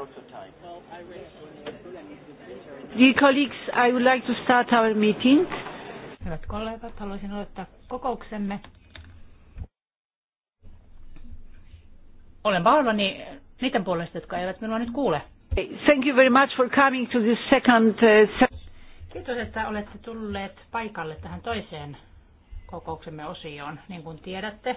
prototype. Dear colleagues, I would like to start our meeting. Hyvät kollegat, haluaisin aloittaa kokouksemme. Olen pahoillani niiden puolesta, jotka eivät minua nyt kuule. Thank you very much for coming to this second... Uh, Kiitos, että olette tulleet paikalle tähän toiseen kokouksemme osioon. Niin kuin tiedätte,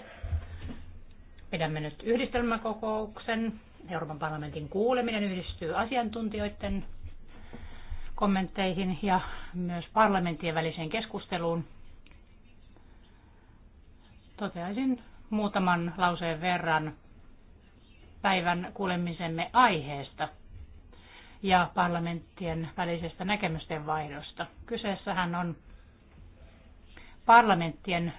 pidämme nyt yhdistelmäkokouksen Euroopan parlamentin kuuleminen yhdistyy asiantuntijoiden kommentteihin ja myös parlamenttien väliseen keskusteluun. Toteaisin muutaman lauseen verran päivän kuulemisemme aiheesta ja parlamenttien välisestä näkemysten vaihdosta. Kyseessähän on parlamenttien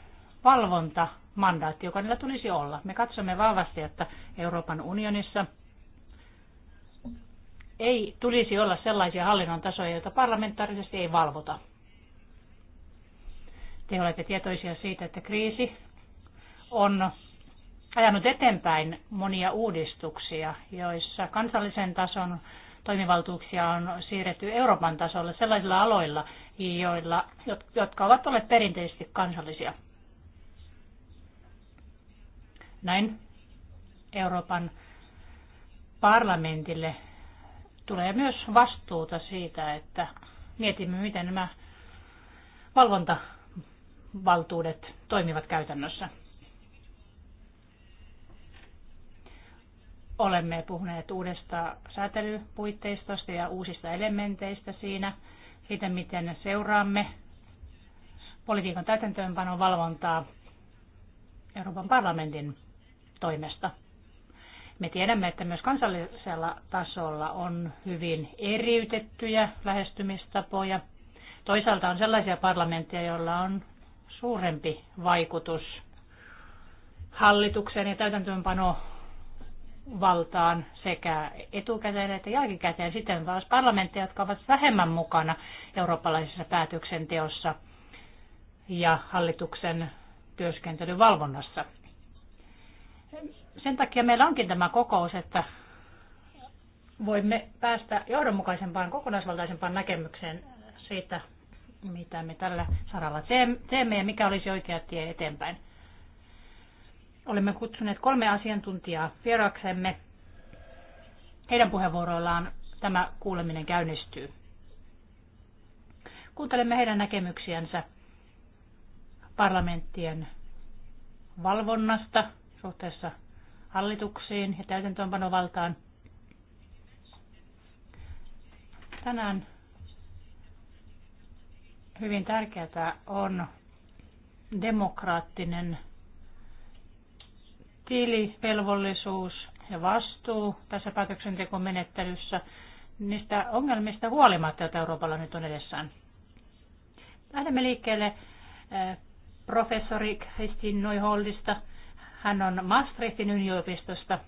valvontamandaatti, joka niillä tulisi olla. Me katsomme vahvasti, että Euroopan unionissa – ei tulisi olla sellaisia hallinnon tasoja, joita parlamentaarisesti ei valvota. Te olette tietoisia siitä, että kriisi on ajanut eteenpäin monia uudistuksia, joissa kansallisen tason toimivaltuuksia on siirretty Euroopan tasolle sellaisilla aloilla, joilla, jotka ovat olleet perinteisesti kansallisia. Näin Euroopan parlamentille tulee myös vastuuta siitä, että mietimme, miten nämä valvontavaltuudet toimivat käytännössä. Olemme puhuneet uudesta säätelypuitteistosta ja uusista elementeistä siinä, siitä miten seuraamme politiikan täytäntöönpanon valvontaa Euroopan parlamentin toimesta – me tiedämme, että myös kansallisella tasolla on hyvin eriytettyjä lähestymistapoja. Toisaalta on sellaisia parlamentteja, joilla on suurempi vaikutus hallitukseen ja täytäntöönpano valtaan sekä etukäteen että jälkikäteen. Sitten taas parlamentteja, jotka ovat vähemmän mukana eurooppalaisessa päätöksenteossa ja hallituksen työskentelyvalvonnassa sen takia meillä onkin tämä kokous, että voimme päästä johdonmukaisempaan, kokonaisvaltaisempaan näkemykseen siitä, mitä me tällä saralla teemme ja mikä olisi oikea tie eteenpäin. Olemme kutsuneet kolme asiantuntijaa vieraksemme. Heidän puheenvuoroillaan tämä kuuleminen käynnistyy. Kuuntelemme heidän näkemyksiänsä parlamenttien valvonnasta suhteessa hallituksiin ja täytäntöönpanovaltaan. Tänään hyvin tärkeää on demokraattinen velvollisuus ja vastuu tässä päätöksentekomenettelyssä niistä ongelmista huolimatta, joita Euroopalla nyt on edessään. Lähdemme liikkeelle eh, professori Kristin Noiholdista – hän on Maastrichtin yliopistosta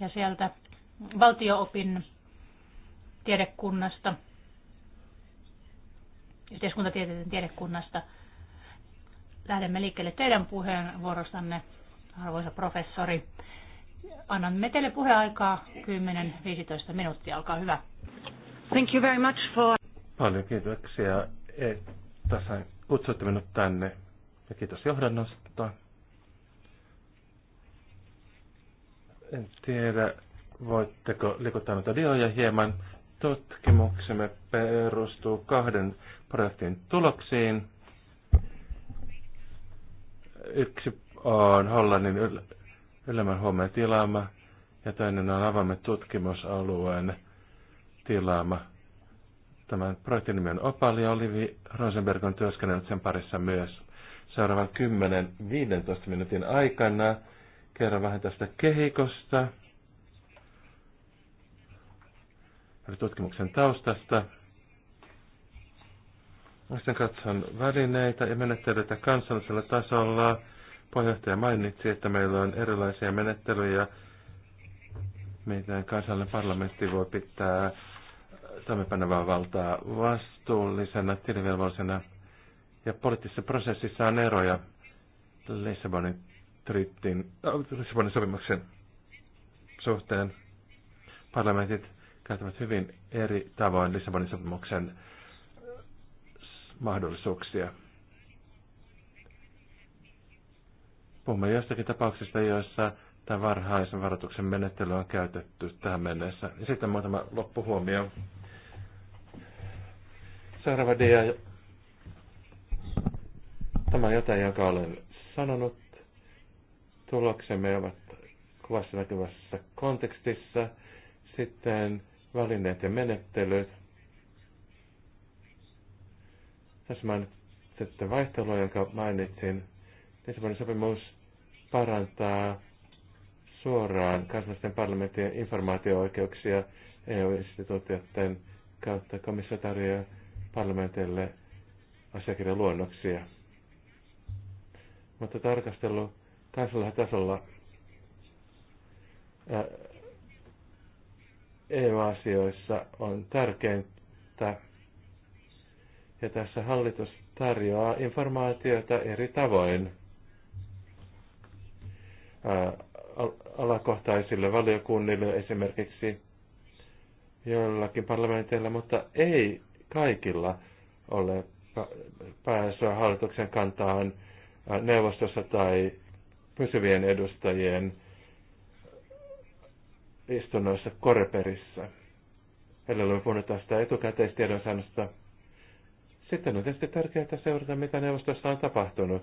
ja sieltä valtioopin tiedekunnasta, yhteiskuntatieteiden tiedekunnasta. Lähdemme liikkeelle teidän puheenvuorostanne, arvoisa professori. Annamme teille puheaikaa 10-15 minuuttia. Alkaa hyvä. Thank you very much for... Paljon kiitoksia, että kutsuitte minut tänne. Ja kiitos johdannosta. En tiedä, voitteko liikuttaa noita dioja hieman. Tutkimuksemme perustuu kahden projektin tuloksiin. Yksi on Hollannin ylemmän huomioon tilaama ja toinen on avaimet tutkimusalueen tilaama. Tämän projektin nimi on Opal ja Olivi Rosenberg on työskennellyt sen parissa myös seuraavan 10-15 minuutin aikana kerran vähän tästä kehikosta Eli tutkimuksen taustasta. Sitten katson välineitä ja menettelyitä kansallisella tasolla. Puheenjohtaja mainitsi, että meillä on erilaisia menettelyjä, miten kansallinen parlamentti voi pitää toimipanevaa valtaa vastuullisena, tilivelvollisena. Ja poliittisessa prosessissa on eroja Lissabonin Madridin äh, Lissabonin sopimuksen suhteen parlamentit käyttävät hyvin eri tavoin Lissabonin sopimuksen äh, mahdollisuuksia. Puhumme jostakin tapauksista, joissa tämä varhaisen varoituksen menettely on käytetty tähän mennessä. Ja sitten muutama loppuhuomio. Seuraava dia. Tämä on jotain, jonka olen sanonut Tuloksemme ovat kuvassa näkyvässä kontekstissa. Sitten välineet ja menettelyt. Tässä mainitsin vaihtelua, jonka mainitsin. Lissabonin sopimus parantaa suoraan kansallisten parlamenttien informaatio-oikeuksia EU-instituutioiden kautta komissio tarjoaa parlamentille asiakirjaluonnoksia. Mutta tarkastelu kansallisella tasolla EU-asioissa on tärkeintä, ja tässä hallitus tarjoaa informaatiota eri tavoin alakohtaisille valiokunnille esimerkiksi joillakin parlamenteilla, mutta ei kaikilla ole pääsyä hallituksen kantaan neuvostossa tai pysyvien edustajien istunnoissa Koreperissä. Heillä oli puhunut tästä etukäteistiedonsaannosta. Sitten on tietysti tärkeää seurata, mitä neuvostossa on tapahtunut.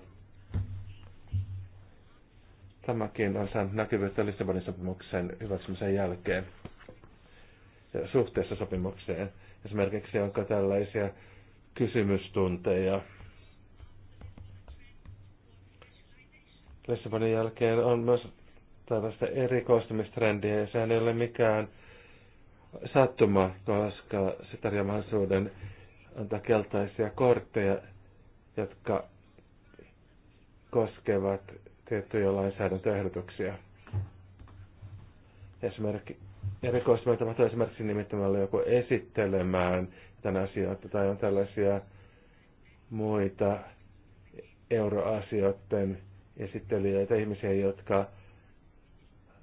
Tämäkin on saanut näkyvyyttä Lissabonin sopimuksen hyväksymisen jälkeen ja suhteessa sopimukseen. Esimerkiksi onko tällaisia kysymystunteja Lissabonin jälkeen on myös tällaista erikoistumistrendiä ja sehän ei ole mikään sattuma, koska se tarjoaa mahdollisuuden antaa keltaisia kortteja, jotka koskevat tiettyjä lainsäädäntöehdotuksia. Esimerkki, erikoistumista tapahtuu esimerkiksi nimittämällä joku esittelemään tämän asioita tai on tällaisia muita euroasioiden esittelijöitä, ihmisiä, jotka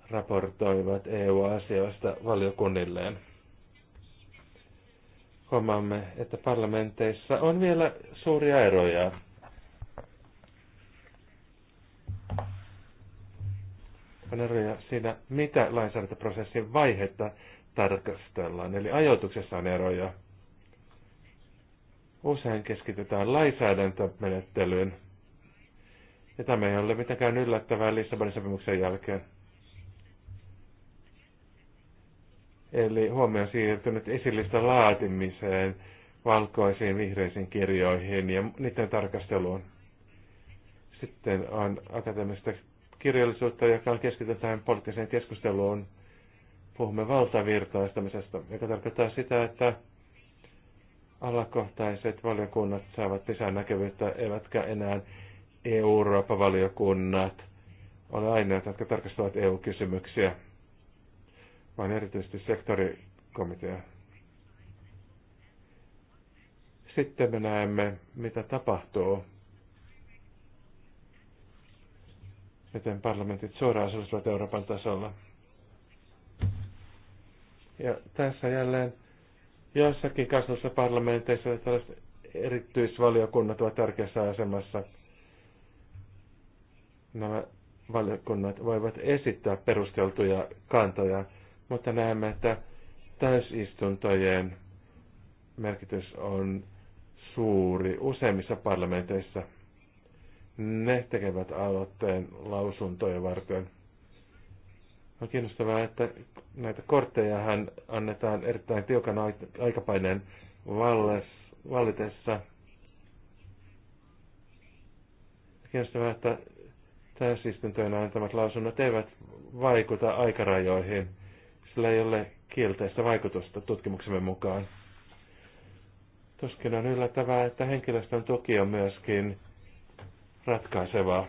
raportoivat EU-asioista valiokunnilleen. Huomaamme, että parlamenteissa on vielä suuria eroja. On eroja siinä, mitä lainsäädäntöprosessin vaihetta tarkastellaan, eli ajoituksessa on eroja. Usein keskitytään lainsäädäntömenettelyyn, ja tämä ei ole mitenkään yllättävää Lissabonin sopimuksen jälkeen. Eli huomio on siirtynyt esillistä laatimiseen, valkoisiin vihreisiin kirjoihin ja niiden tarkasteluun. Sitten on akateemista kirjallisuutta, joka on keskitytty tähän poliittiseen keskusteluun. Puhumme valtavirtaistamisesta, joka tarkoittaa sitä, että alakohtaiset valiokunnat saavat lisää näkyvyyttä, eivätkä enää Eurooppa-valiokunnat ole aineet, jotka tarkastavat EU-kysymyksiä, vaan erityisesti sektorikomitea. Sitten me näemme, mitä tapahtuu, miten parlamentit suoraan osallistuvat Euroopan tasolla. Ja tässä jälleen jossakin kasvussa parlamenteissa tällaiset erityisvaliokunnat ovat tärkeässä asemassa – nämä valiokunnat voivat esittää perusteltuja kantoja, mutta näemme, että täysistuntojen merkitys on suuri useimmissa parlamenteissa. Ne tekevät aloitteen lausuntoja varten. On kiinnostavaa, että näitä kortteja annetaan erittäin tiukan aikapaineen vallitessa. Kiinnostavaa, että täysistuntojen antamat lausunnot eivät vaikuta aikarajoihin. Sillä ei ole kielteistä vaikutusta tutkimuksemme mukaan. Tuskin on yllättävää, että henkilöstön tuki on myöskin ratkaisevaa.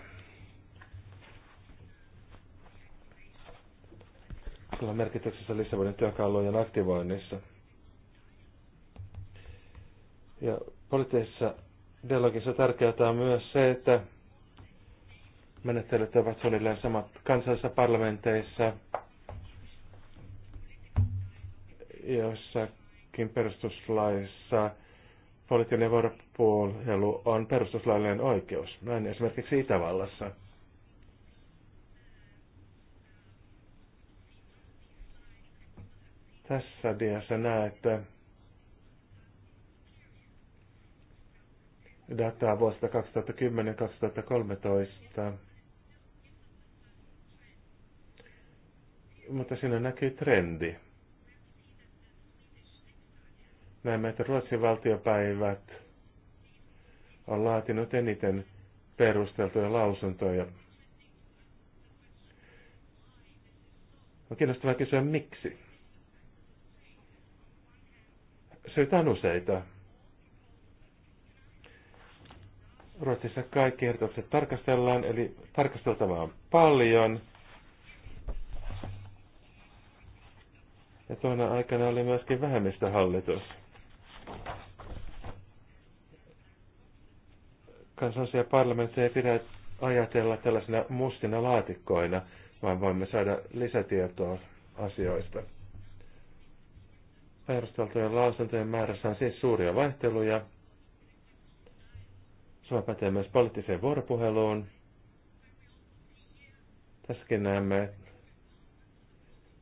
Sillä on merkityksessä Lissabonin työkalujen aktivoinnissa. Ja poliittisessa dialogissa tärkeää on myös se, että menettelyt ovat suunnilleen samat kansallisissa parlamenteissa, jossakin perustuslaissa poliittinen vuoropuhelu on perustuslaillinen oikeus, näin esimerkiksi Itävallassa. Tässä diassa näette dataa vuosta 2010-2013. mutta siinä näkyy trendi. Näemme, että Ruotsin valtiopäivät on laatinut eniten perusteltuja lausuntoja. On kiinnostavaa kysyä, miksi. Syitä on useita. Ruotsissa kaikki ehdotukset tarkastellaan, eli tarkasteltavaa on paljon – Ja tuona aikana oli myöskin vähemmistöhallitus. Kansallisia parlamentteja ei pidä ajatella tällaisina mustina laatikkoina, vaan voimme saada lisätietoa asioista. Perusteltujen lausuntojen määrässä on siis suuria vaihteluja. Sama pätee myös poliittiseen vuoropuheluun. Tässäkin näemme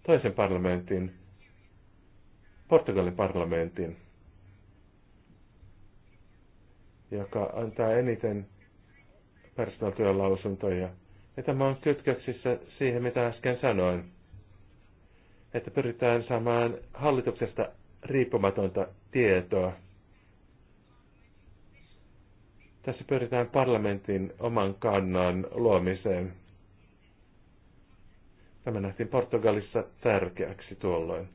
toisen parlamentin Portugalin parlamentin, joka antaa eniten perusteltuja lausuntoja. Ja tämä on kytköksissä siihen, mitä äsken sanoin, että pyritään saamaan hallituksesta riippumatonta tietoa. Tässä pyritään parlamentin oman kannan luomiseen. Tämä nähtiin Portugalissa tärkeäksi tuolloin.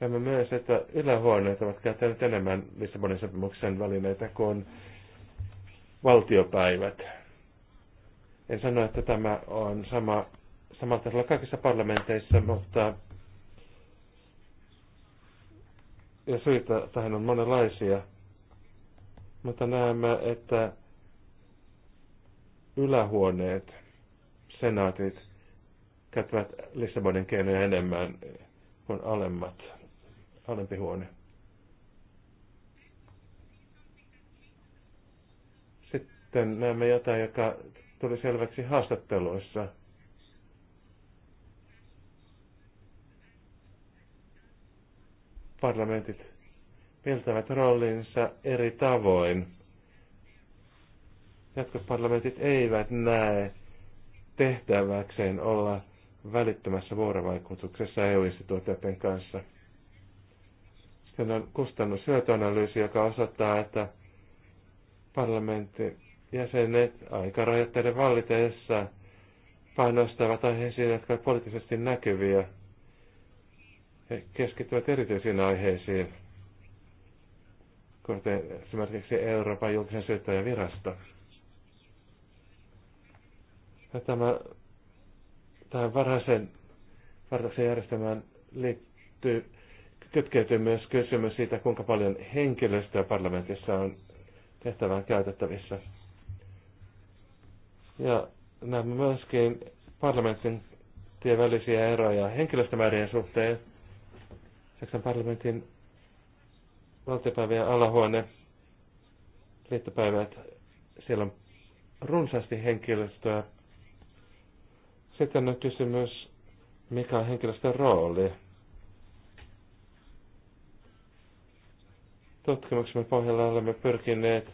Näemme myös, että ylähuoneet ovat käyttäneet enemmän Lissabonin sopimuksen välineitä kuin valtiopäivät. En sano, että tämä on sama, samalla tasolla kaikissa parlamenteissa, mutta ja syitä tähän on monenlaisia. Mutta näemme, että ylähuoneet, senaatit, käyttävät Lissabonin keinoja enemmän kuin alemmat alempi huone. Sitten näemme jotain, joka tuli selväksi haastatteluissa. Parlamentit mieltävät roolinsa eri tavoin. Jotkut parlamentit eivät näe tehtäväkseen olla välittömässä vuorovaikutuksessa EU-instituutioiden kanssa. Siellä on kustannushyötyanalyysi, joka osoittaa, että parlamentin jäsenet aikarajoitteiden vallitessa painostavat aiheisiin, jotka ovat poliittisesti näkyviä. He keskittyvät erityisiin aiheisiin, kuten esimerkiksi Euroopan julkisen syyttäjän virasto. Ja tämä, tähän varhaisen vartauksen järjestelmään liittyy kytkeytyy myös kysymys siitä, kuinka paljon henkilöstöä parlamentissa on tehtävään käytettävissä. Ja näemme myöskin parlamentin välisiä eroja henkilöstömäärien suhteen. Saksan parlamentin valtiopäivien alahuone, liittopäivät, siellä on runsaasti henkilöstöä. Sitten on kysymys, mikä on henkilöstön rooli tutkimuksemme pohjalla olemme pyrkineet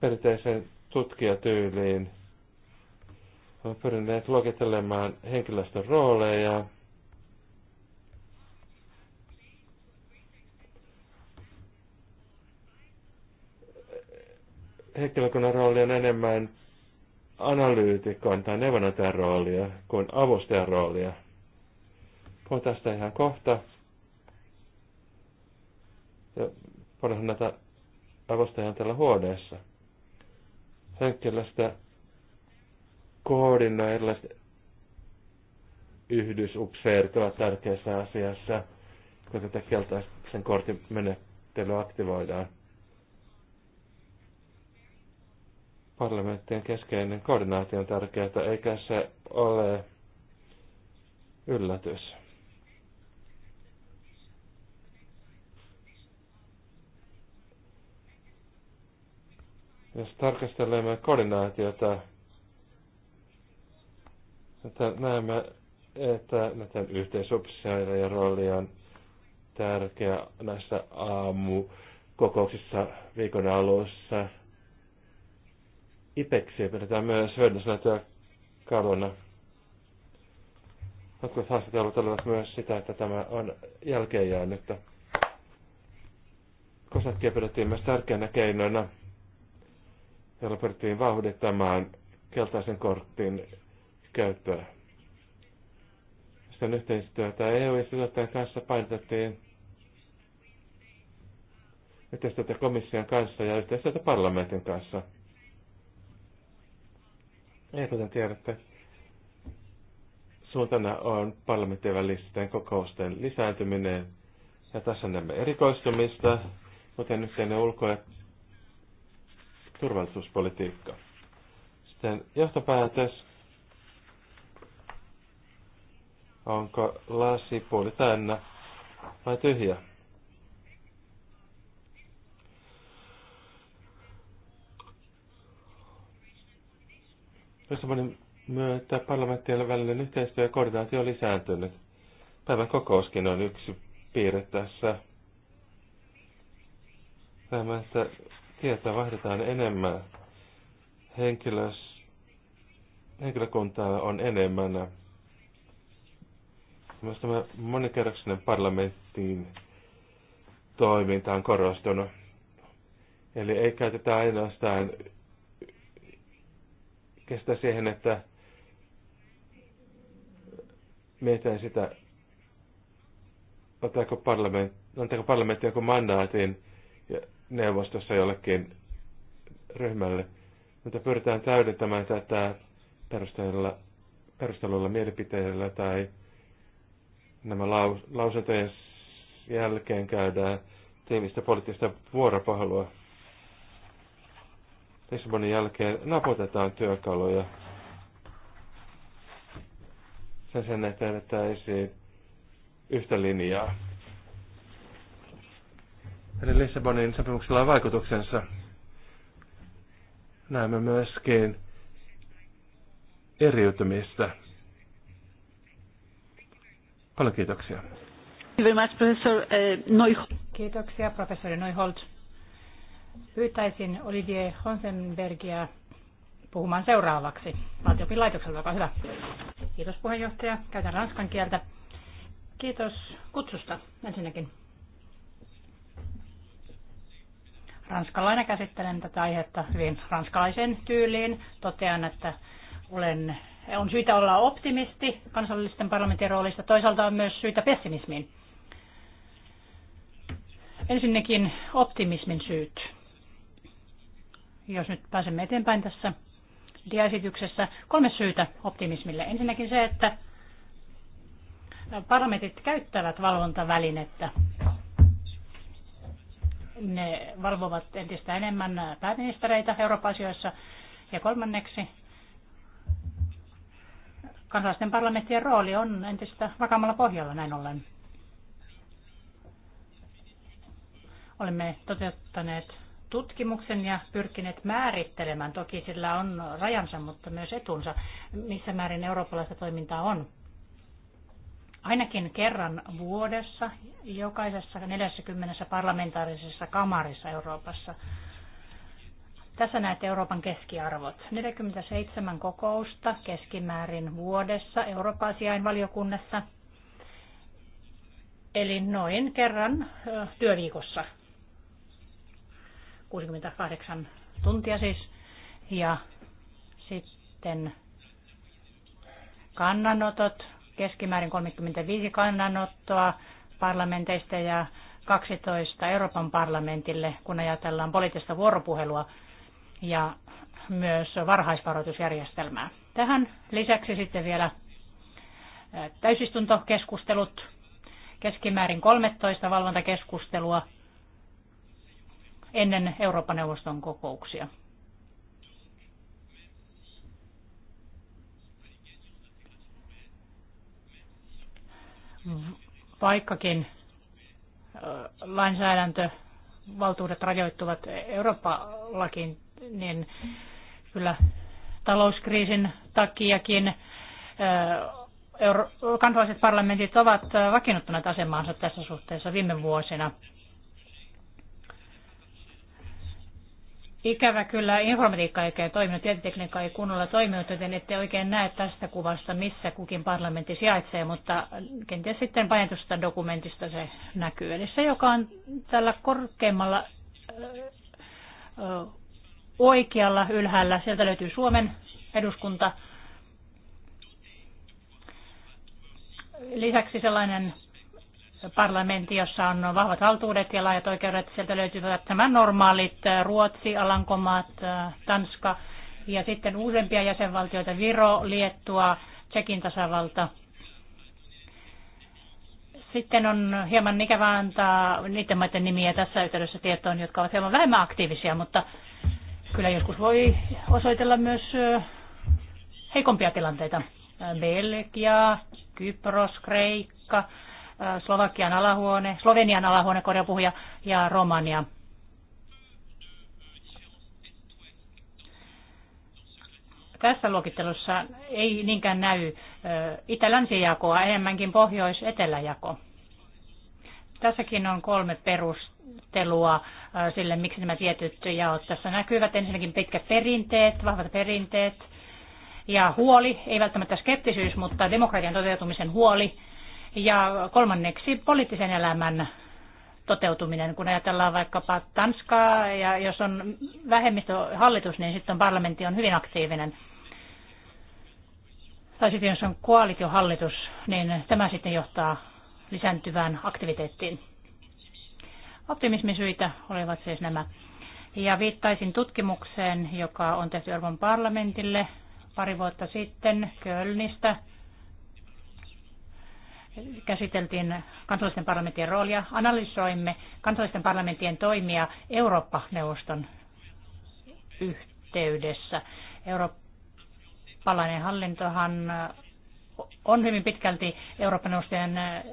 perinteiseen tutkijatyyliin. Olemme pyrkineet luokittelemaan henkilöstön rooleja. Henkilökunnan rooli on enemmän analyytikon tai neuvonantajan roolia kuin avustajan roolia. Puhun tästä ihan kohta. Ja paljon näitä avustajia on täällä hd sitä koordinoi erilaiset yhdysupseerit ovat tärkeässä asiassa, kun tätä keltaisen kortin menettelyä aktivoidaan. Parlamenttien keskeinen koordinaatio on tärkeää, eikä se ole yllätys. Jos tarkastelemme koordinaatiota, että näemme, että näiden yhteisoppisaireen rooli on tärkeä näissä aamukokouksissa viikon alussa. Ipeksiä pidetään myös hyödyllisenä kalona. Jotkut haastattelut olivat myös sitä, että tämä on jälkeenjäänyttä. Kosakkia pidettiin myös tärkeänä keinoina jolla pyrittiin vauhdittamaan keltaisen kortin käyttöä. Sitten yhteistyötä EU-instituutioiden kanssa painotettiin yhteistyötä komission kanssa ja yhteistyötä parlamentin kanssa. Ja kuten tiedätte, suuntana on parlamentin välisten kokousten lisääntyminen ja tässä näemme erikoistumista, kuten yhteinen ulko- ja turvallisuuspolitiikka. Sitten johtopäätös. Onko lasi puoli täynnä vai tyhjä? Lissabonin myötä parlamenttien välinen yhteistyö ja koordinaatio on lisääntynyt. Päivän kokouskin on yksi piirre tässä. Tämä, että että vaihdetaan enemmän. Henkilös, henkilökuntaa on enemmän. Myös tämä monikerroksinen parlamenttiin toiminta on korostunut. Eli ei käytetä ainoastaan kestä siihen, että mietitään sitä, antaako parlamentti, antaako parlamentti joku mandaatin ja neuvostossa jollekin ryhmälle, mutta pyritään täydentämään tätä perusteella, perustelulla mielipiteillä tai nämä laus, lausuntojen jälkeen käydään tiivistä poliittista vuoropahalua. Lissabonin jälkeen napotetaan työkaluja sen sen eteen, että ei yhtä linjaa. Eli Lissabonin sopimuksella on vaikutuksensa. Näemme myöskin eriytymistä. Paljon kiitoksia. Uh, kiitoksia professori Neuhold. Pyytäisin Olivier Honsenbergia puhumaan seuraavaksi. Valtiopin laitokselta, olkaa hyvä. Kiitos puheenjohtaja. Käytän ranskan kieltä. Kiitos kutsusta ensinnäkin. Ranskalainen käsittelen tätä aihetta hyvin ranskalaisen tyyliin. Totean, että olen, on syytä olla optimisti kansallisten parlamentin roolista. Toisaalta on myös syytä pessimismiin. Ensinnäkin optimismin syyt. Jos nyt pääsemme eteenpäin tässä diaesityksessä. Kolme syytä optimismille. Ensinnäkin se, että parlamentit käyttävät valvontavälinettä ne valvovat entistä enemmän pääministereitä Euroopan asioissa. Ja kolmanneksi, kansallisten parlamenttien rooli on entistä vakaammalla pohjalla näin ollen. Olemme toteuttaneet tutkimuksen ja pyrkineet määrittelemään, toki sillä on rajansa, mutta myös etunsa, missä määrin eurooppalaista toimintaa on ainakin kerran vuodessa jokaisessa 40 parlamentaarisessa kamarissa Euroopassa. Tässä näette Euroopan keskiarvot. 47 kokousta keskimäärin vuodessa Euroopan valiokunnassa, eli noin kerran työviikossa. 68 tuntia siis. Ja sitten kannanotot keskimäärin 35 kannanottoa parlamenteista ja 12 Euroopan parlamentille, kun ajatellaan poliittista vuoropuhelua ja myös varhaisvaroitusjärjestelmää. Tähän lisäksi sitten vielä täysistuntokeskustelut, keskimäärin 13 valvontakeskustelua ennen Euroopan neuvoston kokouksia. Vaikkakin lainsäädäntövaltuudet rajoittuvat Eurooppa-lakiin, niin kyllä talouskriisin takiakin kansalliset parlamentit ovat vakiinnuttaneet asemaansa tässä suhteessa viime vuosina. Ikävä kyllä informatiikka oikein toiminut, tietotekniikka ei kunnolla toiminut, joten ette oikein näe tästä kuvasta, missä kukin parlamentti sijaitsee, mutta kenties sitten painetusta dokumentista se näkyy. Eli se, joka on tällä korkeimmalla oikealla ylhäällä, sieltä löytyy Suomen eduskunta. Lisäksi sellainen parlamentti, jossa on vahvat valtuudet ja laajat oikeudet. Sieltä löytyvät nämä normaalit äh, Ruotsi, Alankomaat, äh, Tanska ja sitten uudempia jäsenvaltioita Viro, Liettua, Tsekin tasavalta. Sitten on hieman ikävä antaa niiden maiden nimiä tässä yhteydessä tietoon, jotka ovat hieman vähemmän aktiivisia, mutta kyllä joskus voi osoitella myös heikompia tilanteita. Belgia, Kypros, Kreikka, Äh, Slovakian alahuone, Slovenian alahuone, korjapuhuja, ja Romania. Tässä luokittelussa ei niinkään näy äh, itä-länsijakoa, enemmänkin pohjois-eteläjako. Tässäkin on kolme perustelua äh, sille, miksi nämä tietyt jaot tässä näkyvät. Ensinnäkin pitkät perinteet, vahvat perinteet ja huoli, ei välttämättä skeptisyys, mutta demokratian toteutumisen huoli ja kolmanneksi poliittisen elämän toteutuminen, kun ajatellaan vaikkapa Tanskaa, ja jos on vähemmistöhallitus, niin sitten parlamentti on hyvin aktiivinen. Tai sitten jos on koalitiohallitus, niin tämä sitten johtaa lisääntyvään aktiviteettiin. Optimismisyitä olivat siis nämä. Ja viittaisin tutkimukseen, joka on tehty Euroopan parlamentille pari vuotta sitten Kölnistä käsiteltiin kansallisten parlamenttien roolia, analysoimme kansallisten parlamenttien toimia Eurooppa-neuvoston yhteydessä. Eurooppalainen hallintohan on hyvin pitkälti Eurooppa-neuvoston eh,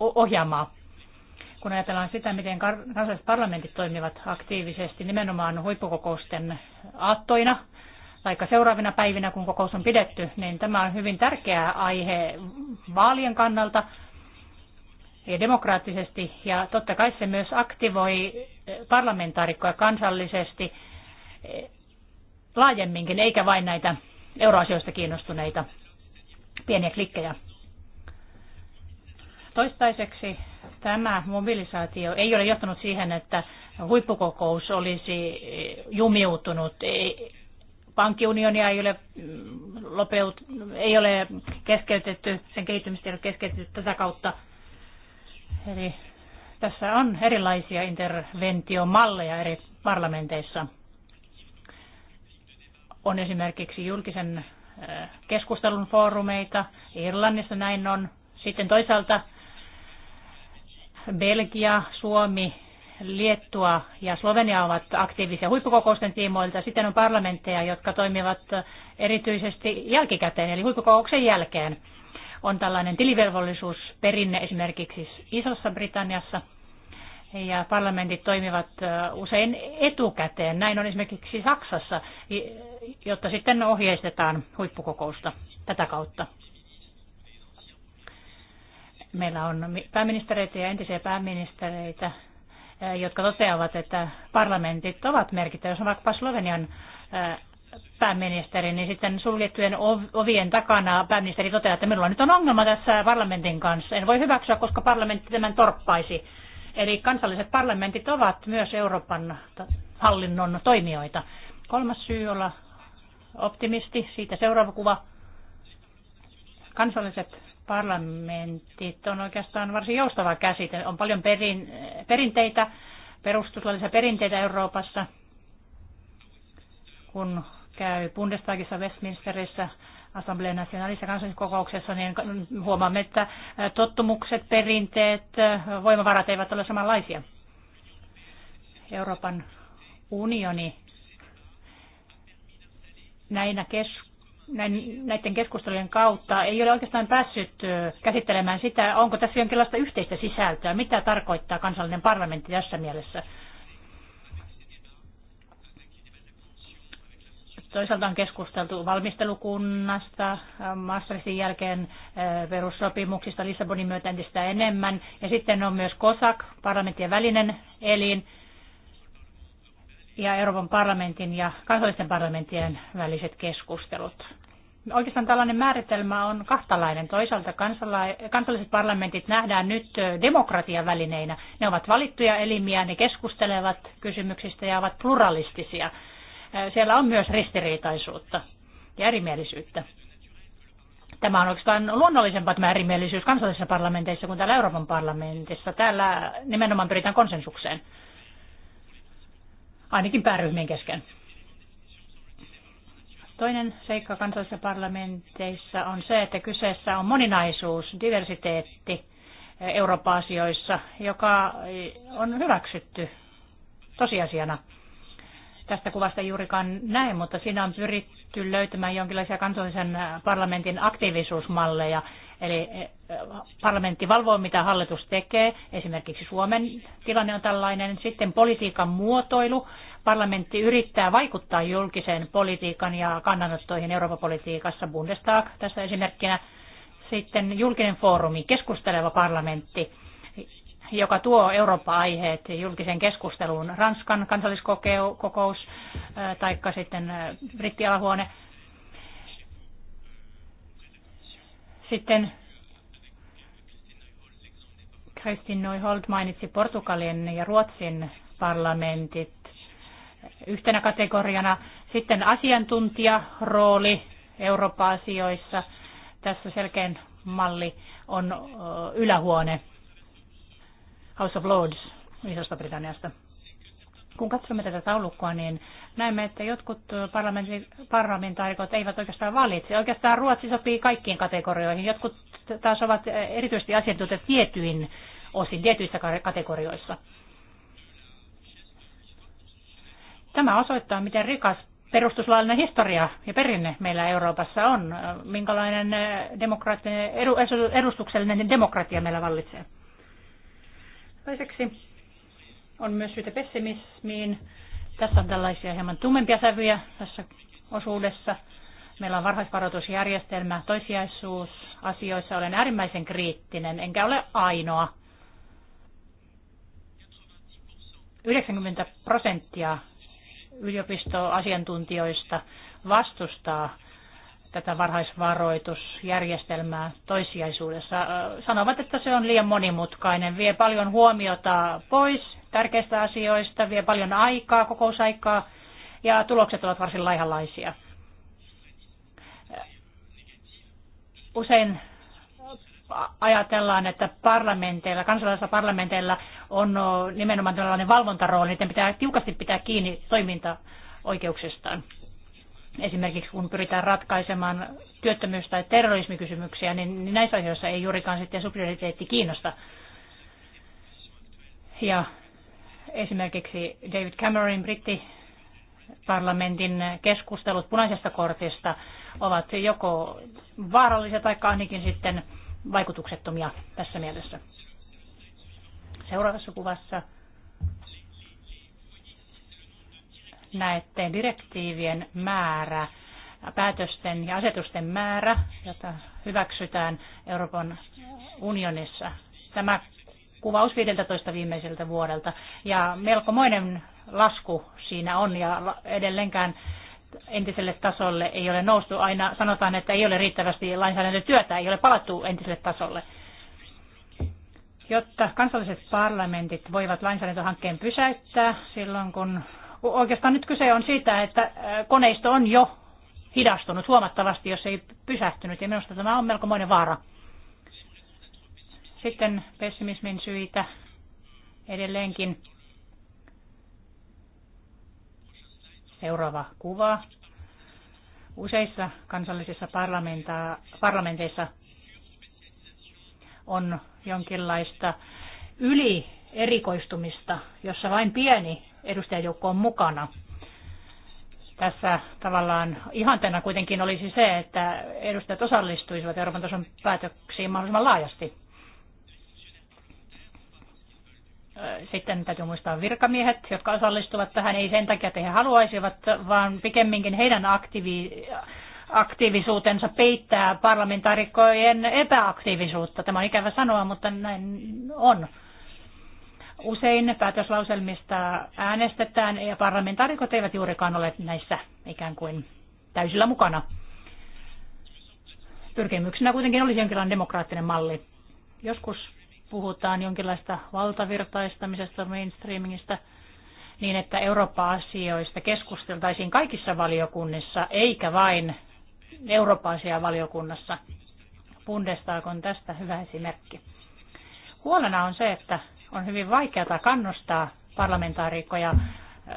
ohjaamaa. Kun ajatellaan sitä, miten kansalliset parlamentit toimivat aktiivisesti nimenomaan huippukokousten aattoina, vaikka seuraavina päivinä, kun kokous on pidetty, niin tämä on hyvin tärkeä aihe vaalien kannalta ja demokraattisesti. Ja totta kai se myös aktivoi parlamentaarikkoja kansallisesti laajemminkin, eikä vain näitä euroasioista kiinnostuneita pieniä klikkejä. Toistaiseksi tämä mobilisaatio ei ole johtanut siihen, että huippukokous olisi jumiutunut pankkiunionia ei ole, mm, lopeut, ei ole keskeytetty, sen kehittymistä ei ole keskeytetty tätä kautta. Eli tässä on erilaisia interventiomalleja eri parlamenteissa. On esimerkiksi julkisen äh, keskustelun foorumeita, Irlannissa näin on. Sitten toisaalta Belgia, Suomi Liettua ja Slovenia ovat aktiivisia huippukokousten tiimoilta. Sitten on parlamentteja, jotka toimivat erityisesti jälkikäteen, eli huippukokouksen jälkeen. On tällainen tilivelvollisuusperinne esimerkiksi Isossa Britanniassa. Ja parlamentit toimivat usein etukäteen. Näin on esimerkiksi Saksassa, jotta sitten ohjeistetaan huippukokousta tätä kautta. Meillä on pääministereitä ja entisiä pääministereitä jotka toteavat, että parlamentit ovat merkittäviä. Jos vaikkapa Slovenian pääministeri, niin sitten suljettujen ovien takana pääministeri toteaa, että minulla nyt on ongelma tässä parlamentin kanssa. En voi hyväksyä, koska parlamentti tämän torppaisi. Eli kansalliset parlamentit ovat myös Euroopan hallinnon toimijoita. Kolmas syy olla optimisti, siitä seuraava kuva. Kansalliset parlamentit on oikeastaan varsin joustava käsite. On paljon perin, perinteitä, perustuslaillisia perinteitä Euroopassa, kun käy Bundestagissa, Westminsterissä, Assemblée Nationalissa kansalliskokouksessa, niin huomaamme, että tottumukset, perinteet, voimavarat eivät ole samanlaisia. Euroopan unioni näinä keskusteluina näiden keskustelujen kautta ei ole oikeastaan päässyt käsittelemään sitä, onko tässä jonkinlaista yhteistä sisältöä, mitä tarkoittaa kansallinen parlamentti tässä mielessä. Toisaalta on keskusteltu valmistelukunnasta, Maastrichtin jälkeen perussopimuksista Lissabonin myötä entistä enemmän, ja sitten on myös COSAC, parlamenttien välinen elin, ja Euroopan parlamentin ja kansallisten parlamenttien väliset keskustelut. Oikeastaan tällainen määritelmä on kahtalainen. Toisaalta kansalliset parlamentit nähdään nyt demokratian välineinä. Ne ovat valittuja elimiä, ne keskustelevat kysymyksistä ja ovat pluralistisia. Äh, siellä on myös ristiriitaisuutta ja erimielisyyttä. Tämä on oikeastaan luonnollisempaa tämä erimielisyys kansallisissa parlamenteissa kuin täällä Euroopan parlamentissa. Täällä nimenomaan pyritään konsensukseen ainakin pääryhmien kesken. Toinen seikka kansallisissa parlamenteissa on se, että kyseessä on moninaisuus, diversiteetti eh, Eurooppa-asioissa, joka eh, on hyväksytty tosiasiana. Tästä kuvasta juurikaan näe, mutta siinä on pyritty löytämään jonkinlaisia kansallisen eh, parlamentin aktiivisuusmalleja Eli eh, parlamentti valvoo, mitä hallitus tekee. Esimerkiksi Suomen tilanne on tällainen. Sitten politiikan muotoilu. Parlamentti yrittää vaikuttaa julkiseen politiikan ja kannanottoihin Euroopan politiikassa. Bundestag tässä esimerkkinä. Sitten julkinen foorumi, keskusteleva parlamentti joka tuo Eurooppa-aiheet julkiseen keskusteluun. Ranskan kansalliskokous eh, tai sitten eh, brittialahuone – Sitten Kristin Neuhold mainitsi Portugalin ja Ruotsin parlamentit yhtenä kategoriana. Sitten asiantuntijarooli Eurooppa-asioissa. Tässä selkeän malli on ylähuone House of Lords Isosta Britanniasta kun katsomme tätä taulukkoa, niin näemme, että jotkut parlamentaarikot eivät oikeastaan valitse. Oikeastaan Ruotsi sopii kaikkiin kategorioihin. Jotkut taas ovat erityisesti asiantuntijat tietyin osin, tietyissä kategorioissa. Tämä osoittaa, miten rikas perustuslaillinen historia ja perinne meillä Euroopassa on, minkälainen demokraattinen, edustuksellinen demokratia meillä vallitsee. Toiseksi on myös syytä pessimismiin. Tässä on tällaisia hieman tummempia sävyjä tässä osuudessa. Meillä on varhaisvaroitusjärjestelmä asioissa Olen äärimmäisen kriittinen, enkä ole ainoa. 90 prosenttia yliopistoasiantuntijoista vastustaa tätä varhaisvaroitusjärjestelmää toissijaisuudessa. Sanovat, että se on liian monimutkainen, vie paljon huomiota pois tärkeistä asioista, vie paljon aikaa, kokousaikaa ja tulokset ovat varsin laihanlaisia. Usein ajatellaan, että parlamenteilla, kansallisilla parlamenteilla on nimenomaan tällainen valvontarooli, niiden pitää tiukasti pitää kiinni toimintaoikeuksistaan. Esimerkiksi kun pyritään ratkaisemaan työttömyys- tai terrorismikysymyksiä, niin näissä asioissa ei juurikaan sitten subsidiariteetti kiinnosta. Ja esimerkiksi David Cameron, britti parlamentin keskustelut punaisesta kortista ovat joko vaarallisia tai ainakin sitten vaikutuksettomia tässä mielessä. Seuraavassa kuvassa näette direktiivien määrä, päätösten ja asetusten määrä, jota hyväksytään Euroopan unionissa. Tämä kuvaus 15 viimeiseltä vuodelta. Ja melkomoinen lasku siinä on ja edelleenkään entiselle tasolle ei ole noustu. Aina sanotaan, että ei ole riittävästi lainsäädäntötyötä, ei ole palattu entiselle tasolle. Jotta kansalliset parlamentit voivat lainsäädäntöhankkeen pysäyttää silloin, kun oikeastaan nyt kyse on siitä, että koneisto on jo hidastunut huomattavasti, jos ei pysähtynyt, ja minusta tämä on melkomoinen vaara. Sitten pessimismin syitä edelleenkin. Seuraava kuva. Useissa kansallisissa parlamenteissa on jonkinlaista ylierikoistumista, jossa vain pieni edustajajoukko on mukana. Tässä tavallaan ihanteena kuitenkin olisi se, että edustajat osallistuisivat Euroopan tason päätöksiin mahdollisimman laajasti. Sitten täytyy muistaa virkamiehet, jotka osallistuvat tähän, ei sen takia, että he haluaisivat, vaan pikemminkin heidän aktiivi, aktiivisuutensa peittää parlamentaarikkojen epäaktiivisuutta. Tämä on ikävä sanoa, mutta näin on. Usein päätöslauselmista äänestetään ja parlamentaarikot eivät juurikaan ole näissä ikään kuin täysillä mukana. Pyrkimyksenä kuitenkin olisi jonkinlainen demokraattinen malli. Joskus puhutaan jonkinlaista valtavirtaistamisesta, mainstreamingista, niin että Eurooppa-asioista keskusteltaisiin kaikissa valiokunnissa, eikä vain Eurooppa-asia-valiokunnassa. Bundestag on tästä hyvä esimerkki. Huolena on se, että on hyvin vaikeaa kannustaa parlamentaarikkoja äh,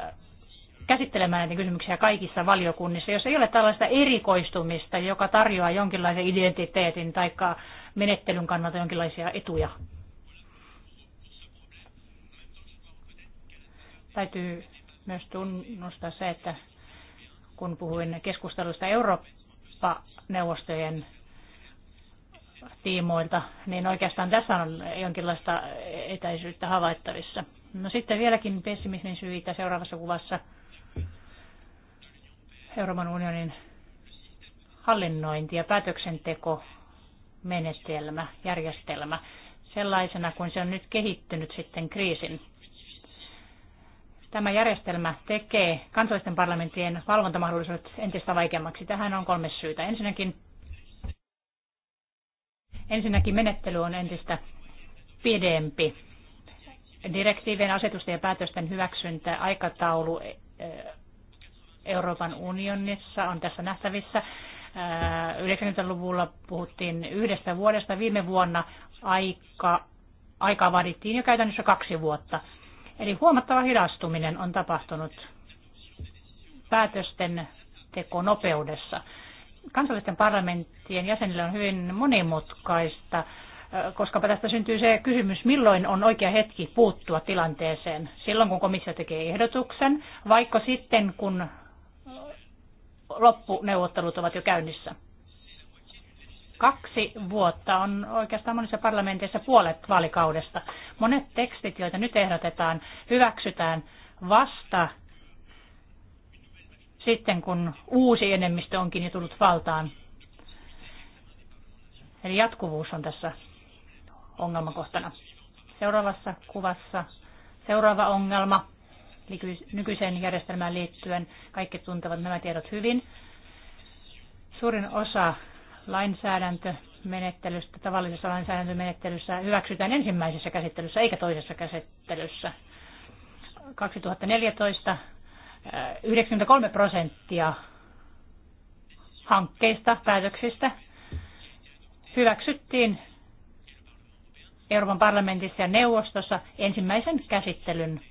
käsittelemään näitä kysymyksiä kaikissa valiokunnissa, jos ei ole tällaista erikoistumista, joka tarjoaa jonkinlaisen identiteetin tai menettelyn kannalta jonkinlaisia etuja Täytyy myös tunnustaa se, että kun puhuin keskustelusta Eurooppa-neuvostojen tiimoilta, niin oikeastaan tässä on jonkinlaista etäisyyttä havaittavissa. No sitten vieläkin pessimismin syitä seuraavassa kuvassa Euroopan unionin hallinnointi ja päätöksenteko menetelmä, järjestelmä sellaisena kuin se on nyt kehittynyt sitten kriisin Tämä järjestelmä tekee kansallisten parlamenttien valvontamahdollisuudet entistä vaikeammaksi. Tähän on kolme syytä. Ensinnäkin, ensinnäkin menettely on entistä pidempi. Direktiivien, asetusten ja päätösten hyväksyntä aikataulu eh, Euroopan unionissa on tässä nähtävissä. 90-luvulla eh, puhuttiin yhdestä vuodesta. Viime vuonna aika, aikaa vaadittiin jo käytännössä kaksi vuotta. Eli huomattava hidastuminen on tapahtunut päätösten tekonopeudessa. Kansallisten parlamenttien jäsenille on hyvin monimutkaista, koska tästä syntyy se kysymys, milloin on oikea hetki puuttua tilanteeseen. Silloin, kun komissio tekee ehdotuksen, vaikka sitten, kun loppuneuvottelut ovat jo käynnissä kaksi vuotta on oikeastaan monissa parlamentissa puolet vaalikaudesta. Monet tekstit, joita nyt ehdotetaan, hyväksytään vasta sitten, kun uusi enemmistö onkin jo tullut valtaan. Eli jatkuvuus on tässä ongelmakohtana. Seuraavassa kuvassa seuraava ongelma nykyiseen järjestelmään liittyen. Kaikki tuntevat nämä tiedot hyvin. Suurin osa lainsäädäntömenettelystä, tavallisessa lainsäädäntömenettelyssä hyväksytään ensimmäisessä käsittelyssä eikä toisessa käsittelyssä. 2014 93 äh, prosenttia hankkeista, päätöksistä hyväksyttiin Euroopan parlamentissa ja neuvostossa ensimmäisen käsittelyn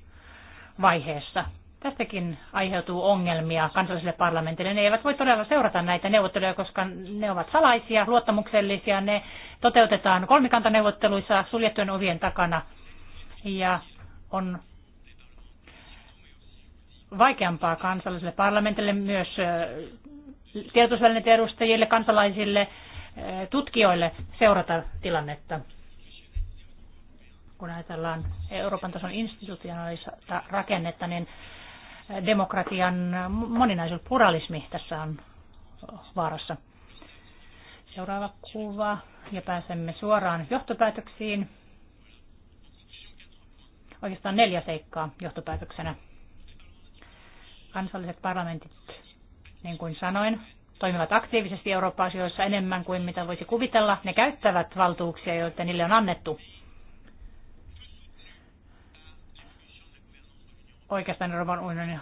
vaiheessa. Tästäkin aiheutuu ongelmia kansallisille parlamentille. Ne eivät voi todella seurata näitä neuvotteluja, koska ne ovat salaisia, luottamuksellisia. Ne toteutetaan kolmikantaneuvotteluissa suljettujen ovien takana. Ja on vaikeampaa kansalliselle parlamentille, myös tiedotusvälineiden edustajille, kansalaisille, tutkijoille seurata tilannetta. Kun ajatellaan Euroopan tason institutionaalista rakennetta, niin demokratian moninaisuus, pluralismi tässä on vaarassa. Seuraava kuva ja pääsemme suoraan johtopäätöksiin. Oikeastaan neljä seikkaa johtopäätöksenä. Kansalliset parlamentit, niin kuin sanoin, toimivat aktiivisesti Eurooppa-asioissa enemmän kuin mitä voisi kuvitella. Ne käyttävät valtuuksia, joita niille on annettu oikeastaan Euroopan unionin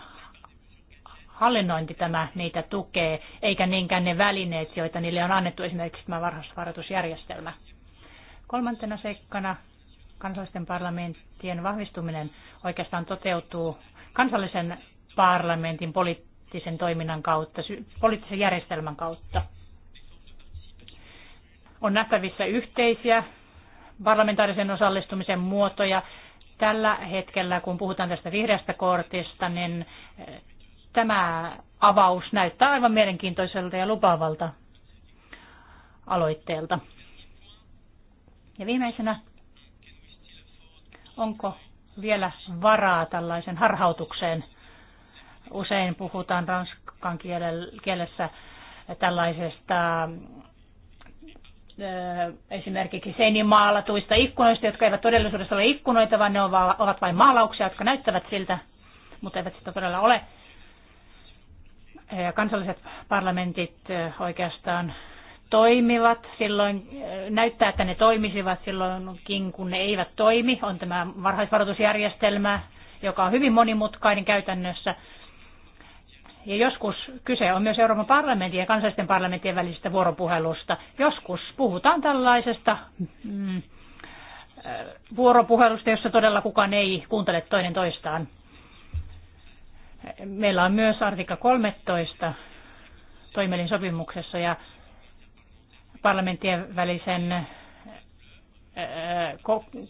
hallinnointi tämä niitä tukee, eikä niinkään ne välineet, joita niille on annettu, esimerkiksi tämä varhaisvaroitusjärjestelmä. Kolmantena seikkana kansallisten parlamenttien vahvistuminen oikeastaan toteutuu kansallisen parlamentin poliittisen toiminnan kautta, poliittisen järjestelmän kautta. On nähtävissä yhteisiä parlamentaarisen osallistumisen muotoja, Tällä hetkellä, kun puhutaan tästä vihreästä kortista, niin eh, tämä avaus näyttää aivan mielenkiintoiselta ja lupaavalta aloitteelta. Ja viimeisenä, onko vielä varaa tällaisen harhautukseen? Usein puhutaan ranskan kielessä tällaisesta Äh, esimerkiksi seinimaalatuista ikkunoista, jotka eivät todellisuudessa ole ikkunoita, vaan ne ovat vain maalauksia, jotka näyttävät siltä, mutta eivät sitä todella ole. Äh, kansalliset parlamentit äh, oikeastaan toimivat silloin, näyttää, että ne toimisivat silloinkin, kun ne eivät toimi. On tämä varhaisvaroitusjärjestelmä, joka on hyvin monimutkainen käytännössä. Ja joskus kyse on myös Euroopan parlamentin ja kansallisten parlamenttien välisestä vuoropuhelusta. Joskus puhutaan tällaisesta mm, äh, vuoropuhelusta, jossa todella kukaan ei kuuntele toinen toistaan. Meillä on myös artikla 13 toimelin sopimuksessa ja parlamenttien välisen äh,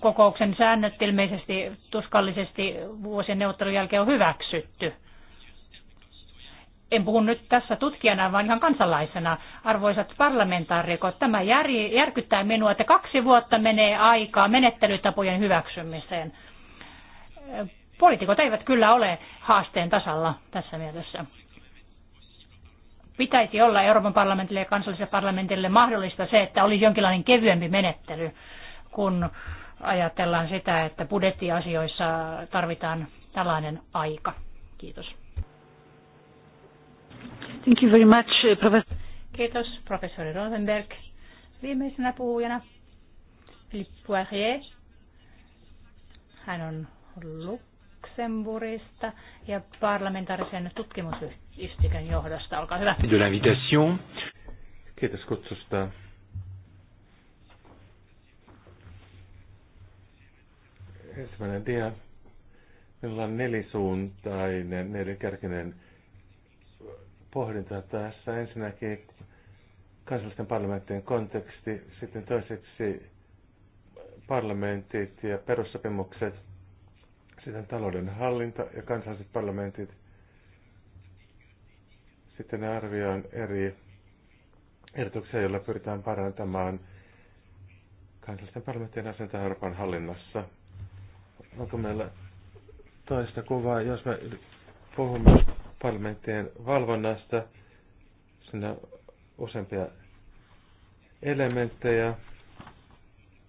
kokouksen säännöt ilmeisesti tuskallisesti vuosien neuvottelun jälkeen on hyväksytty en puhu nyt tässä tutkijana, vaan ihan kansalaisena, arvoisat parlamentaarikot, tämä jär, järkyttää minua, että kaksi vuotta menee aikaa menettelytapojen hyväksymiseen. Poliitikot eivät kyllä ole haasteen tasalla tässä mielessä. Pitäisi olla Euroopan parlamentille ja kansalliselle parlamentille mahdollista se, että olisi jonkinlainen kevyempi menettely, kun ajatellaan sitä, että budjettiasioissa tarvitaan tällainen aika. Kiitos. Thank you very much, uh, professor. Kiitos, professori Rosenberg. Viimeisenä puhujana Philippe Poirier. Hän on Luxemburgista ja parlamentaarisen tutkimusyhtiön johdosta. Olkaa hyvä. De l'invitation. Kiitos kutsusta. Ensimmäinen dia. Meillä on nelisuuntainen, nelikärkinen pohdintaa tässä. Ensinnäkin kansallisten parlamenttien konteksti, sitten toiseksi parlamentit ja perussopimukset, sitten talouden hallinta ja kansalliset parlamentit, sitten arvioin eri ehdotuksia, joilla pyritään parantamaan kansallisten parlamenttien asenta Euroopan hallinnassa. Onko meillä toista kuvaa, jos me puhumme parlamenttien valvonnasta. Siinä on useampia elementtejä,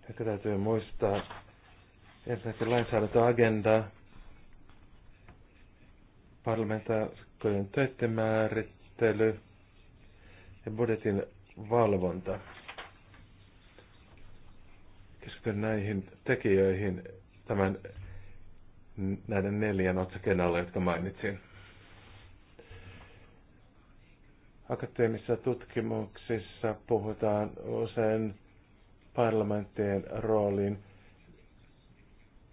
jotka täytyy muistaa. Ensinnäkin lainsäädäntöagenda, parlamentaarikkojen töiden määrittely ja budjetin valvonta. Keskityn näihin tekijöihin tämän näiden neljän otsaken alle, jotka mainitsin. Akateemisissa tutkimuksissa puhutaan usein parlamenttien roolin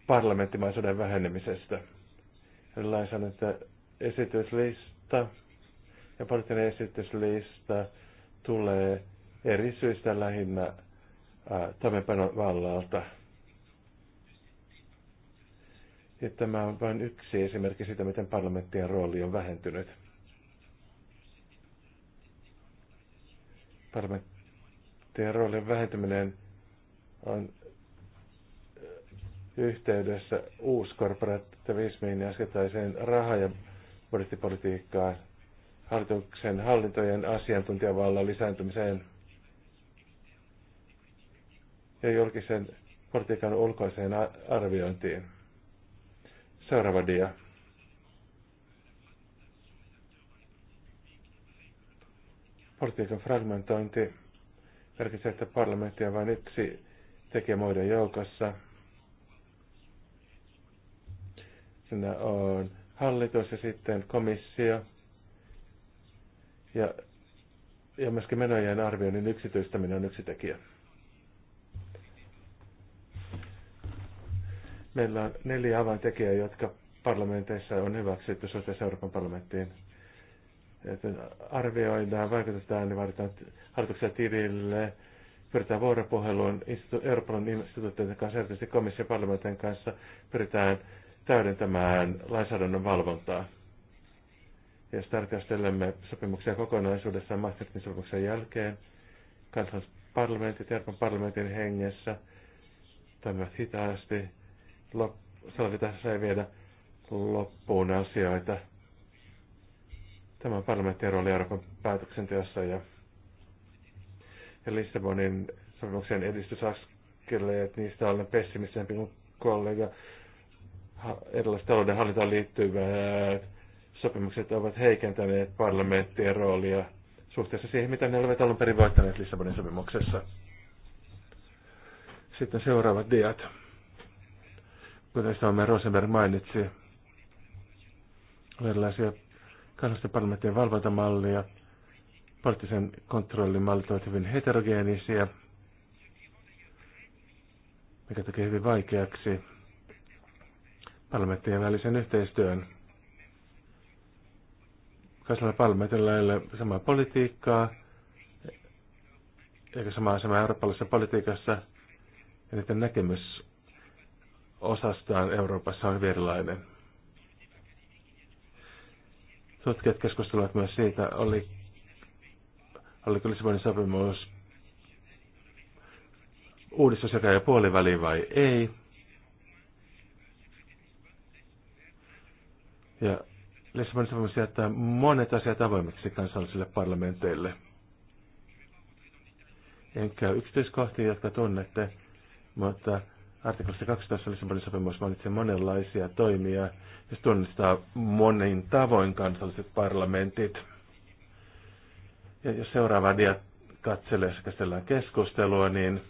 parlamenttimaisuuden vähenemisestä. Lainsäädäntö esityslista ja poliittinen esityslista tulee eri syistä lähinnä vallalta. Ja tämä on vain yksi esimerkki siitä, miten parlamenttien rooli on vähentynyt. parlamenttien roolin vähentäminen on äh, yhteydessä uuskorporativismiin ja äskettäiseen raha- ja budjettipolitiikkaan, hallituksen hallintojen asiantuntijavallan lisääntymiseen ja julkisen politiikan ulkoiseen arviointiin. Seuraava dia. Politiikan fragmentointi merkitsee, että parlamentti on vain yksi tekemoiden joukossa. Siinä on hallitus ja sitten komissio ja, ja myöskin menojen arvioinnin yksityistäminen on yksi tekijä. Meillä on neljä avaintekijää, jotka parlamenteissa on hyväksytty suhteessa Euroopan parlamenttiin että arvioidaan vaikutusta, niin vaaditaan hallituksen tilille, pyritään vuoropuheluun institu- Euroopan instituutioiden kanssa, erityisesti komission parlamentin kanssa, pyritään täydentämään lainsäädännön valvontaa. Jos tarkastelemme sopimuksia kokonaisuudessaan Maastrichtin sopimuksen jälkeen, kansallisparlamentit Euroopan parlamentin hengessä toimivat hitaasti, lop- ei viedä loppuun asioita – Tämä on parlamentin rooli Euroopan päätöksenteossa ja, ja Lissabonin sopimuksen edistysaskeleet, niistä olen pessimistisempi kuin kollega. Erilaiset talouden hallintaan liittyvät sopimukset ovat heikentäneet parlamenttien roolia suhteessa siihen, mitä ne olivat alun perin voittaneet Lissabonin sopimuksessa. Sitten seuraavat diat. Kuten Samme Rosenberg mainitsi, on erilaisia kansallisten parlamenttien valvontamallia. Poliittisen kontrollin mallit ovat hyvin heterogeenisiä, mikä tekee hyvin vaikeaksi parlamenttien välisen yhteistyön. Kansallisella parlamentilla ei ole samaa politiikkaa, eikä samaa asemaa eurooppalaisessa politiikassa, ja niiden näkemys osastaan Euroopassa on hyvin erilainen. Tutkijat keskustelivat myös siitä, oli, oliko Lissabonin sopimus uudistus, joka ei puoliväli vai ei. Ja Lissabonin sopimus jättää monet asiat avoimeksi kansallisille parlamenteille. En käy yksityiskohtiin, jotka tunnette, mutta Artiklassa 12 Lissabonin sopimus mainitsee monenlaisia toimia ja se tunnistaa monin tavoin kansalliset parlamentit. Ja jos seuraava dia katselee, jos käsitellään keskustelua, niin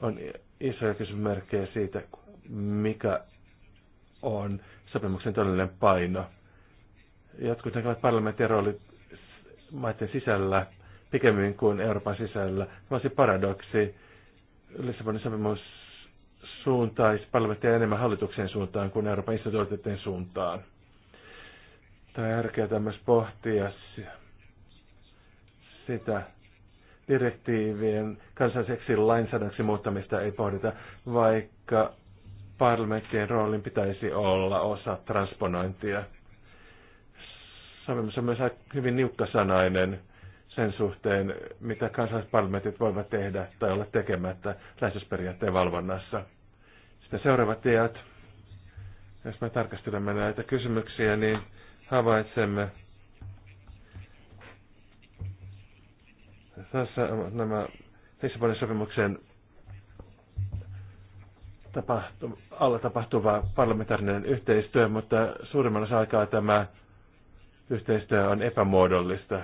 on isoja kysymyksiä siitä, mikä on sopimuksen todellinen paino. Jotkut näkevät parlamentin rooli maiden sisällä pikemmin kuin Euroopan sisällä. Tämä se paradoksi Lissabonin sopimus suuntaisi parlamenttia enemmän hallituksen suuntaan kuin Euroopan instituutioiden suuntaan. Tärkeää myös pohtia sitä direktiivien kansalliseksi lainsäädännöksi muuttamista ei pohdita, vaikka parlamenttien roolin pitäisi olla osa transponointia. Sopimus on myös hyvin niukkasanainen sen suhteen, mitä kansallisparlamentit voivat tehdä tai olla tekemättä läheisyysperiaatteen valvonnassa. Sitten seuraavat tiedot. Jos me tarkastelemme näitä kysymyksiä, niin havaitsemme tässä nämä Lissabonin sopimuksen tapahtu, alla tapahtuva parlamentaarinen yhteistyö, mutta suurimman osa aikaa tämä yhteistyö on epämuodollista.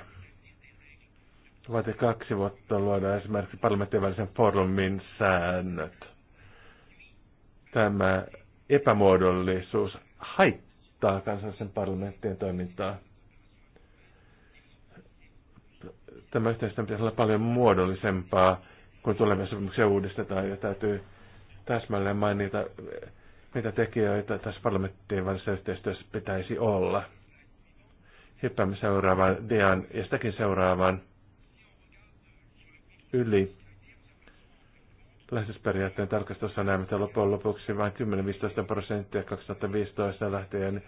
Vaati kaksi vuotta luoda esimerkiksi parlamentin välisen forumin säännöt. Tämä epämuodollisuus haittaa kansallisen parlamenttien toimintaa. Tämä yhteistyö pitäisi olla paljon muodollisempaa, kun tulevia sopimuksia uudistetaan ja täytyy täsmälleen mainita, mitä tekijöitä tässä parlamenttien välisessä yhteistyössä pitäisi olla. Hyppäämme seuraavaan dian ja sitäkin seuraavaan yli. periaatteen tarkastossa näemme, että loppujen lopuksi vain 10-15 prosenttia 2015 lähtien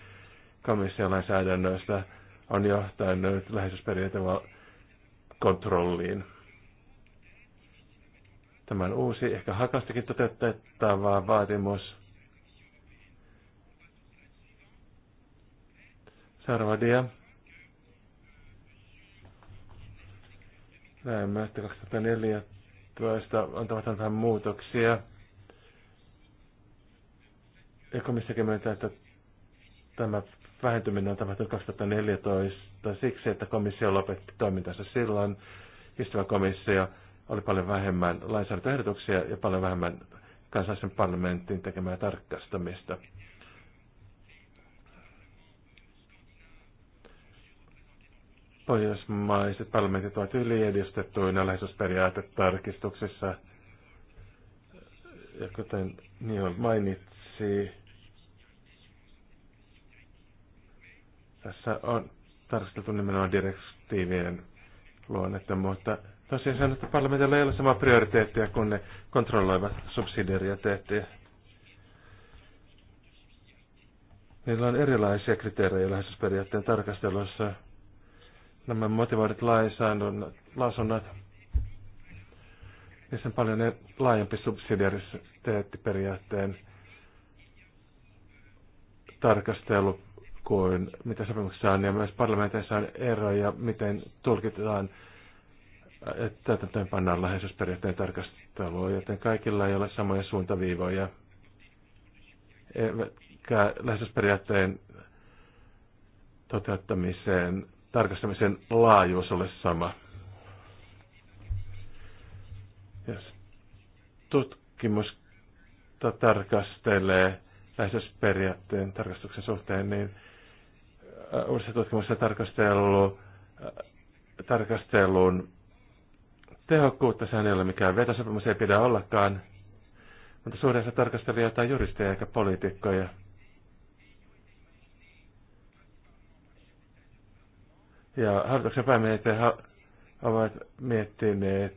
lainsäädännöistä on johtanut lähetysperiaatteen kontrolliin. Tämän uusi, ehkä hakastakin toteutettava vaatimus. Seuraava dia. Näin Näemme, että 2014 antavat vähän muutoksia. Ja komissakin myöntää, että tämä vähentyminen on tapahtunut 2014 siksi, että komissio lopetti toimintansa silloin. Istuva komissio oli paljon vähemmän lainsäädäntöehdotuksia ja paljon vähemmän kansallisen parlamentin tekemää tarkastamista. Pohjoismaiset parlamentit ovat yliedistettyinä läheisyysperiaatetarkistuksessa. Ja kuten Niol mainitsi, tässä on tarkasteltu nimenomaan direktiivien luonnetta, mutta tosiaan sanotaan, että parlamentilla ei ole samaa prioriteettia, kun ne kontrolloivat subsidiariteettia. Niillä on erilaisia kriteerejä läheisyysperiaatteen tarkastelussa nämä motivoidut lainsäädännöt, niissä on paljon laajempi subsidiariteettiperiaatteen tarkastelu kuin mitä sopimuksessa on, ja myös parlamenteissa on eroja, miten tulkitaan, että täytäntöön pannaan läheisyysperiaatteen tarkastelua, joten kaikilla ei ole samoja suuntaviivoja. läheisyysperiaatteen toteuttamiseen tarkastamisen laajuus ole sama. Jos Tutkimus tarkastelee lähestysperiaatteen tarkastuksen suhteen, niin äh, uudessa tutkimuksessa tarkastelu, äh, tarkastelun tehokkuutta, sehän ei ole mikään vetosopimus, ei pidä ollakaan, mutta suhdeessa tarkastelijoita on juristeja eikä poliitikkoja. Ja hallituksen päämiehet ovat miettineet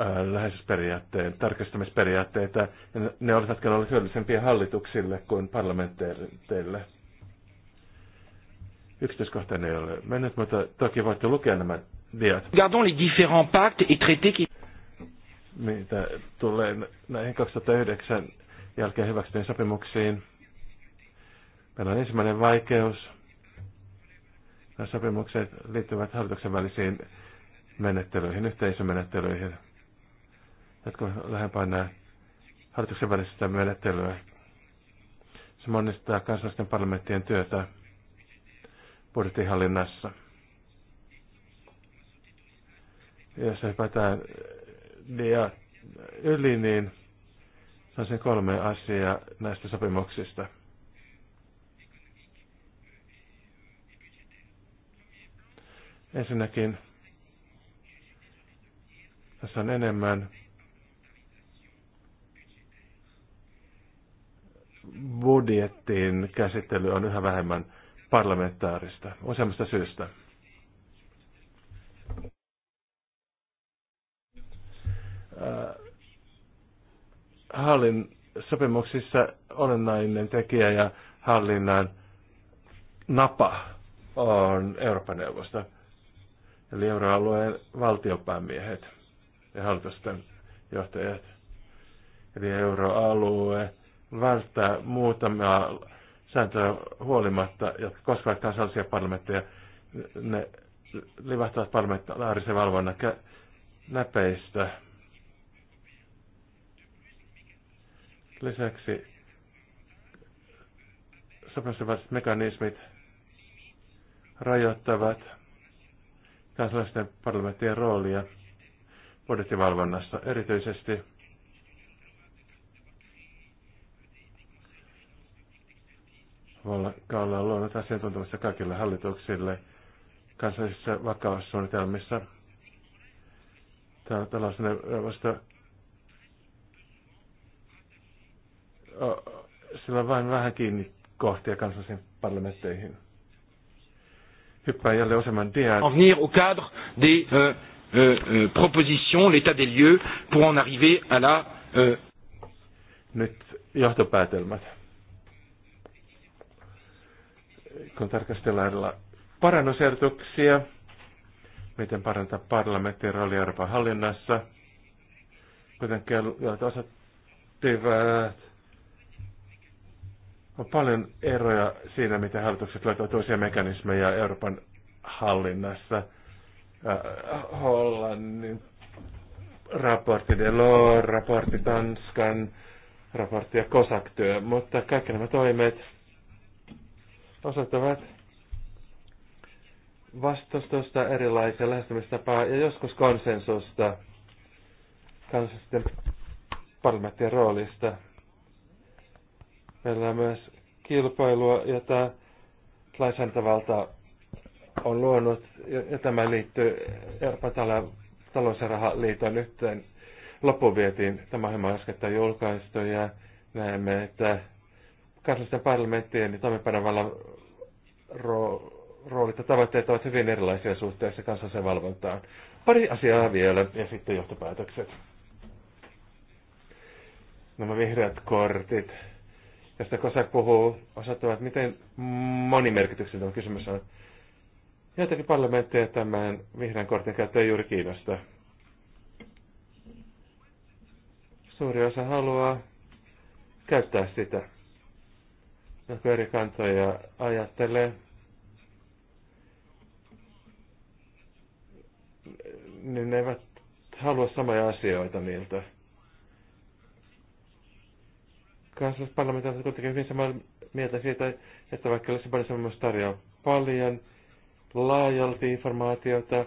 äh, läheisyysperiaatteen, tarkistamisperiaatteita, ja ne olivatkin olleet hyödyllisempiä hallituksille kuin parlamentteille. Yksityiskohtainen ei ole mennyt, mutta toki voitte lukea nämä diat. Gardons les différents pactes et traités qui... Mitä tulee näihin 2009 jälkeen hyväksytyihin sopimuksiin. Meillä on ensimmäinen vaikeus, Nämä sopimukset liittyvät hallituksen välisiin menettelyihin, yhteisömenettelyihin, jotka nämä hallituksen välistä menettelyä. Se monistaa kansallisten parlamenttien työtä budjettihallinnassa. Jos hypätään dia yli, niin sanoisin kolme asiaa näistä sopimuksista – Ensinnäkin tässä on enemmän budjettiin käsittely on yhä vähemmän parlamentaarista useammasta syystä. Äh, hallin sopimuksissa olennainen tekijä ja hallinnan napa on Euroopan neuvosto eli euroalueen valtiopäämiehet ja hallitusten johtajat. Eli euroalue välttää muutamia, sääntöjä huolimatta, jotka koskevat kansallisia parlamentteja. Ne livahtavat parlamentaarisen valvonnan näpeistä. Lisäksi sopimusvastaiset mekanismit rajoittavat kansalaisten parlamenttien roolia budjettivalvonnassa erityisesti. Kaalla on luonut asiantuntemusta kaikille hallituksille kansallisissa vakaussuunnitelmissa. Talousneuvosto sillä on vain vähän kiinni kohtia kansallisiin parlamentteihin. En venir au cadre des euh, euh, euh, propositions, l'état des lieux, pour en arriver à la... Euh... Nyt Kun tarkastellaan parannusehdotuksia, miten parantaa parlamentin roolia Euroopan hallinnassa, kuten kello, osat osoittivat on paljon eroja siinä, miten hallitukset löytävät toisia mekanismeja Euroopan hallinnassa. Äh, Hollannin raportti, Delors, raportti Tanskan, raportti ja COSAC-työ, mutta kaikki nämä toimet osoittavat vastustusta erilaisia lähestymistapaa ja joskus konsensusta kansallisten parlamenttien roolista. Meillä on myös kilpailua, jota lainsäädäntövalta on luonut, ja tämä liittyy Euroopan talous- ja rahaliiton yhteen loppuvietiin. Tämä ohjelma äskettäin julkaistu, ja näemme, että kansallisten parlamenttien ja toimenpanevallan ro- roolit ja tavoitteet ovat hyvin erilaisia suhteessa kansalliseen valvontaan. Pari asiaa vielä, ja sitten johtopäätökset. Nämä vihreät kortit josta Kosa puhuu, että miten on kysymys on. Joitakin parlamentteja tämän vihreän kortin käyttö ei juuri kiinnosta. Suuri osa haluaa käyttää sitä. Joku eri kantoja ajattelee. Niin ne eivät halua samoja asioita niiltä kansallisparlamentit ovat kuitenkin hyvin samaa mieltä siitä, että vaikka Lissabonin sopimus tarjoaa paljon laajalti informaatiota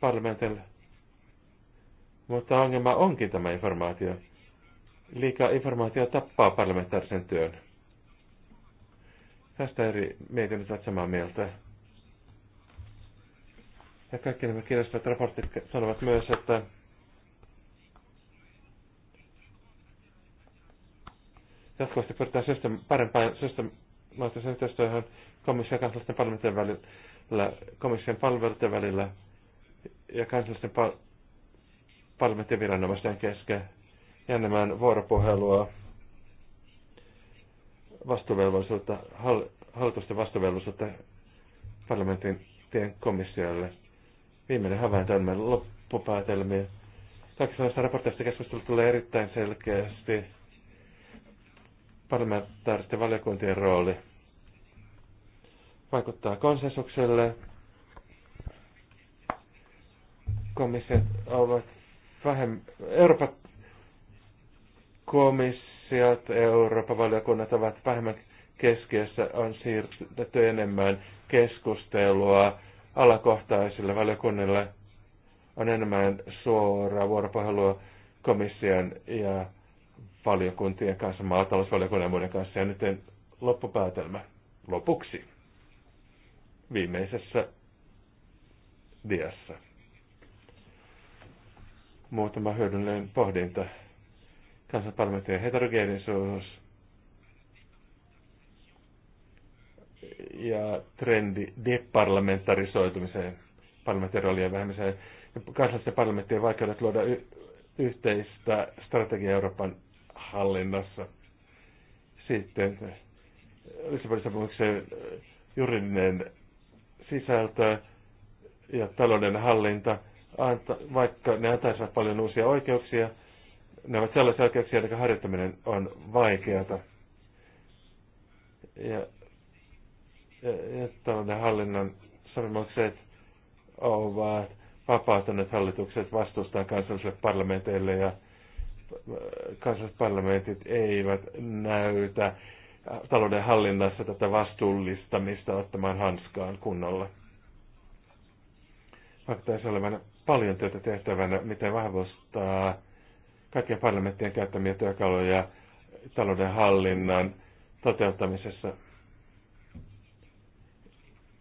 parlamentille, mutta ongelma onkin tämä informaatio. Liikaa informaatio tappaa parlamentaarisen työn. Tästä eri mietinnöt ovat samaa mieltä. Ja kaikki nämä kirjastavat raportit sanovat myös, että jatkuvasti pyritään system, parempaan systemaattisen yhteistyöhön komission ja kansallisten parlamenttien välillä, komission palveluiden välillä ja kansallisten pal- parlamenttien viranomaisten kesken ja enemmän vuoropuhelua, vastuvelvollisuutta, hall- hallitusten vastuvelvollisuutta parlamentin tien komissiolle. Viimeinen havainto on meidän loppupäätelmiä. näistä raporteista keskustelu tulee erittäin selkeästi parlamentaaristen valiokuntien rooli vaikuttaa konsensukselle. Komissiot ovat vähemmän, Euroopan komissiot, Euroopan valiokunnat ovat vähemmän keskiössä, on siirretty enemmän keskustelua alakohtaisille valiokunnille, on enemmän suoraa vuoropuhelua komission ja valiokuntien kanssa, maatalousvaliokunnan ja muiden kanssa. Ja nyt loppupäätelmä lopuksi viimeisessä diassa. Muutama hyödyllinen pohdinta. Kansanparlamentin heterogeenisuus ja trendi deparlamentarisoitumiseen, parlamentin roolien vähemmiseen. kansallisten parlamenttien vaikeudet luoda yhteistä strategiaa Euroopan hallinnassa. Sitten eh, Lissabonin sopimuksen eh, juridinen sisältö ja talouden hallinta, anta, vaikka ne antaisivat paljon uusia oikeuksia, ne ovat sellaisia oikeuksia, joiden harjoittaminen on vaikeata. Ja, ja, ja talouden hallinnan sopimukset ovat vapauttaneet hallitukset vastustaa kansallisille parlamenteille ja kansalliset parlamentit eivät näytä talouden hallinnassa tätä vastuullistamista ottamaan hanskaan kunnolla. Faktaisi olevan paljon työtä tehtävänä, miten vahvistaa kaikkien parlamenttien käyttämiä työkaluja talouden hallinnan toteuttamisessa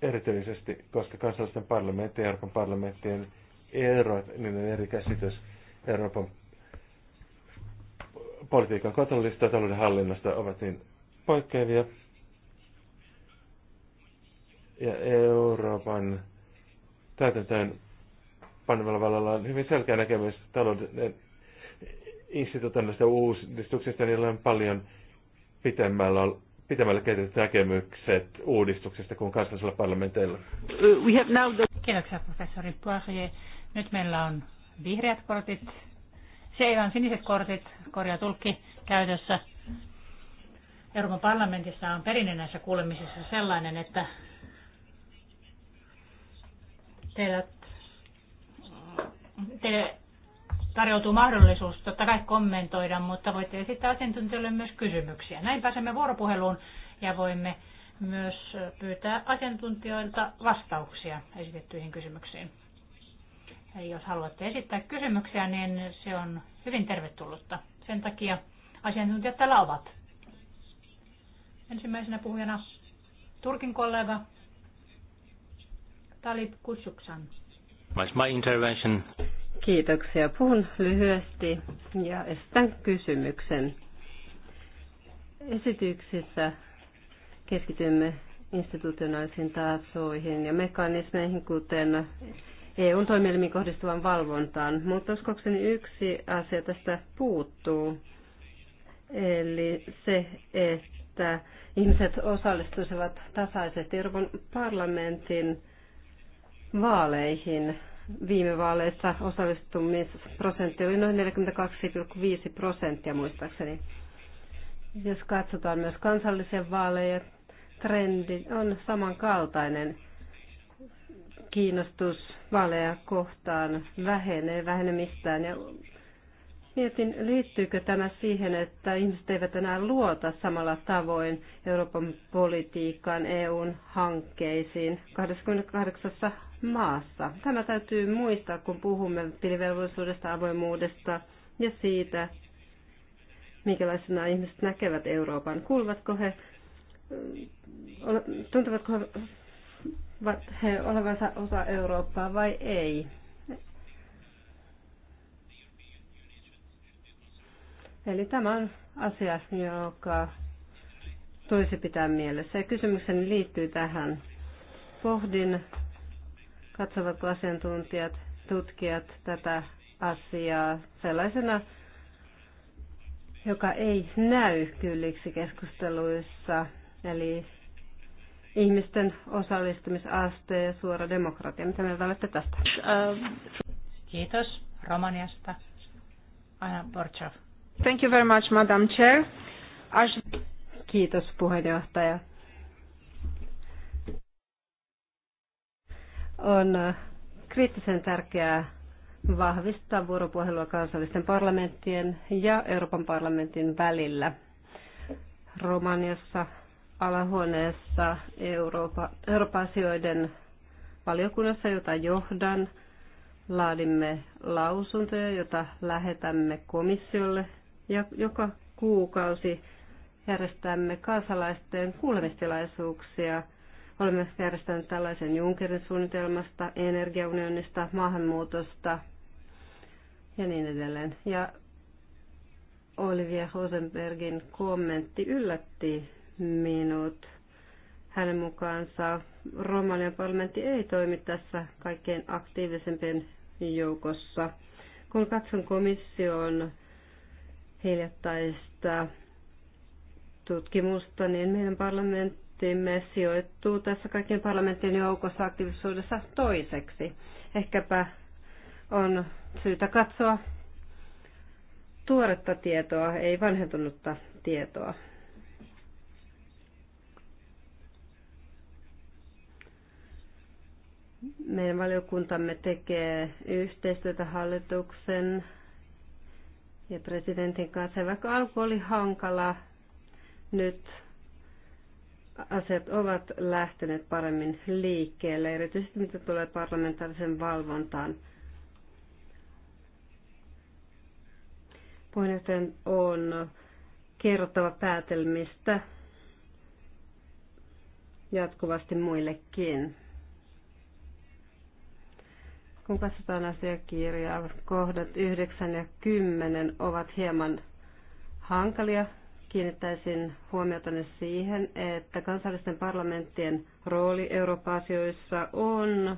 erityisesti, koska kansallisten parlamenttien ja Euroopan parlamenttien erot, niiden eri käsitys Euroopan politiikan kontrollista ja talouden hallinnasta ovat niin poikkeavia. Ja Euroopan täytäntöön panevalla vallalla on hyvin selkeä näkemys talouden instituutioista uudistuksista, niin niillä on paljon pitemmällä, pitemmällä kehitetyt näkemykset uudistuksista kuin kansallisella parlamenteilla. Uh, we have now the... Kiitoksia professori Poirier. Nyt meillä on vihreät kortit siellä on siniset kortit, korjaa tulkki käytössä. Euroopan parlamentissa on perinne näissä kuulemisissa sellainen, että teillä, teille tarjoutuu mahdollisuus totta kai kommentoida, mutta voitte esittää asiantuntijoille myös kysymyksiä. Näin pääsemme vuoropuheluun ja voimme myös pyytää asiantuntijoilta vastauksia esitettyihin kysymyksiin. Jos haluatte esittää kysymyksiä, niin se on hyvin tervetullutta. Sen takia asiantuntijat täällä ovat. Ensimmäisenä puhujana Turkin kollega Talib Kutsuksan. My intervention. Kiitoksia. Puhun lyhyesti ja esitän kysymyksen. Esityksissä keskitymme institutionaalisiin tasoihin ja mekanismeihin, kuten eu toimielimiin kohdistuvan valvontaan. Mutta uskokseni yksi asia tästä puuttuu, eli se, että ihmiset osallistuisivat tasaisesti Euroopan parlamentin vaaleihin. Viime vaaleissa osallistumisprosentti oli noin 42,5 prosenttia muistaakseni. Jos katsotaan myös kansallisia vaaleja, trendi on samankaltainen kiinnostus vaaleja kohtaan vähenee vähenemistään. Ja mietin, liittyykö tämä siihen, että ihmiset eivät enää luota samalla tavoin Euroopan politiikkaan, EUn hankkeisiin 28 maassa. Tämä täytyy muistaa, kun puhumme tilivelvollisuudesta, avoimuudesta ja siitä, minkälaisena ihmiset näkevät Euroopan. Kuuluvatko he, tuntevatko he he olevansa osa Eurooppaa vai ei. Eli tämä on asia, joka toisi pitää mielessä. Ja kysymykseni liittyy tähän. Pohdin, katsovatko asiantuntijat, tutkijat tätä asiaa sellaisena, joka ei näy kylliksi keskusteluissa. Eli ihmisten osallistumisaste ja suora demokratia. Mitä mieltä olette tästä? Kiitos Romaniasta. Anna Borchow. Thank you very much, Madam Chair. As... Kiitos puheenjohtaja. On äh, kriittisen tärkeää vahvistaa vuoropuhelua kansallisten parlamenttien ja Euroopan parlamentin välillä. Romaniassa alahuoneessa Eurooppa, Euroopan asioiden valiokunnassa, jota johdan. Laadimme lausuntoja, jota lähetämme komissiolle ja joka kuukausi järjestämme kansalaisten kuulemistilaisuuksia. Olemme järjestäneet tällaisen Junckerin suunnitelmasta, energiaunionista, maahanmuutosta ja niin edelleen. Ja Olivia Rosenbergin kommentti yllätti minut. Hänen mukaansa Romanian parlamentti ei toimi tässä kaikkein aktiivisempien joukossa. Kun katson komission hiljattaista tutkimusta, niin meidän parlamenttimme sijoittuu tässä kaikkien parlamenttien joukossa aktiivisuudessa toiseksi. Ehkäpä on syytä katsoa tuoretta tietoa, ei vanhentunutta tietoa. Meidän valiokuntamme tekee yhteistyötä hallituksen ja presidentin kanssa. Vaikka alku oli hankala, nyt asiat ovat lähteneet paremmin liikkeelle, erityisesti mitä tulee parlamentaarisen valvontaan. Puheenjohtajan on kerrottava päätelmistä jatkuvasti muillekin. Kun katsotaan asiakirjaa, kohdat 9 ja 10 ovat hieman hankalia. Kiinnittäisin huomiota siihen, että kansallisten parlamenttien rooli Eurooppa-asioissa on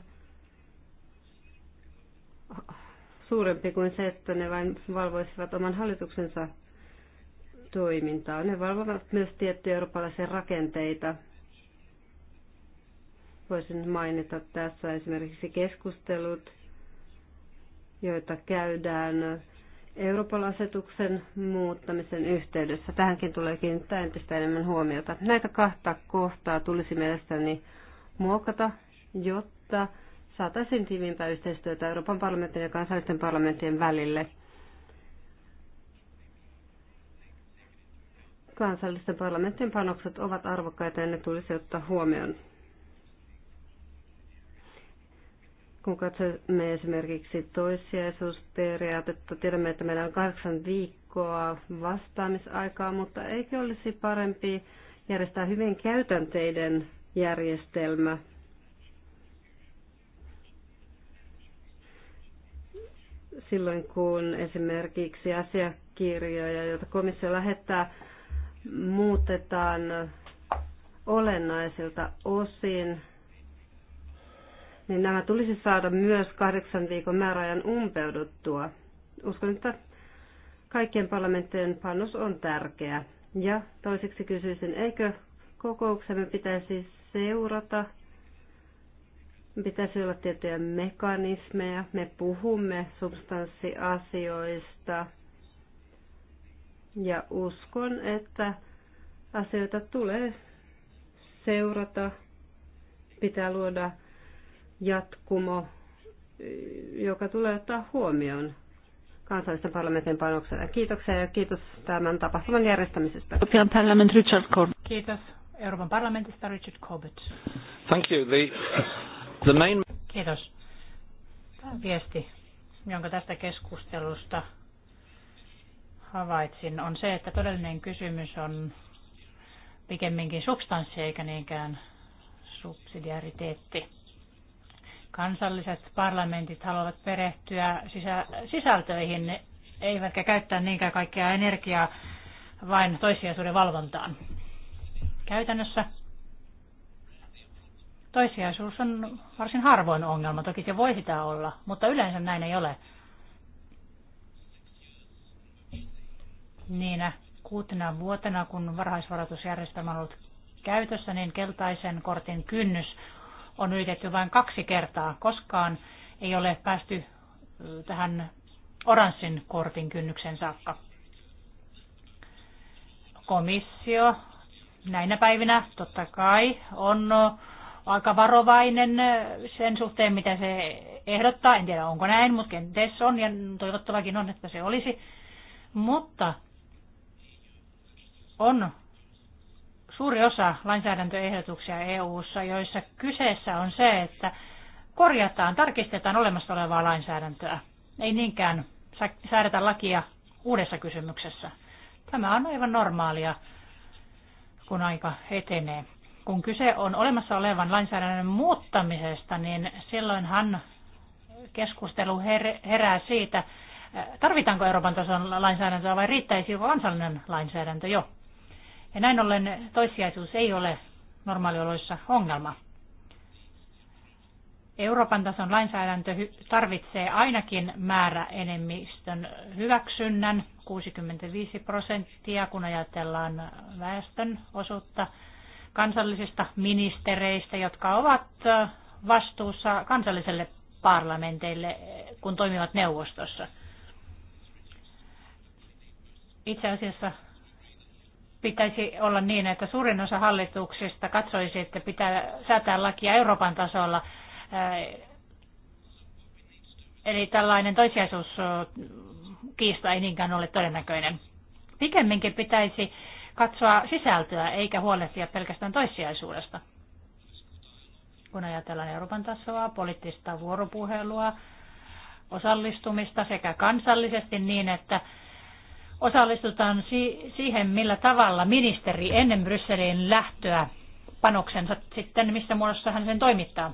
suurempi kuin se, että ne vain valvoisivat oman hallituksensa toimintaa. Ne valvovat myös tiettyjä eurooppalaisia rakenteita. Voisin mainita tässä esimerkiksi keskustelut joita käydään Euroopan asetuksen muuttamisen yhteydessä. Tähänkin tulee kiinnittää entistä enemmän huomiota. Näitä kahta kohtaa tulisi mielestäni muokata, jotta saataisiin tiiviimpää yhteistyötä Euroopan parlamentin ja kansallisten parlamenttien välille. Kansallisten parlamenttien panokset ovat arvokkaita ja ne tulisi ottaa huomioon Kun katsomme esimerkiksi toissijaisuusperiaatetta, tiedämme, että meillä on kahdeksan viikkoa vastaamisaikaa, mutta eikö olisi parempi järjestää hyvin käytänteiden järjestelmä silloin, kun esimerkiksi asiakirjoja, joita komissio lähettää, muutetaan olennaisilta osin niin nämä tulisi saada myös kahdeksan viikon määräajan umpeuduttua. Uskon, että kaikkien parlamenttien panos on tärkeä. Ja toiseksi kysyisin, eikö kokouksemme pitäisi seurata? Pitäisi olla tiettyjä mekanismeja. Me puhumme substanssiasioista. Ja uskon, että asioita tulee seurata. Pitää luoda jatkumo, joka tulee ottaa huomioon kansallisten parlamentin panoksella. Kiitoksia ja kiitos tämän tapahtuman järjestämisestä. Richard Kiitos. Euroopan parlamentista Richard Corbett. Thank you. The, the main... Kiitos. Tämä viesti, jonka tästä keskustelusta havaitsin, on se, että todellinen kysymys on pikemminkin substanssi eikä niinkään subsidiariteetti kansalliset parlamentit haluavat perehtyä sisältöihin, ne eivätkä käyttää niinkään kaikkea energiaa vain toissijaisuuden valvontaan. Käytännössä toissijaisuus on varsin harvoin ongelma, toki se voi sitä olla, mutta yleensä näin ei ole. Niinä kuutena vuotena, kun varhaisvaroitusjärjestelmä on ollut käytössä, niin keltaisen kortin kynnys on yritetty vain kaksi kertaa. Koskaan ei ole päästy tähän oranssin kortin kynnyksen saakka. Komissio näinä päivinä totta kai on aika varovainen sen suhteen, mitä se ehdottaa. En tiedä, onko näin, mutta kenties on ja toivottavakin on, että se olisi. Mutta on suuri osa lainsäädäntöehdotuksia EU:ssa, joissa kyseessä on se, että korjataan, tarkistetaan olemassa olevaa lainsäädäntöä. Ei niinkään säädetä lakia uudessa kysymyksessä. Tämä on aivan normaalia, kun aika etenee. Kun kyse on olemassa olevan lainsäädännön muuttamisesta, niin silloinhan keskustelu herää siitä, tarvitaanko Euroopan tason lainsäädäntöä vai riittäisi kansallinen lainsäädäntö jo. Ja näin ollen toissijaisuus ei ole normaalioloissa ongelma. Euroopan tason lainsäädäntö tarvitsee ainakin määräenemmistön hyväksynnän, 65 prosenttia, kun ajatellaan väestön osuutta kansallisista ministereistä, jotka ovat vastuussa kansalliselle parlamenteille, kun toimivat neuvostossa. Itse asiassa pitäisi olla niin, että suurin osa hallituksista katsoisi, että pitää säätää lakia Euroopan tasolla. Eli tällainen toisiaisuuskiista ei niinkään ole todennäköinen. Pikemminkin pitäisi katsoa sisältöä eikä huolehtia pelkästään toissijaisuudesta. Kun ajatellaan Euroopan tasoa, poliittista vuoropuhelua, osallistumista sekä kansallisesti niin, että osallistutaan siihen, millä tavalla ministeri ennen Brysselin lähtöä panoksensa sitten, missä muodossa hän sen toimittaa.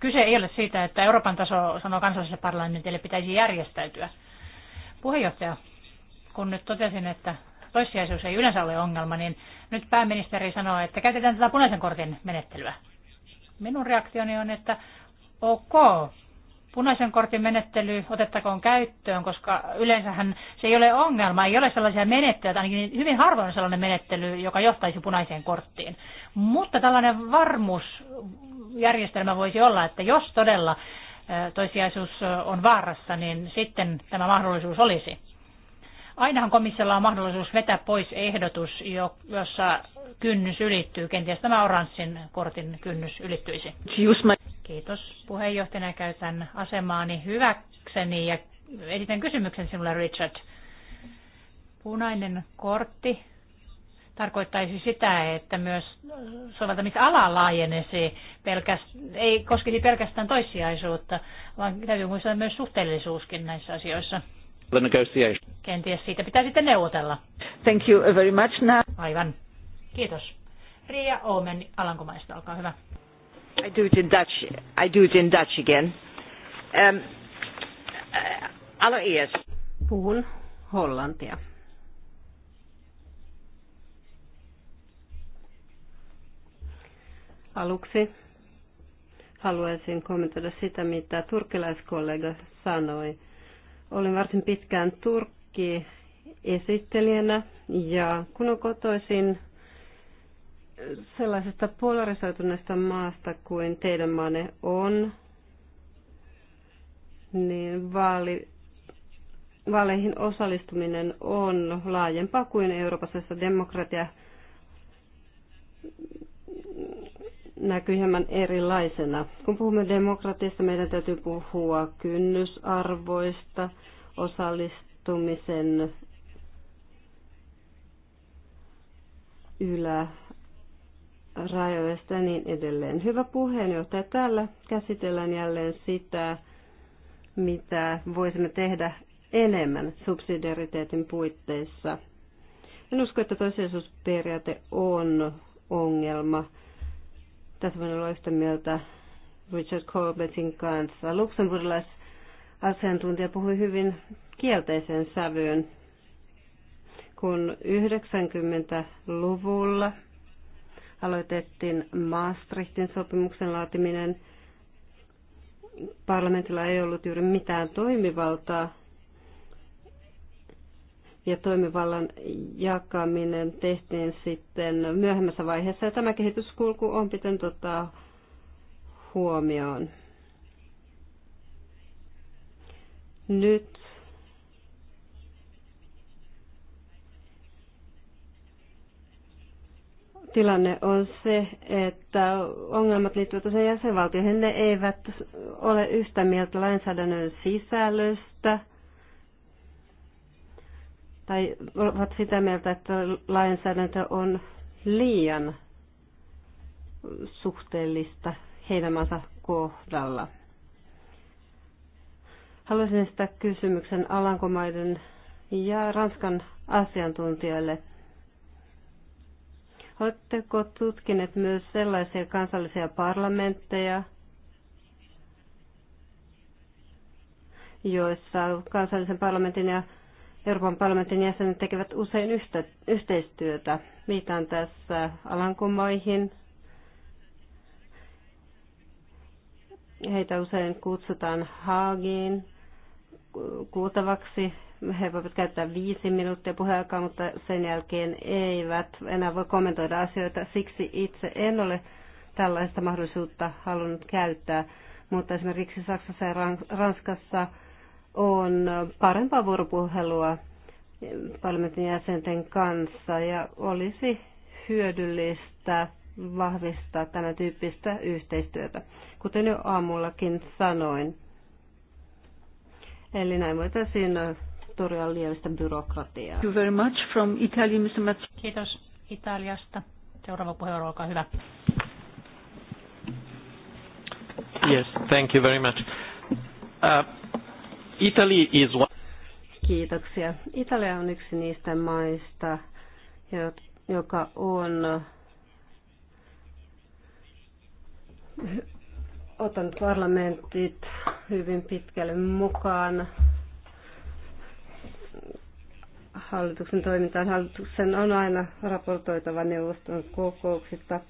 Kyse ei ole siitä, että Euroopan taso sanoo kansalliselle parlamentille pitäisi järjestäytyä. Puheenjohtaja, kun nyt totesin, että toissijaisuus ei yleensä ole ongelma, niin nyt pääministeri sanoo, että käytetään tätä punaisen kortin menettelyä. Minun reaktioni on, että ok, Punaisen kortin menettely otettakoon käyttöön, koska yleensähän se ei ole ongelma, ei ole sellaisia menettelyjä, ainakin hyvin harvoin sellainen menettely, joka johtaisi punaiseen korttiin. Mutta tällainen varmuusjärjestelmä voisi olla, että jos todella toisiaisuus on vaarassa, niin sitten tämä mahdollisuus olisi. Ainahan komissiolla on mahdollisuus vetää pois ehdotus, jossa kynnys ylittyy. Kenties tämä oranssin kortin kynnys ylittyisi. Kiitos puheenjohtajana. Käytän asemaani hyväkseni ja esitän kysymyksen sinulle, Richard. Punainen kortti tarkoittaisi sitä, että myös soveltamisala laajenisi, pelkäst, ei koskisi pelkästään toissijaisuutta, vaan täytyy muistaa myös suhteellisuuskin näissä asioissa the negotiation. Kenties siitä pitää sitten neuvotella. Thank you very much now. Aivan. Kiitos. Ria Oomen Alankomaista, olkaa hyvä. I do it in Dutch. I do it in Dutch again. Um, uh, allereerst. Puhun hollantia. Aluksi haluaisin kommentoida sitä, mitä turkilaiskollega sanoi Olin varsin pitkään Turkki esittelijänä ja kun on kotoisin sellaisesta polarisoituneesta maasta kuin teidän maanne on, niin vaali, vaaleihin osallistuminen on laajempaa kuin Euroopassa, demokratia näkyy hieman erilaisena. Kun puhumme demokratiasta, meidän täytyy puhua kynnysarvoista, osallistumisen ylärajoista ja niin edelleen. Hyvä puheenjohtaja, täällä käsitellään jälleen sitä, mitä voisimme tehdä enemmän subsidiariteetin puitteissa. En usko, että toisellisuusperiaate on ongelma tässä voin olla yhtä mieltä Richard Corbettin kanssa. Luxemburgilais asiantuntija puhui hyvin kielteiseen sävyyn, kun 90-luvulla aloitettiin Maastrichtin sopimuksen laatiminen. Parlamentilla ei ollut juuri mitään toimivaltaa ja toimivallan jakaminen tehtiin sitten myöhemmässä vaiheessa ja tämä kehityskulku on pitänyt ottaa huomioon. Nyt tilanne on se, että ongelmat liittyvät usein jäsenvaltioihin. Ne eivät ole yhtä mieltä lainsäädännön sisällöstä – tai ovat sitä mieltä, että lainsäädäntö on liian suhteellista heidän maansa kohdalla. Haluaisin esittää kysymyksen Alankomaiden ja Ranskan asiantuntijoille. Oletteko tutkineet myös sellaisia kansallisia parlamentteja, joissa kansallisen parlamentin ja Euroopan parlamentin jäsenet tekevät usein yhtä, yhteistyötä. Viitaan tässä Alankomaihin. Heitä usein kutsutaan Haagiin kuultavaksi. He voivat käyttää viisi minuuttia puheaikaa, mutta sen jälkeen eivät enää voi kommentoida asioita. Siksi itse en ole tällaista mahdollisuutta halunnut käyttää. Mutta esimerkiksi Saksassa ja Ranskassa on parempaa vuoropuhelua parlamentin jäsenten kanssa ja olisi hyödyllistä vahvistaa tämän tyyppistä yhteistyötä, kuten jo aamullakin sanoin. Eli näin voitaisiin torjua liiallista byrokratiaa. Thank you very much from Italy, Mr. Mats. Kiitos Italiasta. Seuraava puheenvuoro, olkaa hyvä. Yes, thank you very much. Uh, Italy is one... Kiitoksia. Italia on yksi niistä maista, joka on ottanut parlamentit hyvin pitkälle mukaan hallituksen toimintaan. Hallituksen on aina raportoitava neuvoston kokouksista.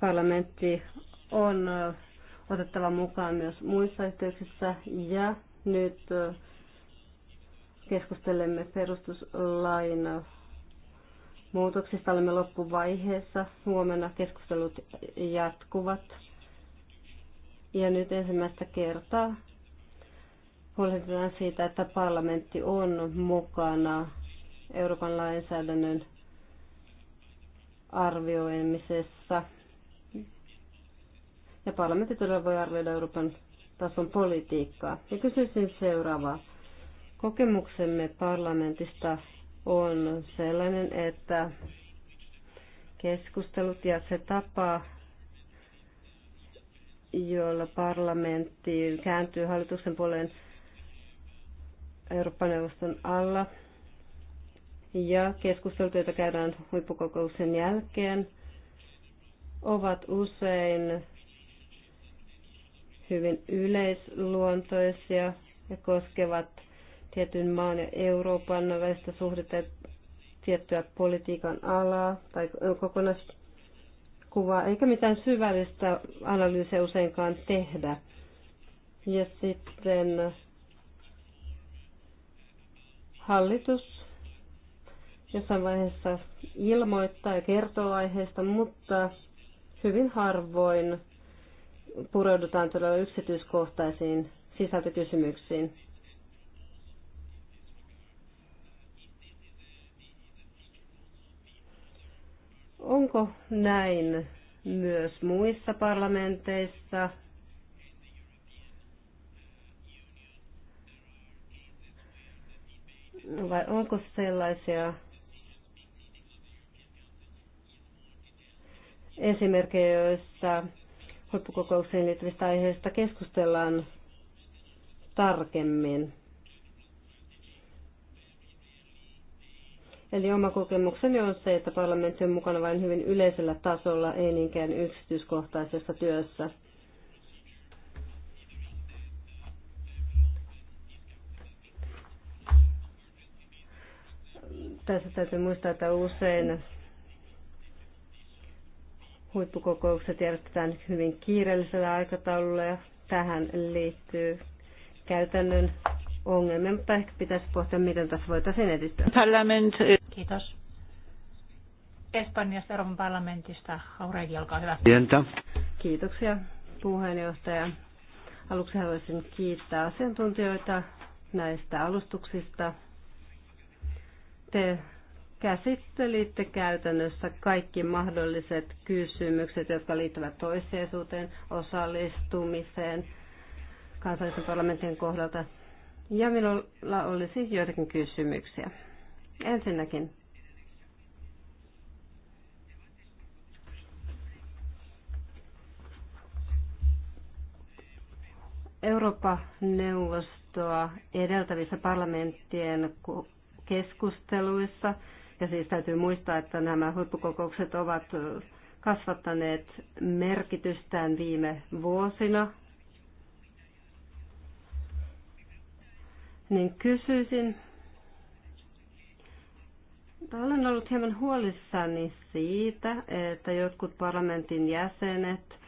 parlamentti on otettava mukaan myös muissa yhteyksissä ja nyt keskustelemme perustuslain muutoksista. Olemme loppuvaiheessa. Huomenna keskustelut jatkuvat. Ja nyt ensimmäistä kertaa huolehditaan siitä, että parlamentti on mukana Euroopan lainsäädännön arvioimisessa ja parlamentti todella voi arvioida Euroopan tason politiikkaa. Ja kysyisin seuraavaa. Kokemuksemme parlamentista on sellainen, että keskustelut ja se tapa, jolla parlamentti kääntyy hallituksen puoleen Euroopan neuvoston alla, ja keskustelut, joita käydään huippukokouksen jälkeen, ovat usein hyvin yleisluontoisia ja koskevat tietyn maan ja Euroopan välistä suhdetta tiettyä politiikan alaa tai kokonaiskuvaa, eikä mitään syvällistä analyysiä useinkaan tehdä. Ja sitten hallitus jossain vaiheessa ilmoittaa ja kertoo aiheesta, mutta hyvin harvoin pureudutaan todella yksityiskohtaisiin sisältökysymyksiin. Onko näin myös muissa parlamenteissa? Vai onko sellaisia esimerkkejä, joissa huippukokoukseen liittyvistä aiheista keskustellaan tarkemmin. Eli oma kokemukseni on se, että parlamentti on mukana vain hyvin yleisellä tasolla, ei niinkään yksityiskohtaisessa työssä. Tässä täytyy muistaa, että usein Huippukokoukset järjestetään hyvin kiireellisellä aikataululla ja tähän liittyy käytännön ongelmia, mutta ehkä pitäisi pohtia, miten tässä voitaisiin edistää. Parlament. Kiitos. Espanjasta Euroopan parlamentista. Aureki, olkaa hyvä. Pientä. Kiitoksia puheenjohtaja. Aluksi haluaisin kiittää asiantuntijoita näistä alustuksista. Te käsittelitte käytännössä kaikki mahdolliset kysymykset, jotka liittyvät toissijaisuuteen, osallistumiseen kansallisen parlamentin kohdalta. Ja minulla olisi joitakin kysymyksiä. Ensinnäkin, Eurooppa-neuvostoa edeltävissä parlamenttien keskusteluissa ja siis täytyy muistaa, että nämä huippukokoukset ovat kasvattaneet merkitystään viime vuosina. Niin kysyisin, olen ollut hieman huolissani siitä, että jotkut parlamentin jäsenet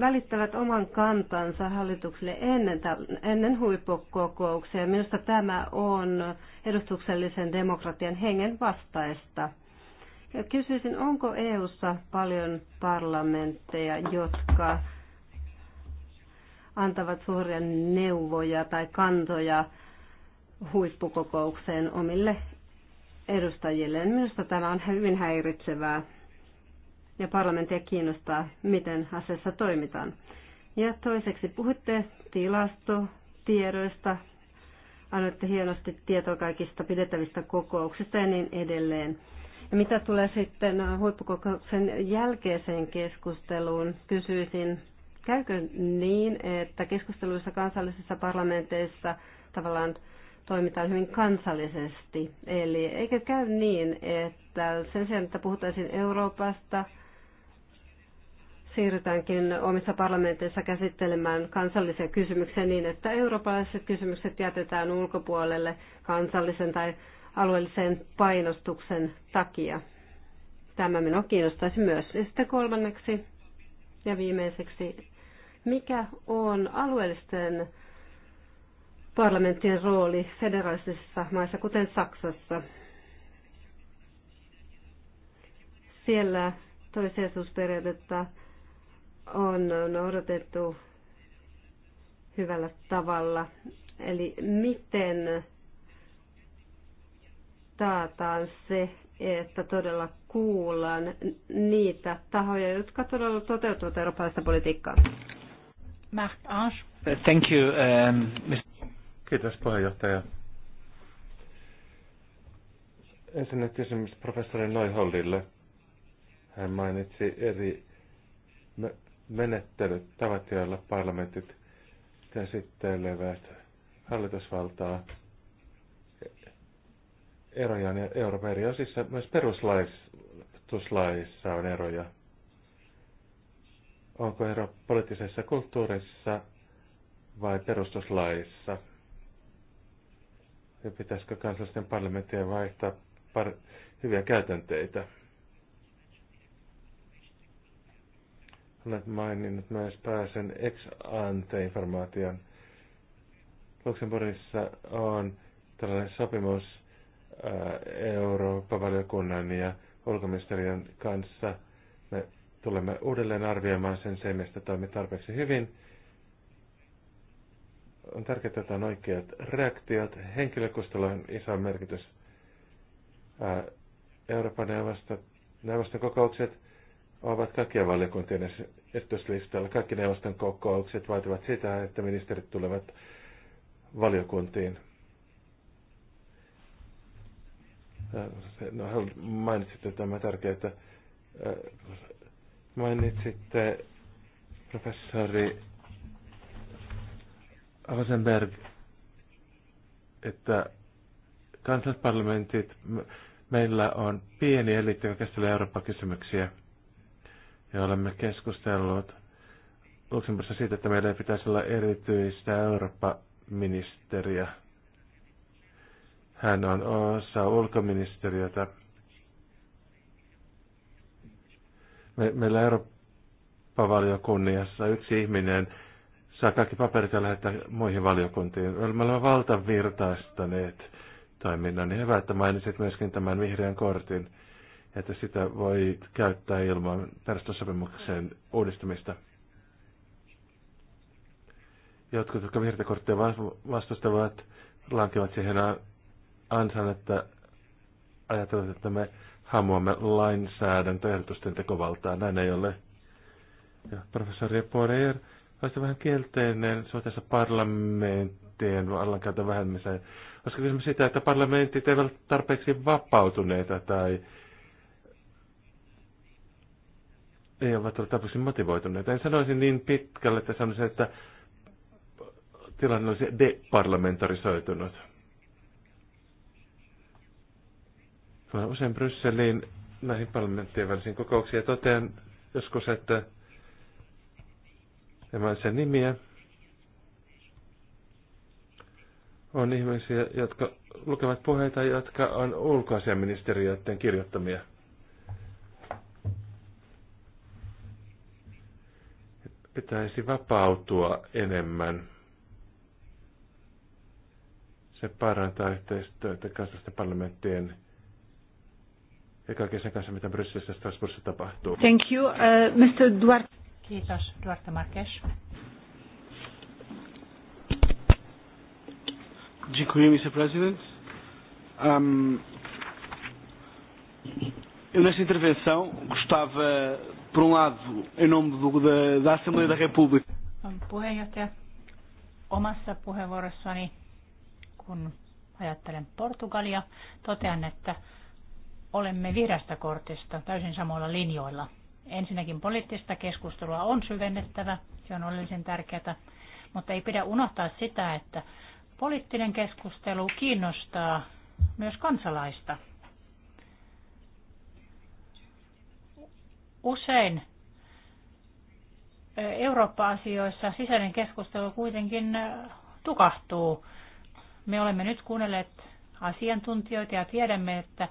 välittävät oman kantansa hallitukselle ennen, ennen huippukokouksia. Minusta tämä on edustuksellisen demokratian hengen vastaista. Ja kysyisin, onko EU:ssa paljon parlamentteja, jotka antavat suoria neuvoja tai kantoja huippukokoukseen omille edustajille. Minusta tämä on hyvin häiritsevää ja parlamenttia kiinnostaa, miten asiassa toimitaan. Ja toiseksi puhutte tilastotiedoista, annoitte hienosti tietoa kaikista pidettävistä kokouksista ja niin edelleen. Ja mitä tulee sitten huippukokouksen jälkeiseen keskusteluun, kysyisin, käykö niin, että keskusteluissa kansallisissa parlamenteissa tavallaan toimitaan hyvin kansallisesti? Eli eikö käy niin, että sen sijaan, että puhutaan Euroopasta – siirrytäänkin omissa parlamenteissa käsittelemään kansallisia kysymyksiä niin, että eurooppalaiset kysymykset jätetään ulkopuolelle kansallisen tai alueellisen painostuksen takia. Tämä minua kiinnostaisi myös. Ja sitten kolmanneksi ja viimeiseksi, mikä on alueellisten parlamenttien rooli federaalisissa maissa, kuten Saksassa? Siellä toisiaisuusperiaatetta on noudatettu hyvällä tavalla. Eli miten taataan se, että todella kuullaan niitä tahoja, jotka todella toteuttavat eurooppalaista politiikkaa. Mark Thank you. Um, Kiitos puheenjohtaja. Ensinnä kysymys professori Noiholdille. Hän mainitsi eri menettelyt, tavat, joilla parlamentit käsittelevät hallitusvaltaa eroja on Euroopan eri osissa. Myös peruslaissa on eroja. Onko ero poliittisessa kulttuurissa vai perustuslaissa? Ja pitäisikö kansallisten parlamenttien vaihtaa par- hyviä käytänteitä? Olet maininnut myös pääsen ex ante informaation. Luxemburgissa on tällainen sopimus äh, Euroopan valiokunnan ja ulkoministeriön kanssa. Me tulemme uudelleen arvioimaan sen, se mistä toimii tarpeeksi hyvin. On tärkeää, että on oikeat reaktiot. Henkilökustalla on iso merkitys. Äh, Euroopan neuvosto, neuvoston kokoukset ovat kaikkien valiokuntien esityslistalla. Kaikki neuvoston kokoukset vaativat sitä, että ministerit tulevat valiokuntiin. No, mainitsitte tämä tärkeää, että mainitsitte professori Rosenberg, että kansallisparlamentit, meillä on pieni eliitti, joka käsittelee Eurooppa-kysymyksiä – ja olemme keskustelleet Luxemburgissa siitä, että meillä pitäisi olla erityistä Eurooppa-ministeriä. Hän on osa ulkoministeriötä. Me, meillä eurooppa valiokunniassa yksi ihminen saa kaikki paperit ja lähettää muihin valiokuntiin. Olemme valtavirtaistaneet toiminnan. Niin hyvä, että mainitsit myöskin tämän vihreän kortin että sitä voi käyttää ilman perustussopimuksen uudistamista. Jotkut, jotka virtakorttia vastustavat, lankevat siihen ansan, että ajatellaan, että me hamuamme lainsäädäntöehdotusten tekovaltaa. Näin ei ole. Ja professori Poirier olisi vähän kielteinen suhteessa parlamenttien vallankäytön vähemmiseen. Olisiko kysymys sitä, että parlamentit eivät ole tarpeeksi vapautuneita tai ei ole välttämättä täysin motivoituneita. En sanoisi niin pitkälle, että sanoisin, että tilanne olisi deparlamentarisoitunut. Olen usein Brysseliin näihin parlamenttien välisiin kokouksiin ja totean joskus, että tämän sen nimiä on ihmisiä, jotka lukevat puheita, jotka on ulkoasiaministeriöiden kirjoittamia. pitäisi vapautua enemmän. Se parantaa yhteistyötä kansallisten parlamenttien ja kaiken sen kanssa, mitä Brysselissä Strasbourgissa tapahtuu. Thank you, uh, Mr. Duarte. Kiitos, Duarte Marques. Dziękuję, Mr. President. Um, eu nesta intervenção gostava por um lado, em nome do, da, da Assembleia da República. Puheenjohtaja, omassa puheenvuorossani, kun ajattelen Portugalia, totean, että olemme vihreästä kortista täysin samoilla linjoilla. Ensinnäkin poliittista keskustelua on syvennettävä, se on oleellisen tärkeää, mutta ei pidä unohtaa sitä, että poliittinen keskustelu kiinnostaa myös kansalaista – Usein Eurooppa-asioissa sisäinen keskustelu kuitenkin tukahtuu. Me olemme nyt kuunnelleet asiantuntijoita ja tiedämme, että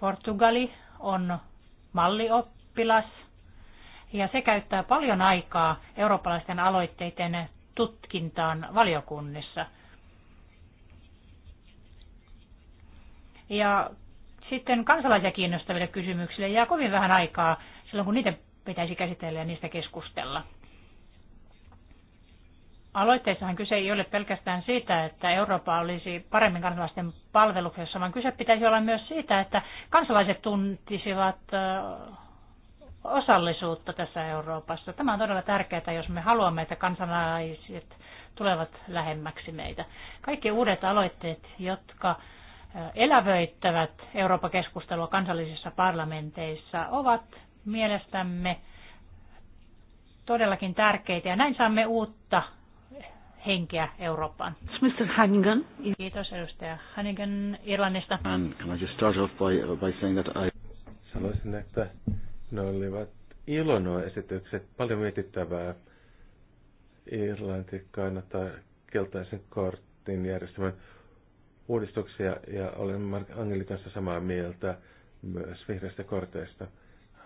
Portugali on mallioppilas ja se käyttää paljon aikaa eurooppalaisten aloitteiden tutkintaan valiokunnissa. Ja sitten kansalaisia kiinnostaville kysymyksille jää kovin vähän aikaa silloin, kun niitä pitäisi käsitellä ja niistä keskustella. Aloitteessahan kyse ei ole pelkästään siitä, että Eurooppa olisi paremmin kansalaisten palveluksessa, vaan kyse pitäisi olla myös siitä, että kansalaiset tuntisivat osallisuutta tässä Euroopassa. Tämä on todella tärkeää, jos me haluamme, että kansalaiset tulevat lähemmäksi meitä. Kaikki uudet aloitteet, jotka elävöittävät Euroopan keskustelua kansallisissa parlamenteissa ovat mielestämme todellakin tärkeitä ja näin saamme uutta henkeä Eurooppaan. Mr. Hannigan. Kiitos edustaja Hannigan Irlannista. And can I just start off by, by saying that I... Sanoisin, että ne olivat esitykset, paljon mietittävää. Irlanti kannattaa keltaisen kortin järjestelmän uudistuksia ja olen Angelin kanssa samaa mieltä myös vihreistä korteista.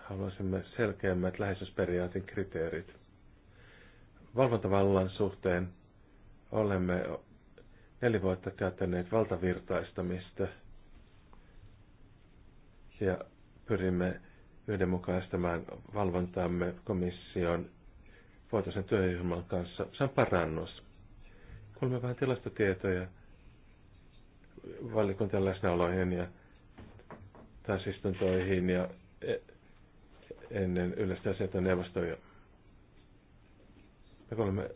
Haluaisimme selkeämmät läheisyysperiaatin kriteerit. Valvontavallan suhteen olemme neljä vuotta käyttäneet valtavirtaistamista ja pyrimme yhdenmukaistamaan valvontaamme komission vuotoisen työohjelman kanssa. Se on parannus. Kuulemme vähän tilastotietoja valikuntien läsnäoloihin ja täysistuntoihin ja e-, ennen yleistä asioita neuvostoja. Me olemme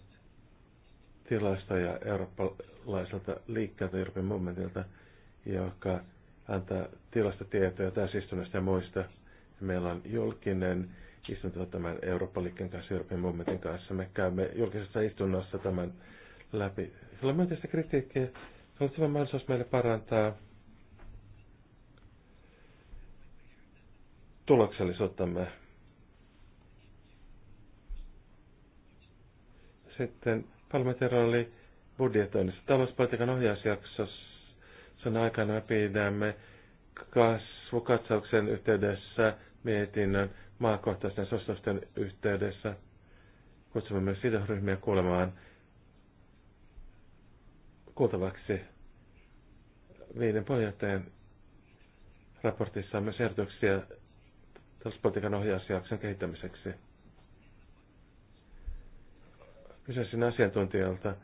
tilasta ja eurooppalaiselta liikkeeltä Euroopan momentilta, joka antaa tilasta tietoja täysistunnosta ja muista. Meillä on julkinen istunto tämän Eurooppa-liikkeen kanssa, Euroopan momentin kanssa. Me käymme julkisessa istunnossa tämän läpi. Sillä on myönteistä kritiikkiä se on hyvä mahdollisuus meille parantaa tuloksellisuuttamme. Sitten Palmeter budjetoinnissa. Talouspolitiikan ohjausjakson aikana me pidämme kasvukatsauksen yhteydessä mietinnön maakohtaisten sosiaalisten yhteydessä. Kutsumme myös sidosryhmiä kuulemaan kuultavaksi. Viiden puheenjohtajan raportissa on myös ehdotuksia talouspolitiikan ohjausjakson kehittämiseksi. Kysyisin asiantuntijalta,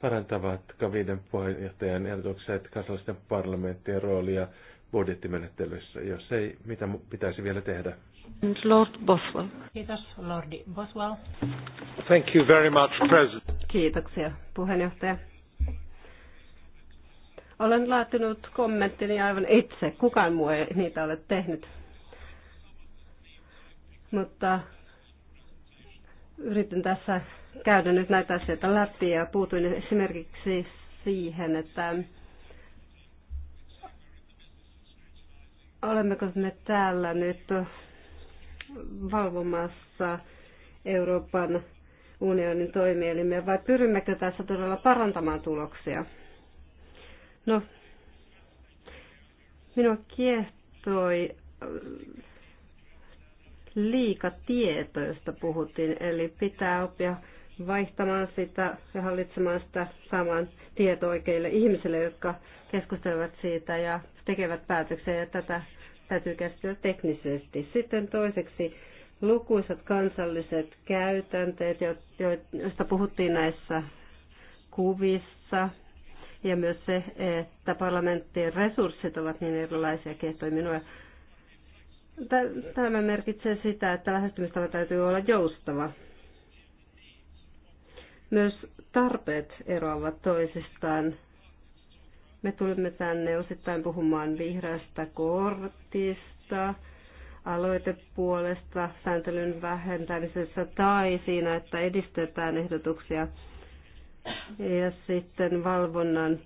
parantavatko viiden puheenjohtajan ehdotukset kansallisten parlamenttien roolia budjettimenettelyssä, jos ei, mitä pitäisi vielä tehdä? Lord Boswell. Kiitos, Lordi Boswell. Thank you very much, President. Kiitoksia, puheenjohtaja. Olen laatinut kommenttini aivan itse. Kukaan muu ei niitä ole tehnyt. Mutta yritin tässä käydä nyt näitä asioita läpi ja puutuin esimerkiksi siihen, että olemmeko me täällä nyt valvomassa Euroopan unionin toimielimiä vai pyrimmekö tässä todella parantamaan tuloksia? No, minua kiehtoi äh, liikatieto, josta puhuttiin, eli pitää oppia vaihtamaan sitä ja hallitsemaan sitä saman tieto oikeille ihmisille, jotka keskustelevat siitä ja tekevät päätöksiä ja tätä täytyy käsitellä teknisesti. Sitten toiseksi lukuisat kansalliset käytänteet, joista puhuttiin näissä kuvissa, ja myös se, että parlamenttien resurssit ovat niin erilaisia, kehtoi minua. Tämä merkitsee sitä, että lähestymistava täytyy olla joustava. Myös tarpeet eroavat toisistaan. Me tulimme tänne osittain puhumaan vihreästä kortista, aloitepuolesta, sääntelyn vähentämisessä tai siinä, että edistetään ehdotuksia ja sitten valvonnan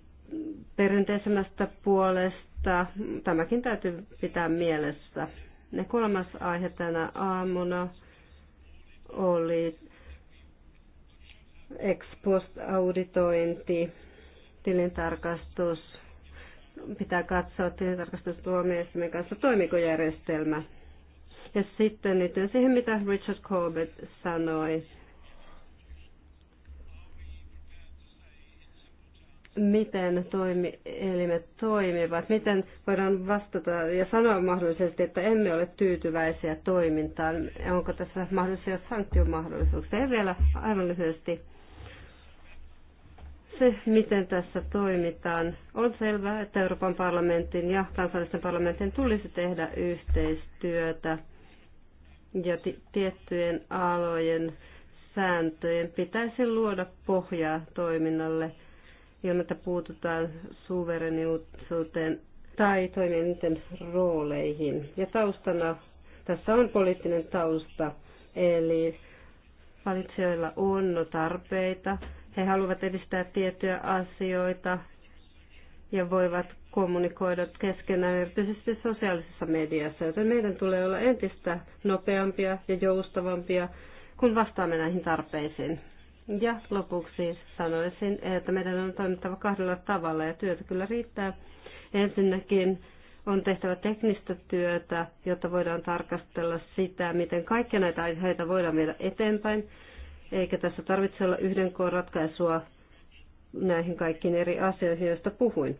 perinteisemmästä puolesta, tämäkin täytyy pitää mielessä. Ne kolmas aihe tänä aamuna oli ex post auditointi, tilintarkastus, pitää katsoa tilintarkastustuomioistuimen kanssa toimiko järjestelmä. Ja sitten nyt siihen, mitä Richard Corbett sanoi, miten toimielimet toimivat, miten voidaan vastata ja sanoa mahdollisesti, että emme ole tyytyväisiä toimintaan. Onko tässä mahdollisia sanktiomahdollisuuksia? Ei vielä aivan lyhyesti se, miten tässä toimitaan. On selvää, että Euroopan parlamentin ja kansallisten parlamentin tulisi tehdä yhteistyötä ja tiettyjen alojen sääntöjen pitäisi luoda pohjaa toiminnalle – ilman, että puututaan suvereniuteen tai toimijoiden rooleihin. Ja taustana, tässä on poliittinen tausta, eli valitsijoilla on no tarpeita, he haluavat edistää tiettyjä asioita ja voivat kommunikoida keskenään erityisesti sosiaalisessa mediassa, joten meidän tulee olla entistä nopeampia ja joustavampia, kun vastaamme näihin tarpeisiin. Ja lopuksi sanoisin, että meidän on toimittava kahdella tavalla ja työtä kyllä riittää. Ensinnäkin on tehtävä teknistä työtä, jotta voidaan tarkastella sitä, miten kaikkia näitä aiheita voidaan viedä eteenpäin, eikä tässä tarvitse olla yhden koon ratkaisua näihin kaikkiin eri asioihin, joista puhuin.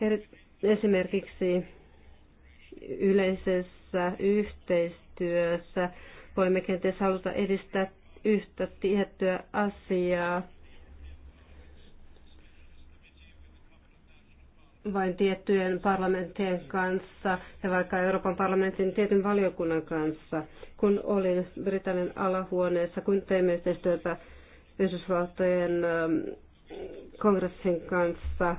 Eri, esimerkiksi yleisessä yhteistyössä voimme kenties haluta edistää yhtä tiettyä asiaa vain tiettyjen parlamenttien kanssa ja vaikka Euroopan parlamentin tietyn valiokunnan kanssa, kun olin Britannian alahuoneessa, kun teimme yhteistyötä Yhdysvaltojen ähm, kongressin kanssa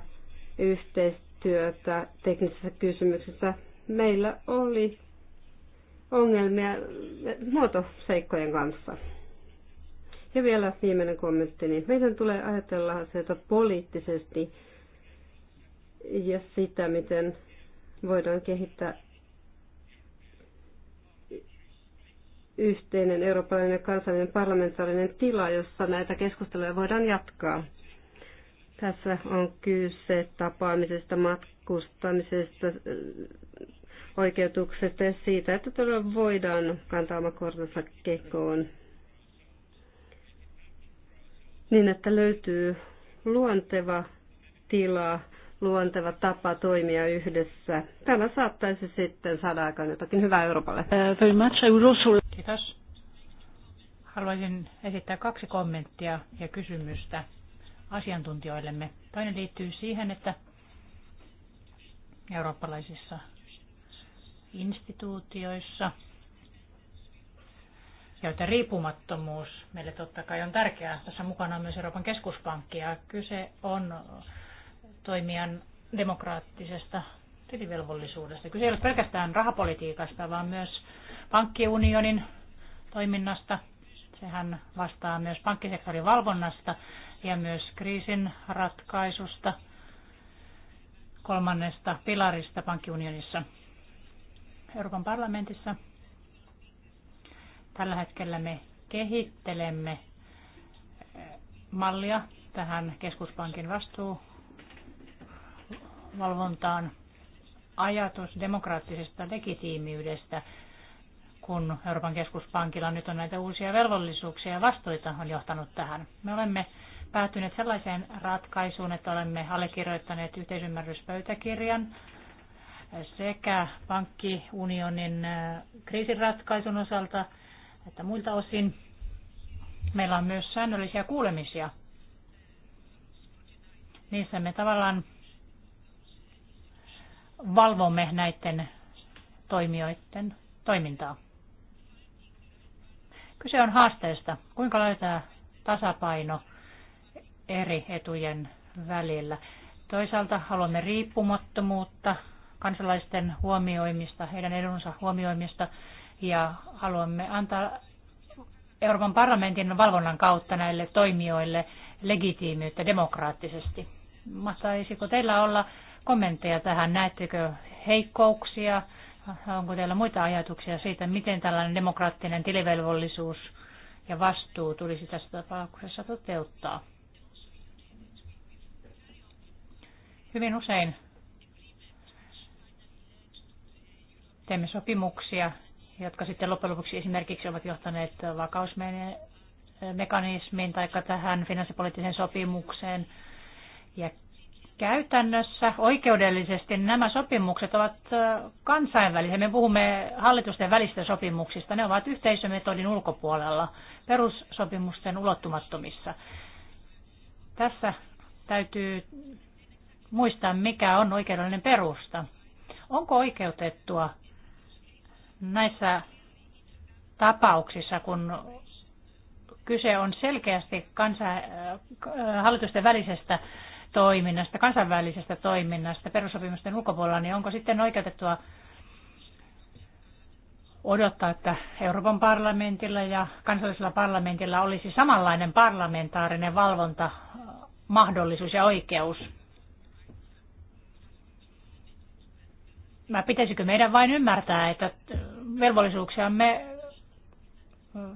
yhteistyötä teknisissä kysymyksissä. Meillä oli ongelmia muotoseikkojen kanssa. Ja vielä viimeinen kommentti, niin meidän tulee ajatella asioita poliittisesti ja sitä, miten voidaan kehittää yhteinen eurooppalainen ja kansallinen parlamentaarinen tila, jossa näitä keskusteluja voidaan jatkaa. Tässä on kyse tapaamisesta, matkustamisesta, oikeutuksesta ja siitä, että todella voidaan kantaa oma kortensa kekoon niin, että löytyy luonteva tila, luonteva tapa toimia yhdessä. Tämä saattaisi sitten saada aikaan jotakin hyvää Euroopalle. Uh, Kiitos. Haluaisin esittää kaksi kommenttia ja kysymystä asiantuntijoillemme. Toinen liittyy siihen, että eurooppalaisissa instituutioissa – joiden riippumattomuus meille totta kai on tärkeää. Tässä mukana on myös Euroopan keskuspankki ja kyse on toimijan demokraattisesta tilivelvollisuudesta. Kyse ei ole pelkästään rahapolitiikasta, vaan myös pankkiunionin toiminnasta. Sehän vastaa myös pankkisektorin valvonnasta ja myös kriisin ratkaisusta kolmannesta pilarista pankkiunionissa. Euroopan parlamentissa Tällä hetkellä me kehittelemme eh, mallia tähän keskuspankin vastuuvalvontaan. Ajatus demokraattisesta legitiimiydestä, kun Euroopan keskuspankilla nyt on näitä uusia velvollisuuksia ja vastuita, on johtanut tähän. Me olemme päätyneet sellaiseen ratkaisuun, että olemme allekirjoittaneet yhteisymmärryspöytäkirjan sekä pankkiunionin eh, kriisiratkaisun osalta – että muilta osin. Meillä on myös säännöllisiä kuulemisia. Niissä me tavallaan valvomme näiden toimijoiden toimintaa. Kyse on haasteesta, kuinka löytää tasapaino eri etujen välillä. Toisaalta haluamme riippumattomuutta, kansalaisten huomioimista, heidän edunsa huomioimista – ja haluamme antaa Euroopan parlamentin valvonnan kautta näille toimijoille legitiimiyttä demokraattisesti. Mahtaisiko teillä olla kommentteja tähän? Näettekö heikkouksia? Onko teillä muita ajatuksia siitä, miten tällainen demokraattinen tilivelvollisuus ja vastuu tulisi tässä tapauksessa toteuttaa? Hyvin usein teemme sopimuksia jotka sitten loppujen lopuksi esimerkiksi ovat johtaneet vakausmekanismiin tai tähän finanssipoliittiseen sopimukseen. Ja käytännössä oikeudellisesti nämä sopimukset ovat kansainvälisiä. Me puhumme hallitusten välistä sopimuksista. Ne ovat yhteisömetodin ulkopuolella, perussopimusten ulottumattomissa. Tässä täytyy muistaa, mikä on oikeudellinen perusta. Onko oikeutettua Näissä tapauksissa, kun kyse on selkeästi kansa, äh, hallitusten välisestä toiminnasta, kansainvälisestä toiminnasta perusopimusten ulkopuolella, niin onko sitten oikeutettua odottaa, että Euroopan parlamentilla ja kansallisella parlamentilla olisi samanlainen parlamentaarinen valvonta mahdollisuus ja oikeus? Mä pitäisikö meidän vain ymmärtää, että velvollisuuksiamme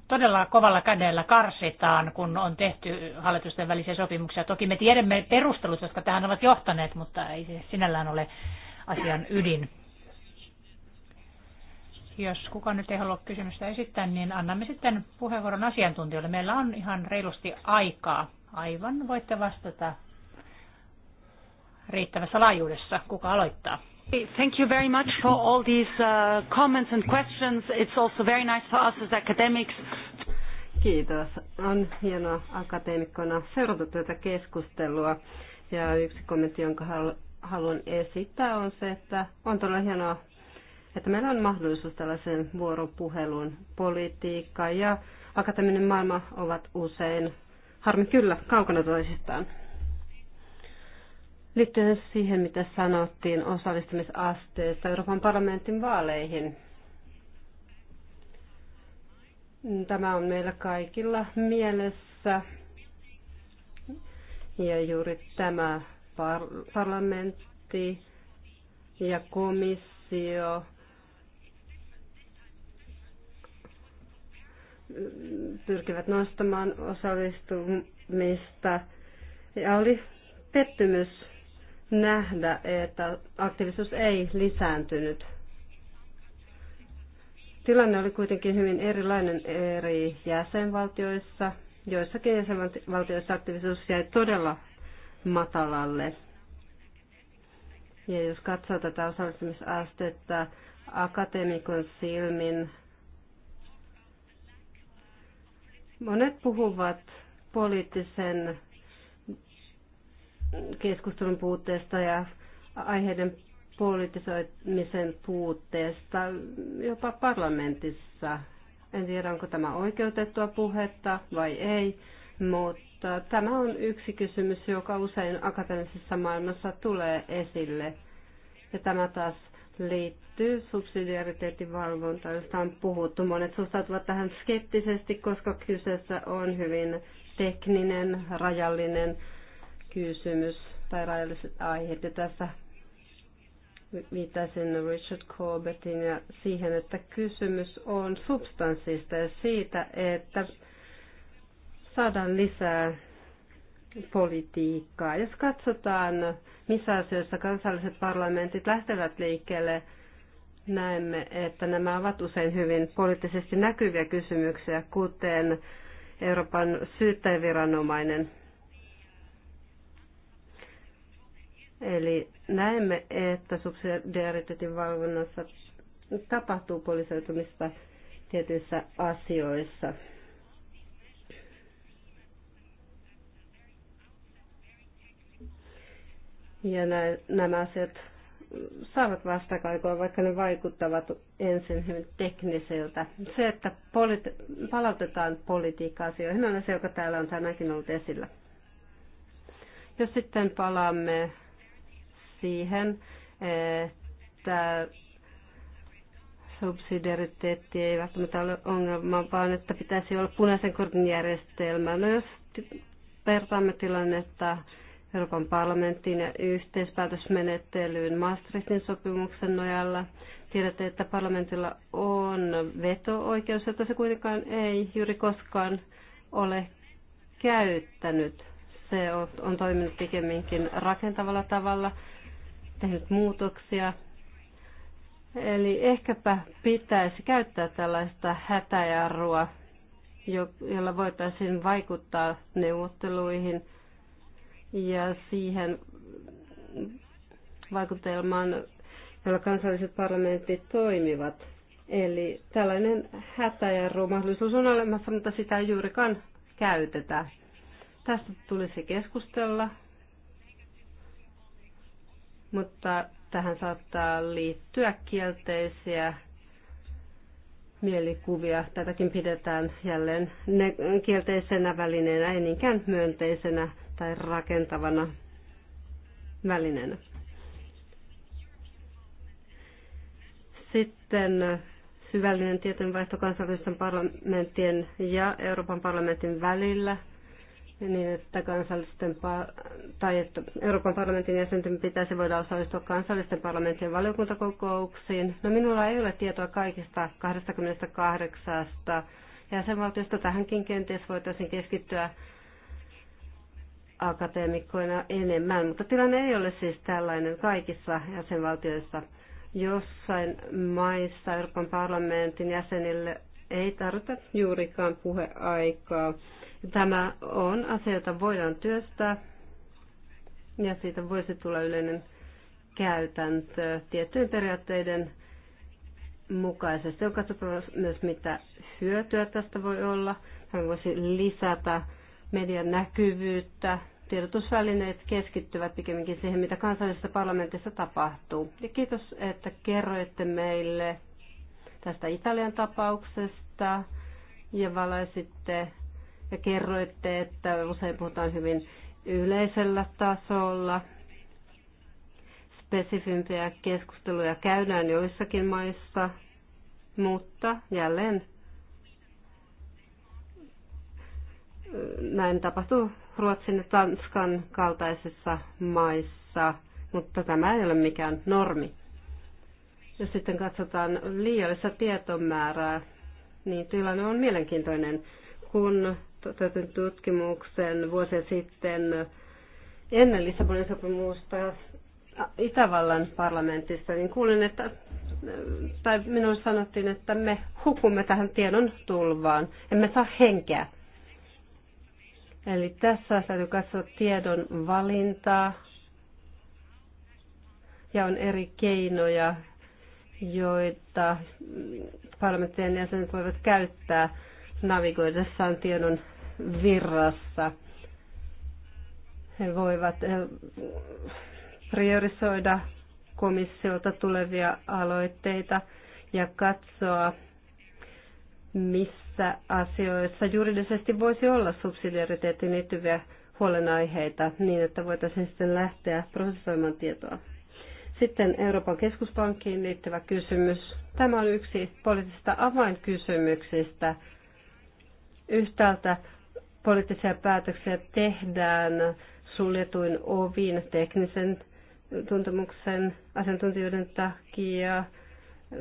todella kovalla kädellä karsitaan, kun on tehty hallitusten välisiä sopimuksia. Toki me tiedämme perustelut, jotka tähän ovat johtaneet, mutta ei se sinällään ole asian ydin. Jos kuka nyt ei halua kysymystä esittää, niin annamme sitten puheenvuoron asiantuntijoille. Meillä on ihan reilusti aikaa. Aivan voitte vastata riittävässä laajuudessa. Kuka aloittaa? Thank you very much for all these uh, comments and questions. It's also very nice for us as academics. Kiitos. On hienoa akateemikkona seurata tätä keskustelua. Ja yksi kommentti, jonka haluan esittää, on se, että on todella hienoa, että meillä on mahdollisuus tällaiseen vuoropuheluun. Politiikka ja akateeminen maailma ovat usein, harmi kyllä, kaukana toisistaan. Liittyen siihen, mitä sanottiin osallistumisasteesta Euroopan parlamentin vaaleihin. Tämä on meillä kaikilla mielessä. Ja juuri tämä par- parlamentti ja komissio pyrkivät nostamaan osallistumista. Ja oli pettymys nähdä, että aktiivisuus ei lisääntynyt. Tilanne oli kuitenkin hyvin erilainen eri jäsenvaltioissa. Joissakin jäsenvaltioissa aktiivisuus jäi todella matalalle. Ja jos katsoo tätä osallistumisastetta akateemikon silmin, monet puhuvat poliittisen keskustelun puutteesta ja aiheiden poliittisoimisen puutteesta jopa parlamentissa. En tiedä, onko tämä oikeutettua puhetta vai ei, mutta tämä on yksi kysymys, joka usein akateemisessa maailmassa tulee esille. Ja tämä taas liittyy subsidiariteetin valvontaan, josta on puhuttu. Monet suhtautuvat tähän skeptisesti, koska kyseessä on hyvin tekninen, rajallinen kysymys tai rajalliset aiheet. Ja tässä viittaisin Richard Corbettin ja siihen, että kysymys on substanssista ja siitä, että saadaan lisää politiikkaa. Jos katsotaan, missä asioissa kansalliset parlamentit lähtevät liikkeelle, näemme, että nämä ovat usein hyvin poliittisesti näkyviä kysymyksiä, kuten Euroopan syyttäjäviranomainen Eli näemme, että subsidiariteetin valvonnassa tapahtuu polisoitumista tietyissä asioissa. Ja nä, nämä asiat saavat vastakaikua, vaikka ne vaikuttavat ensin hyvin tekniseltä. Se, että politi- palautetaan politiikkaa asioihin, on se, joka täällä on tänäänkin ollut esillä. Jos sitten palaamme siihen, että subsidiariteetti ei välttämättä ole ongelma, vaan että pitäisi olla punaisen kortin järjestelmä. No jos vertaamme tilannetta Euroopan parlamenttiin ja yhteispäätösmenettelyyn Maastrichtin sopimuksen nojalla, tiedätte, että parlamentilla on veto-oikeus, jota se kuitenkaan ei juuri koskaan ole käyttänyt. Se on toiminut pikemminkin rakentavalla tavalla – tehnyt muutoksia. Eli ehkäpä pitäisi käyttää tällaista hätäjarrua, jolla voitaisiin vaikuttaa neuvotteluihin ja siihen vaikutelmaan, jolla kansalliset parlamentit toimivat. Eli tällainen mahdollisuus on olemassa, mutta sitä ei juurikaan käytetä. Tästä tulisi keskustella mutta tähän saattaa liittyä kielteisiä mielikuvia. Tätäkin pidetään jälleen kielteisenä välineenä, ei niinkään myönteisenä tai rakentavana välineenä. Sitten syvällinen tietojenvaihto kansallisten parlamenttien ja Euroopan parlamentin välillä – niin, että kansallisten tai että Euroopan parlamentin jäsenten pitäisi voida osallistua kansallisten parlamenttien valiokuntakokouksiin. No minulla ei ole tietoa kaikista 28 jäsenvaltiosta. Tähänkin kenties voitaisiin keskittyä akateemikkoina enemmän, mutta tilanne ei ole siis tällainen kaikissa jäsenvaltioissa. Jossain maissa Euroopan parlamentin jäsenille ei tarvita juurikaan puheaikaa Tämä on asia, jota voidaan työstää ja siitä voisi tulla yleinen käytäntö tiettyjen periaatteiden mukaisesti. On katsottava myös, mitä hyötyä tästä voi olla. Hän voisi lisätä median näkyvyyttä. Tiedotusvälineet keskittyvät pikemminkin siihen, mitä kansallisessa parlamentissa tapahtuu. Ja kiitos, että kerroitte meille tästä Italian tapauksesta ja valaisitte ja kerroitte, että usein puhutaan hyvin yleisellä tasolla. Spesifimpiä keskusteluja käydään joissakin maissa, mutta jälleen näin tapahtuu Ruotsin ja Tanskan kaltaisissa maissa, mutta tämä ei ole mikään normi. Jos sitten katsotaan liiallista tietomäärää, niin tilanne on mielenkiintoinen. Kun toteutin tutkimuksen vuosi sitten ennen Lissabonin sopimusta Itävallan parlamentissa, niin kuulin, että, tai minulle sanottiin, että me hukumme tähän tiedon tulvaan, emme saa henkeä. Eli tässä täytyy katsoa tiedon valintaa ja on eri keinoja, joita parlamenttien jäsenet voivat käyttää navigoidessaan tiedon virrassa. He voivat eh, priorisoida komissiolta tulevia aloitteita ja katsoa, missä asioissa juridisesti voisi olla subsidiariteettiin liittyviä huolenaiheita niin, että voitaisiin sitten lähteä prosessoimaan tietoa. Sitten Euroopan keskuspankkiin liittyvä kysymys. Tämä on yksi poliittisista avainkysymyksistä. Yhtäältä poliittisia päätöksiä tehdään suljetuin ovin teknisen tuntemuksen asiantuntijoiden takia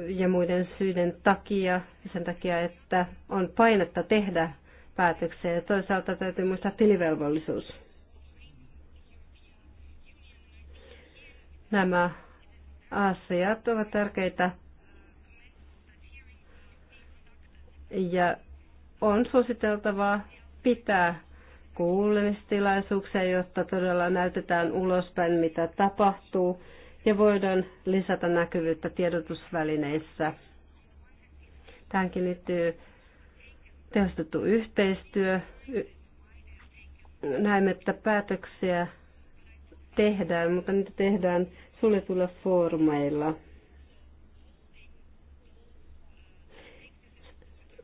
ja muiden syiden takia, sen takia, että on painetta tehdä päätöksiä ja toisaalta täytyy muistaa tilivelvollisuus. Nämä asiat ovat tärkeitä ja on suositeltavaa pitää kuulemistilaisuuksia, jotta todella näytetään ulospäin, mitä tapahtuu, ja voidaan lisätä näkyvyyttä tiedotusvälineissä. Tähänkin liittyy tehostettu yhteistyö. Näemme, että päätöksiä tehdään, mutta niitä tehdään suljetuilla foorumeilla.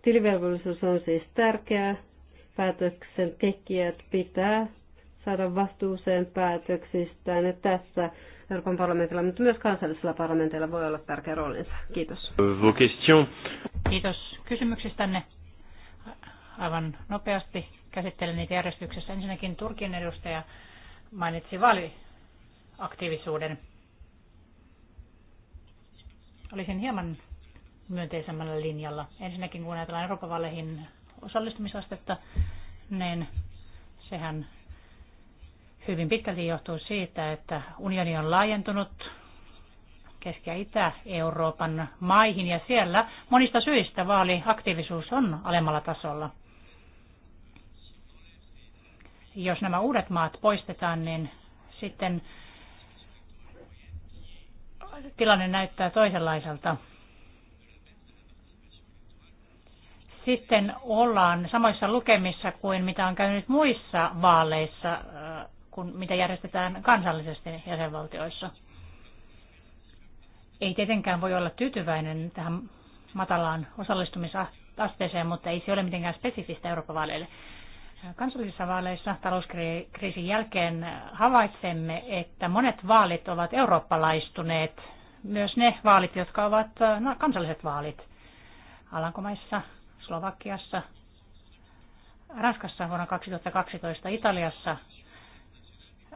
Tilivelvollisuus on siis tärkeää, päätöksen tekijät pitää saada vastuuseen päätöksistään. tässä Euroopan parlamentilla, mutta myös kansallisella parlamentilla voi olla tärkeä roolinsa. Kiitos. Kiitos kysymyksistänne. Aivan nopeasti käsittelen niitä järjestyksessä. Ensinnäkin Turkin edustaja mainitsi vaaliaktiivisuuden. Olisin hieman myönteisemmällä linjalla. Ensinnäkin kun ajatellaan Euroopan vaaleihin osallistumisastetta, niin sehän hyvin pitkälti johtuu siitä, että unioni on laajentunut Keski- ja Itä-Euroopan maihin ja siellä monista syistä vaaliaktiivisuus on alemmalla tasolla. Jos nämä uudet maat poistetaan, niin sitten tilanne näyttää toisenlaiselta. sitten ollaan samoissa lukemissa kuin mitä on käynyt muissa vaaleissa, äh, kun mitä järjestetään kansallisesti jäsenvaltioissa. Ei tietenkään voi olla tyytyväinen tähän matalaan osallistumisasteeseen, mutta ei se ole mitenkään spesifistä Euroopan vaaleille. Kansallisissa vaaleissa talouskriisin jälkeen havaitsemme, että monet vaalit ovat eurooppalaistuneet, myös ne vaalit, jotka ovat äh, no, kansalliset vaalit. Alankomaissa, Slovakiassa, Ranskassa vuonna 2012, Italiassa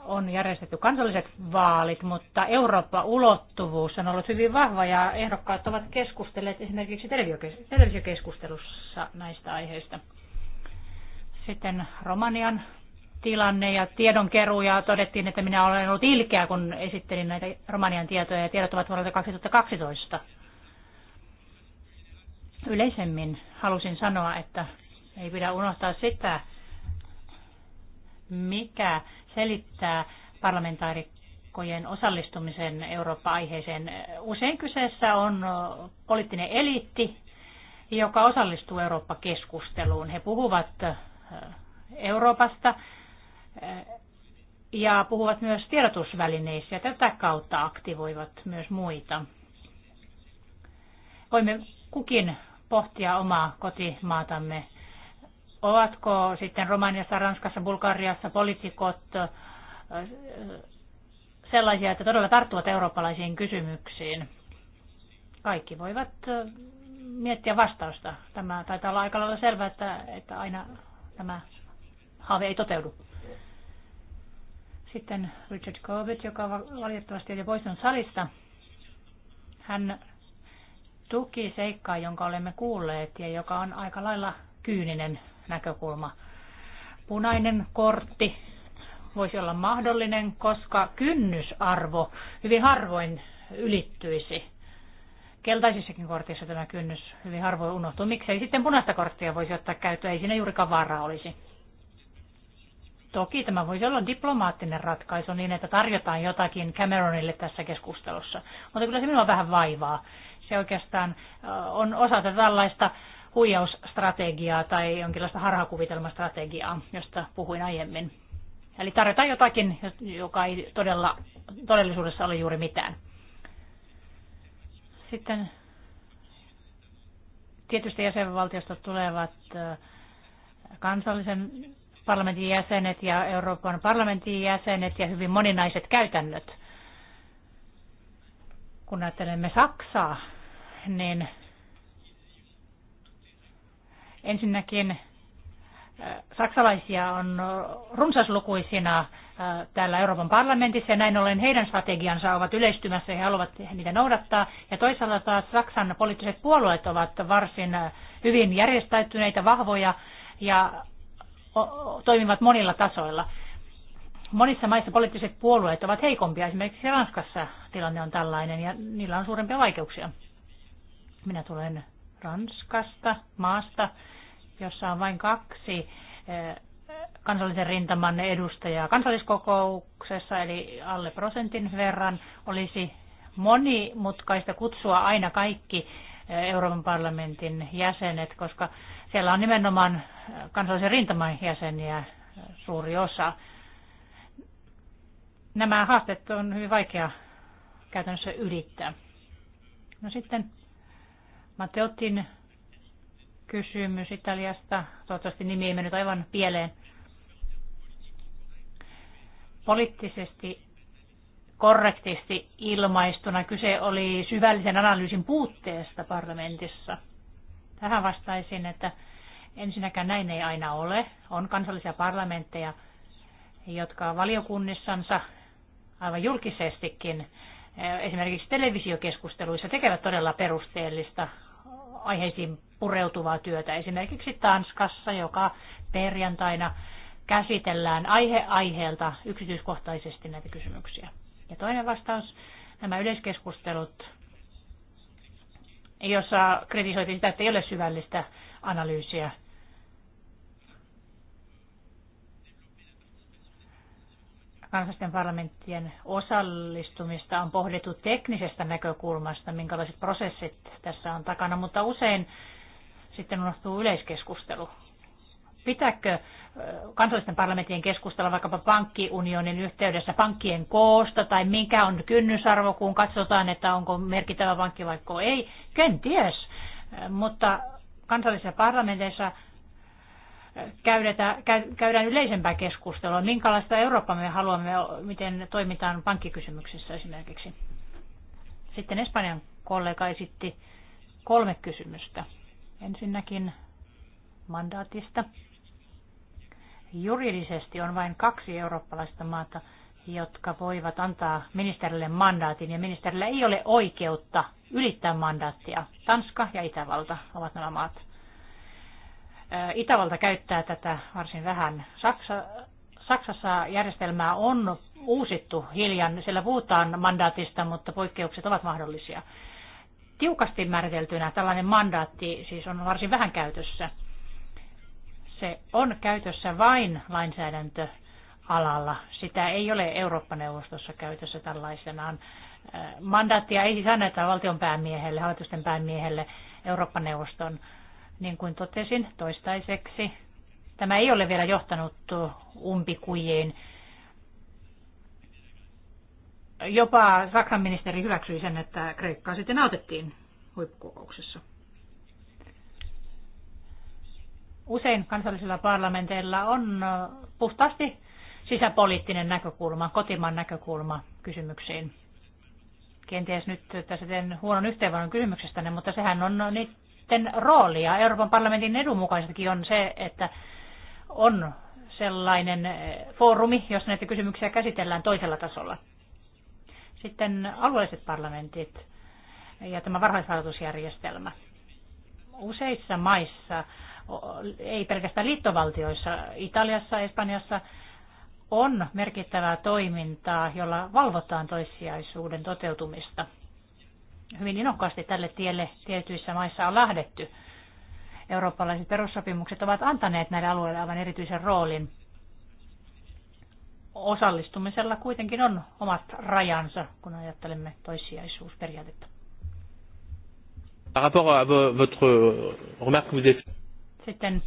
on järjestetty kansalliset vaalit, mutta Eurooppa-ulottuvuus on ollut hyvin vahva ja ehdokkaat ovat keskustelleet esimerkiksi televisiokeskustelussa näistä aiheista. Sitten Romanian tilanne ja tiedonkeruja. ja todettiin, että minä olen ollut ilkeä, kun esittelin näitä Romanian tietoja ja tiedot ovat vuodelta 2012. Yleisemmin halusin sanoa, että ei pidä unohtaa sitä, mikä selittää parlamentaarikkojen osallistumisen Eurooppa-aiheeseen. Usein kyseessä on poliittinen eliitti, joka osallistuu Eurooppa-keskusteluun. He puhuvat äh, Euroopasta äh, ja puhuvat myös tiedotusvälineissä ja tätä kautta aktivoivat myös muita. Voimme kukin pohtia omaa kotimaatamme. Ovatko sitten Romaniassa, Ranskassa, Bulgariassa poliitikot sellaisia, että todella tarttuvat eurooppalaisiin kysymyksiin? Kaikki voivat miettiä vastausta. Tämä taitaa olla aika lailla selvää, että, että aina tämä haave ei toteudu. Sitten Richard Corbett, joka valitettavasti oli poistunut salista. Hän tukiseikkaa, seikkaa, jonka olemme kuulleet ja joka on aika lailla kyyninen näkökulma. Punainen kortti voisi olla mahdollinen, koska kynnysarvo hyvin harvoin ylittyisi. Keltaisissakin kortissa tämä kynnys hyvin harvoin unohtuu. Miksei sitten punaista korttia voisi ottaa käyttöön? Ei siinä juurikaan vaaraa olisi. Toki tämä voisi olla diplomaattinen ratkaisu niin, että tarjotaan jotakin Cameronille tässä keskustelussa. Mutta kyllä se minua vähän vaivaa, se oikeastaan äh, on osa tällaista huijausstrategiaa tai jonkinlaista harhakuvitelmastrategiaa, josta puhuin aiemmin. Eli tarjotaan jotakin, joka ei todella, todellisuudessa ole juuri mitään. Sitten tietysti jäsenvaltiosta tulevat äh, kansallisen parlamentin jäsenet ja Euroopan parlamentin jäsenet ja hyvin moninaiset käytännöt. Kun ajattelemme Saksaa, niin ensinnäkin äh, saksalaisia on runsaslukuisina äh, täällä Euroopan parlamentissa ja näin ollen heidän strategiansa ovat yleistymässä ja he haluavat niitä noudattaa. Ja toisaalta taas Saksan poliittiset puolueet ovat varsin äh, hyvin järjestäytyneitä, vahvoja ja toimivat monilla tasoilla. Monissa maissa poliittiset puolueet ovat heikompia, esimerkiksi Ranskassa tilanne on tällainen ja niillä on suurempia vaikeuksia. Minä tulen Ranskasta, maasta, jossa on vain kaksi eh, kansallisen rintaman edustajaa kansalliskokouksessa, eli alle prosentin verran olisi monimutkaista kutsua aina kaikki eh, Euroopan parlamentin jäsenet, koska siellä on nimenomaan eh, kansallisen rintaman jäseniä suuri osa. Nämä haasteet on hyvin vaikea käytännössä ylittää. No sitten Matteottin kysymys Italiasta. Toivottavasti nimi ei mennyt aivan pieleen. Poliittisesti korrektisti ilmaistuna kyse oli syvällisen analyysin puutteesta parlamentissa. Tähän vastaisin, että ensinnäkään näin ei aina ole. On kansallisia parlamentteja, jotka valiokunnissansa aivan julkisestikin esimerkiksi televisiokeskusteluissa tekevät todella perusteellista aiheisiin pureutuvaa työtä. Esimerkiksi Tanskassa, joka perjantaina käsitellään aihe aiheelta yksityiskohtaisesti näitä kysymyksiä. Ja toinen vastaus, nämä yleiskeskustelut, jossa kritisoitiin sitä, että ei ole syvällistä analyysiä kansallisten parlamenttien osallistumista on pohdittu teknisestä näkökulmasta, minkälaiset prosessit tässä on takana, mutta usein sitten unohtuu yleiskeskustelu. Pitääkö kansallisten parlamenttien keskustella vaikkapa pankkiunionin yhteydessä pankkien koosta tai mikä on kynnysarvo, kun katsotaan, että onko merkittävä pankki vaikka ei? Kenties, mutta kansallisissa parlamenteissa käydetä, käydään yleisempää keskustelua. Minkälaista Eurooppaa me haluamme, miten toimitaan pankkikysymyksissä esimerkiksi? Sitten Espanjan kollega esitti kolme kysymystä. Ensinnäkin mandaatista. Juridisesti on vain kaksi eurooppalaista maata, jotka voivat antaa ministerille mandaatin, ja ministerillä ei ole oikeutta ylittää mandaattia. Tanska ja Itävalta ovat nämä maat. Itävalta käyttää tätä varsin vähän. Saksa, Saksassa järjestelmää on uusittu hiljan, sillä puhutaan mandaatista, mutta poikkeukset ovat mahdollisia. Tiukasti määriteltynä tällainen mandaatti siis on varsin vähän käytössä. Se on käytössä vain lainsäädäntöalalla. Sitä ei ole Eurooppa-neuvostossa käytössä tällaisenaan. Mandaattia ei siis anneta valtion päämiehelle, hallitusten päämiehelle Eurooppa-neuvoston niin kuin totesin toistaiseksi, tämä ei ole vielä johtanut umpikujiin. Jopa Saksan ministeri hyväksyi sen, että Kreikkaa sitten autettiin huippukokouksessa. Usein kansallisilla parlamenteilla on puhtaasti sisäpoliittinen näkökulma, kotimaan näkökulma kysymyksiin. Kenties nyt tässä teen huonon yhteenvedon kysymyksestä, mutta sehän on roolia. Euroopan parlamentin edun mukaisestikin on se, että on sellainen eh, foorumi, jossa näitä kysymyksiä käsitellään toisella tasolla. Sitten alueelliset parlamentit ja tämä varhaisvaroitusjärjestelmä. Useissa maissa, ei pelkästään liittovaltioissa, Italiassa, Espanjassa, on merkittävää toimintaa, jolla valvotaan toissijaisuuden toteutumista hyvin innokkaasti tälle tielle tietyissä maissa on lähdetty. Eurooppalaiset perussopimukset ovat antaneet näille alueille aivan erityisen roolin. Osallistumisella kuitenkin on omat rajansa, kun ajattelemme toissijaisuusperiaatetta. Par rapport à votre remarque vous avez... Sitten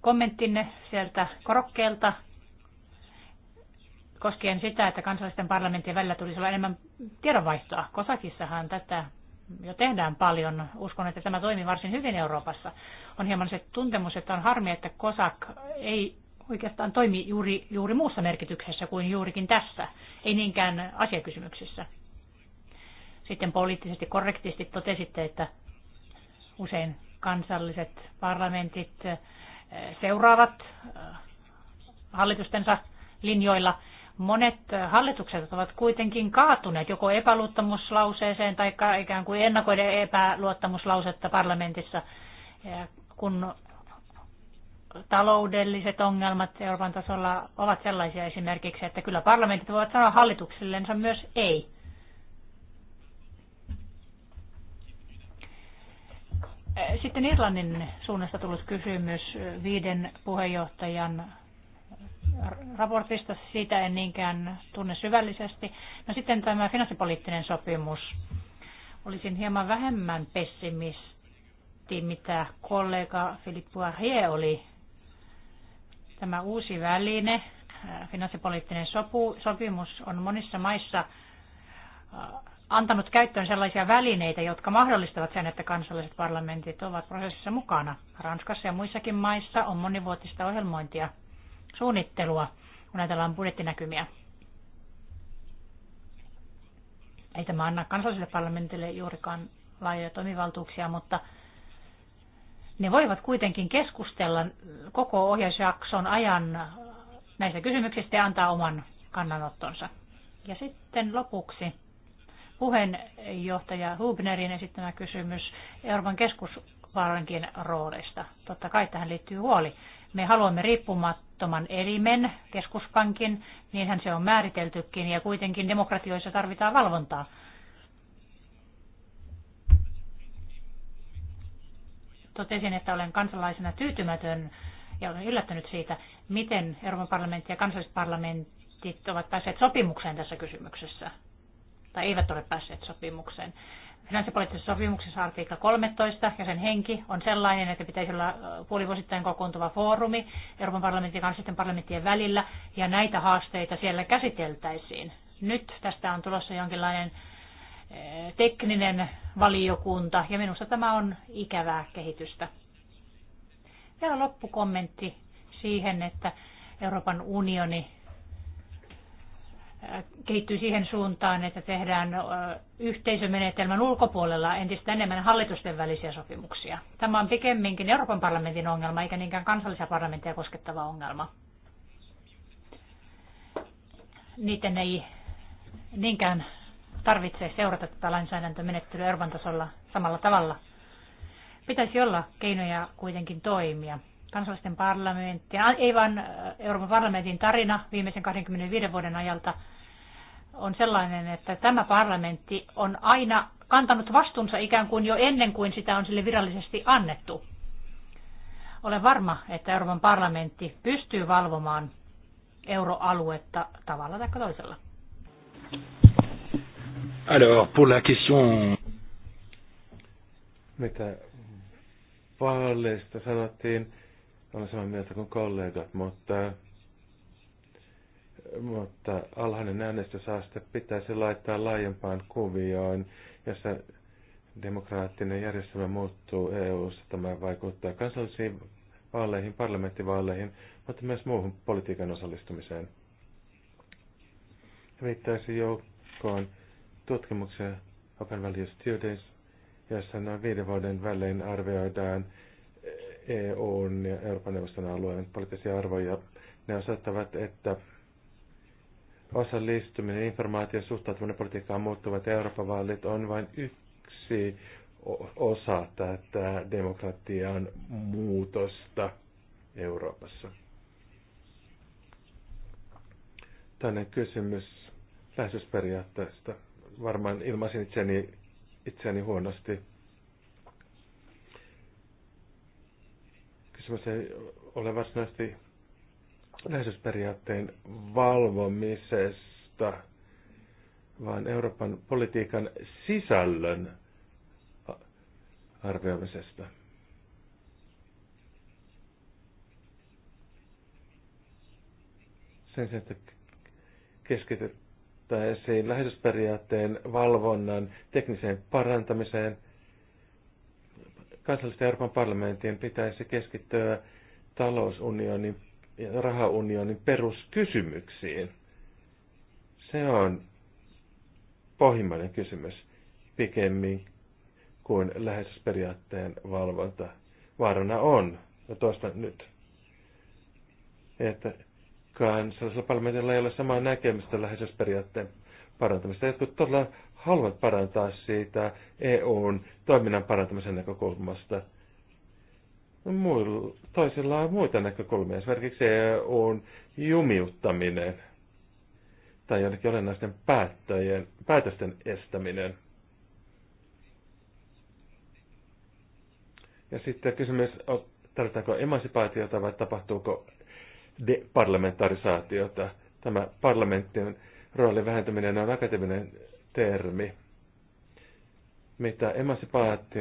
kommenttinne sieltä korokkeelta koskien sitä, että kansallisten parlamenttien välillä tulisi olla enemmän tiedonvaihtoa. Kosakissahan tätä jo tehdään paljon. Uskon, että tämä toimii varsin hyvin Euroopassa. On hieman se tuntemus, että on harmi, että Kosak ei oikeastaan toimi juuri, juuri muussa merkityksessä kuin juurikin tässä, ei niinkään asiakysymyksissä. Sitten poliittisesti korrektisti totesitte, että usein kansalliset parlamentit eh, seuraavat eh, hallitustensa linjoilla. Monet hallitukset ovat kuitenkin kaatuneet joko epäluottamuslauseeseen tai ikään kuin ennakoiden epäluottamuslausetta parlamentissa, kun taloudelliset ongelmat Euroopan tasolla ovat sellaisia esimerkiksi, että kyllä parlamentit voivat sanoa hallituksillensa myös ei. Sitten Irlannin suunnasta tullut kysymys viiden puheenjohtajan raportista, siitä en niinkään tunne syvällisesti. No sitten tämä finanssipoliittinen sopimus. Olisin hieman vähemmän pessimisti, mitä kollega Philippe Poirier oli. Tämä uusi väline, äh, finanssipoliittinen sopu, sopimus, on monissa maissa äh, antanut käyttöön sellaisia välineitä, jotka mahdollistavat sen, että kansalliset parlamentit ovat prosessissa mukana. Ranskassa ja muissakin maissa on monivuotista ohjelmointia suunnittelua, kun ajatellaan budjettinäkymiä. Ei tämä anna kansalliselle parlamentille juurikaan laajoja toimivaltuuksia, mutta ne voivat kuitenkin keskustella koko ohjausjakson ajan näistä kysymyksistä ja antaa oman kannanottonsa. Ja sitten lopuksi puheenjohtaja Hubnerin esittämä kysymys Euroopan keskuspankin roolista. Totta kai tähän liittyy huoli. Me haluamme riippumattoman elimen, keskuspankin, niinhän se on määriteltykin, ja kuitenkin demokratioissa tarvitaan valvontaa. Totesin, että olen kansalaisena tyytymätön ja olen yllättynyt siitä, miten Euroopan parlamentti ja kansalliset parlamentit ovat päässeet sopimukseen tässä kysymyksessä. Tai eivät ole päässeet sopimukseen. Finanssipoliittisessa sopimuksessa artikla 13 ja sen henki on sellainen, että pitäisi olla puolivuosittain kokoontuva foorumi Euroopan parlamentin kanssa sitten parlamenttien välillä, ja näitä haasteita siellä käsiteltäisiin. Nyt tästä on tulossa jonkinlainen tekninen valiokunta, ja minusta tämä on ikävää kehitystä. Vielä loppukommentti siihen, että Euroopan unioni kehittyy siihen suuntaan, että tehdään yhteisömenetelmän ulkopuolella entistä enemmän hallitusten välisiä sopimuksia. Tämä on pikemminkin Euroopan parlamentin ongelma, eikä niinkään kansallisia parlamentteja koskettava ongelma. Niiden ei niinkään tarvitse seurata tätä lainsäädäntömenettelyä Euroopan tasolla samalla tavalla. Pitäisi olla keinoja kuitenkin toimia kansallisten parlamenttien, ei vain Euroopan parlamentin tarina viimeisen 25 vuoden ajalta on sellainen, että tämä parlamentti on aina kantanut vastuunsa ikään kuin jo ennen kuin sitä on sille virallisesti annettu. Olen varma, että Euroopan parlamentti pystyy valvomaan euroaluetta tavalla tai toisella. Alors, pour la question... Mitä vaaleista sanottiin, olen samaa mieltä kuin kollegat, mutta, mutta alhainen äänestysaste pitäisi laittaa laajempaan kuvioon, jossa demokraattinen järjestelmä muuttuu EU-ssa. Tämä vaikuttaa kansallisiin vaaleihin, parlamenttivaaleihin, mutta myös muuhun politiikan osallistumiseen. Viittaisi joukkoon tutkimuksia Open Value Students, jossa noin viiden vuoden välein arvioidaan EUn ja Euroopan neuvoston alueen poliittisia arvoja. Ne osoittavat, että osallistuminen, informaation suhtautuminen politiikkaan muuttuvat Euroopan vaalit on vain yksi osa tätä demokratian muutosta Euroopassa. Tänne kysymys läheisyysperiaatteesta. Varmaan ilmaisin itseäni, itseäni huonosti kysymys ole varsinaisesti läheisyysperiaatteen valvomisesta, vaan Euroopan politiikan sisällön arvioimisesta. Sen sijaan, että esiin läheisyysperiaatteen valvonnan tekniseen parantamiseen – kansallisten Euroopan parlamentin pitäisi keskittyä talousunionin ja rahaunionin peruskysymyksiin. Se on pohjimmainen kysymys pikemmin kuin läheisyysperiaatteen valvonta. Vaarana on, ja toistan nyt, että kansallisella parlamentilla ei ole samaa näkemystä läheisyysperiaatteen parantamista. Jotkut todella Haluat parantaa siitä EUn toiminnan parantamisen näkökulmasta. Muilla, toisilla on muita näkökulmia, esimerkiksi EUn jumiuttaminen tai jonnekin olennaisten päättäjien, päätösten estäminen. Ja sitten kysymys, tarvitaanko emansipaatiota vai tapahtuuko deparlamentarisaatiota. Tämä parlamentin roolin vähentäminen on akateeminen termi. Mitä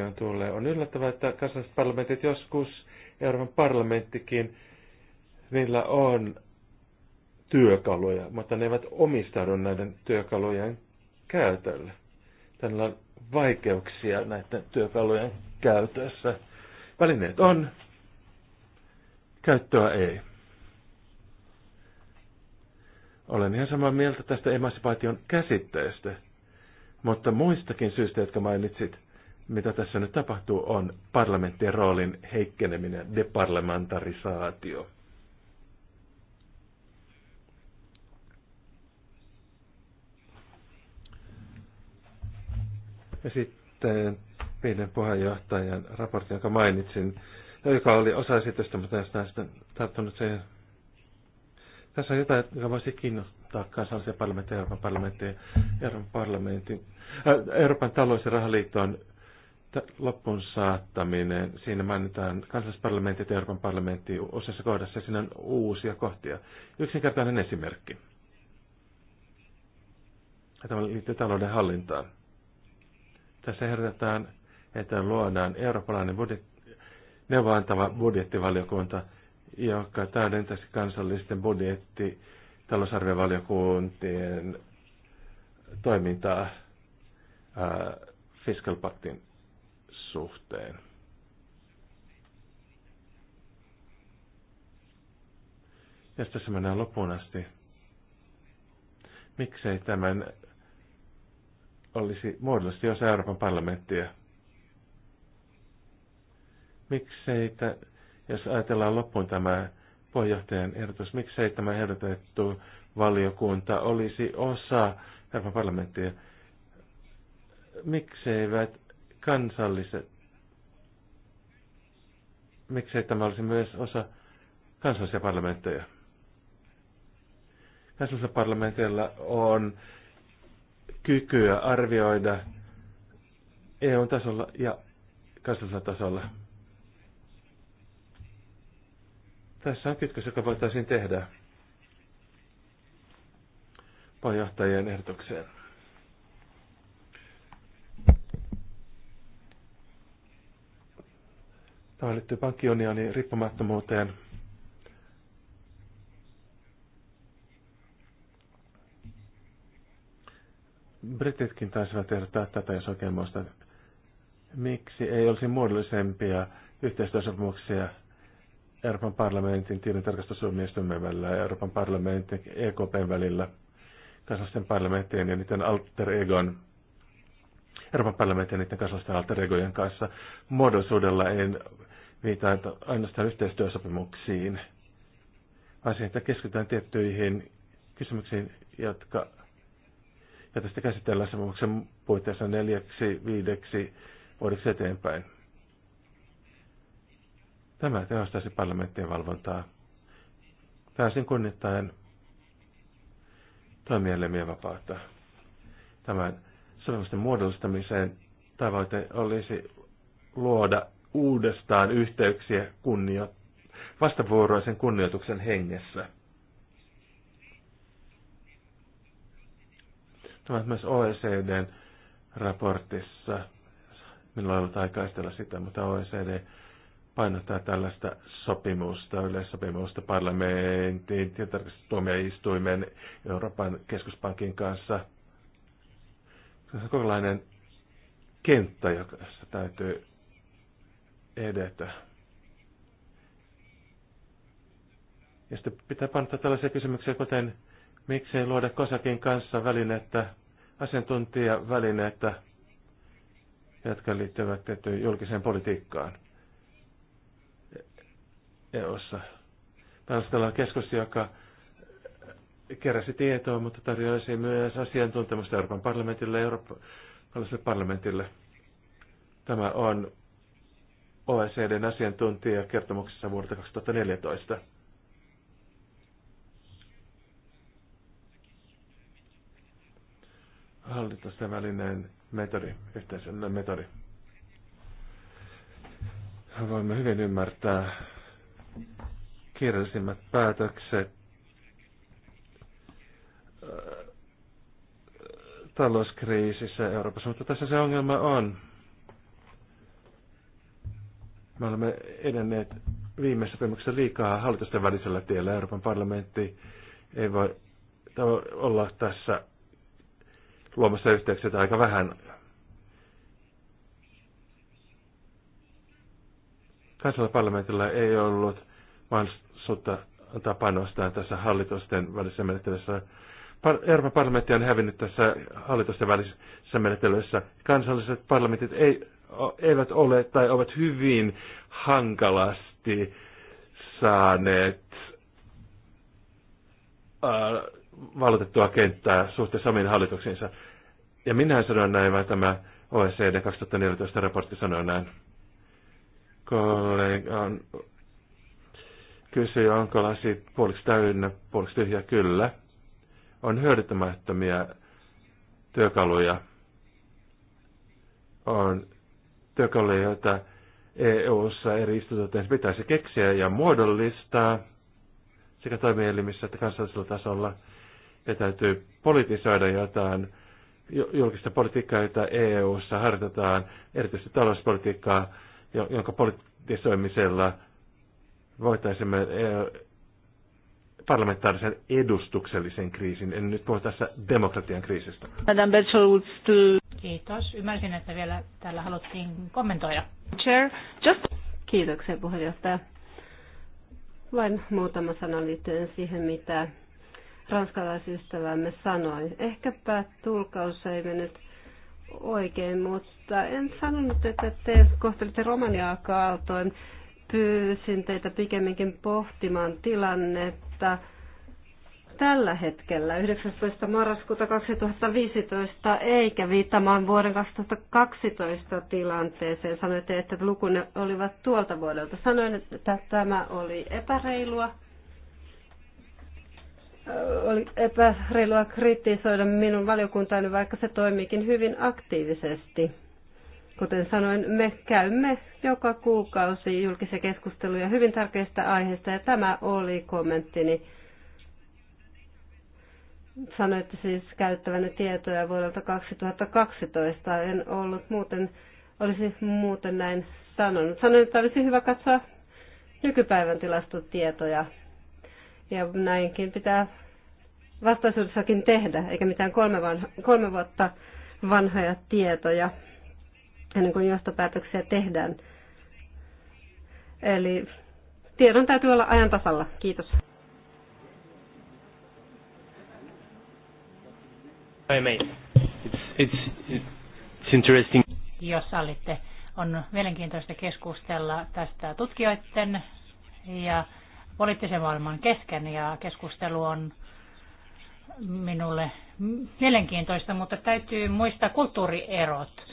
on tulee, on yllättävää, että kansalliset parlamentit, joskus Euroopan parlamenttikin, niillä on työkaluja, mutta ne eivät omistaudu näiden työkalujen käytölle. Tällä on vaikeuksia näiden työkalujen käytössä. Välineet on, käyttöä ei. Olen ihan samaa mieltä tästä emansipaation käsitteestä. Mutta muistakin syistä, jotka mainitsit, mitä tässä nyt tapahtuu, on parlamenttien roolin heikkeneminen, deparlamentarisaatio. Ja sitten meidän puheenjohtajan raportti, jonka mainitsin, joka oli osa esitystä, mutta en sitten tarttunut se. Tässä on jotain, joka voisi kiinnostaa kansallisia parlamentteja, Euroopan parlamentteja, Euroopan parlamentin, äh, Euroopan talous- ja rahaliiton loppuun saattaminen. Siinä mainitaan kansallisparlamentit ja Euroopan parlamentti osassa kohdassa. Siinä on uusia kohtia. Yksinkertainen esimerkki. Tämä liittyy talouden hallintaan. Tässä ehdotetaan, että luodaan eurooppalainen budjet- neuvoantava budjettivaliokunta, joka täydentäisi kansallisten budjetti- talousarviovaliokuntien toimintaa Fiscal Pactin suhteen. Ja tässä mennään loppuun asti. Miksei tämän olisi muodollisesti osa Euroopan parlamenttia? Miksei, t- jos ajatellaan loppuun tämä puheenjohtajan ehdotus, miksei tämä ehdotettu valiokunta olisi osa Euroopan parlamenttia. Mikseivät kansalliset, miksei tämä olisi myös osa kansallisia parlamentteja. Kansallisella parlamentilla on kykyä arvioida EU-tasolla ja kansallisella tasolla. Tässä on kytkös, joka voitaisiin tehdä pajahtajien ehdotukseen. Tämä liittyy pankkiunionin riippumattomuuteen. Brititkin taisivat ehdottaa tätä, jos oikein muistan. Miksi ei olisi muodollisempia yhteistyösopimuksia Euroopan parlamentin tilintarkastustuomioistuimen välillä ja Euroopan parlamentin EKPn välillä, kansallisten parlamenttien ja niiden alter egon, Euroopan parlamentin ja niiden kansallisten alter egojen kanssa muodollisuudella en viitaa ainoastaan yhteistyösopimuksiin, vaan siihen, että keskitytään tiettyihin kysymyksiin, jotka ja tästä käsitellään sopimuksen puitteissa neljäksi, viideksi vuodeksi eteenpäin. Tämä tehostaisi parlamenttien valvontaa pääsin kunnittain toimielimien vapautta. Tämän sopimusten muodostamiseen tavoite olisi luoda uudestaan yhteyksiä kunnio, vastavuoroisen kunnioituksen hengessä. Tämä on myös OECDn raportissa. Minulla ei ollut aikaistella sitä, mutta OECD painottaa tällaista sopimusta, yleissopimusta parlamentin, tuomioistuimen, Euroopan keskuspankin kanssa. Se on kokonainen kenttä, jossa täytyy edetä. Ja sitten pitää panna tällaisia kysymyksiä, kuten miksei luoda Kosakin kanssa välinettä, asiantuntijavälineitä, jotka liittyvät tiettyyn julkiseen politiikkaan. Eossa Taustalla on keskus, joka keräsi tietoa, mutta tarjoaisi myös asiantuntemusta Euroopan parlamentille ja eurooppalaiselle parlamentille. Tämä on OECDn asiantuntija kertomuksessa vuodelta 2014. Hallitusten välinen metodi, yhteisöllinen metodi. Voimme hyvin ymmärtää kirjallisimmat päätökset talouskriisissä Euroopassa, mutta tässä se ongelma on. Me olemme edenneet viime sopimuksessa liikaa hallitusten välisellä tiellä. Euroopan parlamentti ei voi olla tässä luomassa yhteyksiä aika vähän. Kansallisella parlamentilla ei ollut mahdollisuutta antaa panostaan tässä hallitusten välisessä menettelyssä. Euroopan parlamentti on hävinnyt tässä hallitusten välisessä menettelyssä. Kansalliset parlamentit ei, eivät ole tai ovat hyvin hankalasti saaneet äh, valotettua kenttää suhteessa omiin hallituksiinsa. Ja minähän sanoin näin, vaan tämä OECD 2014 raportti sanoi näin. Kollega on kysyi, onko lasi puoliksi täynnä, puoliksi tyhjä. Kyllä. On hyödyttämättömiä työkaluja. On työkaluja, joita EU-ssa eri instituutioissa pitäisi keksiä ja muodollistaa sekä toimielimissä että kansallisella tasolla. Ja täytyy politisoida jotain julkista politiikkaa, jota EU-ssa harjoitetaan, erityisesti talouspolitiikkaa, jonka politisoimisella – voitaisimme parlamentaarisen edustuksellisen kriisin. En nyt puhu tässä demokratian kriisistä. Madame Kiitos. Ymmärsin, että vielä täällä haluttiin kommentoida. Chair, just... Kiitoksia puheenjohtaja. Vain muutama sana liittyen siihen, mitä ranskalaisystävämme sanoi. Ehkäpä tulkaus ei mennyt oikein, mutta en sanonut, että te kohtelitte romaniaa kaaltoin pyysin teitä pikemminkin pohtimaan tilannetta tällä hetkellä 19. marraskuuta 2015 eikä viittamaan vuoden 2012 tilanteeseen. Sanoitte, että lukunne olivat tuolta vuodelta. Sanoin, että tämä oli epäreilua. Oli epäreilua kritisoida minun valiokuntaani, vaikka se toimiikin hyvin aktiivisesti Kuten sanoin, me käymme joka kuukausi julkisia keskusteluja hyvin tärkeistä aiheista ja tämä oli kommenttini. Sanoitte siis käyttävänne tietoja vuodelta 2012. En ollut muuten, olisi muuten näin sanonut. Sanoin, että olisi hyvä katsoa nykypäivän tilastotietoja. Ja näinkin pitää vastaisuudessakin tehdä, eikä mitään kolme, vanha, kolme vuotta vanhoja tietoja ennen kuin johtopäätöksiä tehdään. Eli tiedon täytyy olla ajan tasalla. Kiitos. It's, it's, it's interesting. Jos sallitte, on mielenkiintoista keskustella tästä tutkijoiden ja poliittisen maailman kesken ja keskustelu on minulle mielenkiintoista, mutta täytyy muistaa kulttuurierot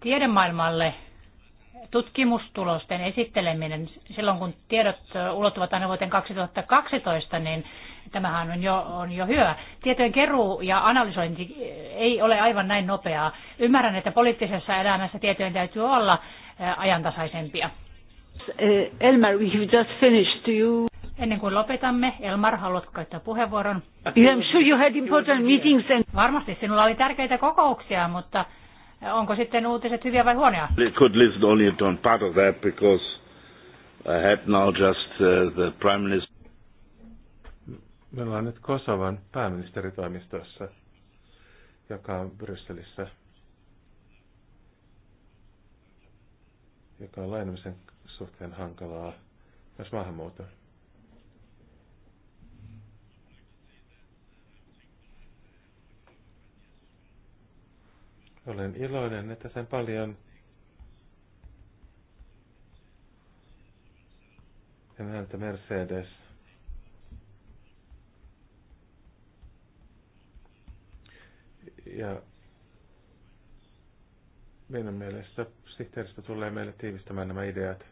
tiedemaailmalle tutkimustulosten esitteleminen silloin, kun tiedot ulottuvat aina vuoteen 2012, niin tämähän on jo, on jo hyvä. Tietojen keruu ja analysointi ei ole aivan näin nopeaa. Ymmärrän, että poliittisessa elämässä tietojen täytyy olla eh, ajantasaisempia. Eh, Elmar, we've just finished. you... Ennen kuin lopetamme, Elmar, haluatko käyttää puheenvuoron? I'm sure you had important meetings and... Varmasti sinulla oli tärkeitä kokouksia, mutta Onko sitten uutiset hyviä vai huonoja? Could listen only to part of that because I had now just uh, the prime minister. Me ollaan nyt Kosovan pääministeritoimistossa, joka on Brysselissä, joka on lainamisen suhteen hankalaa myös maahanmuuton. Olen iloinen, että sen paljon emäntä Mercedes. Ja minun mielestä sihteeristä tulee meille tiivistämään nämä ideat.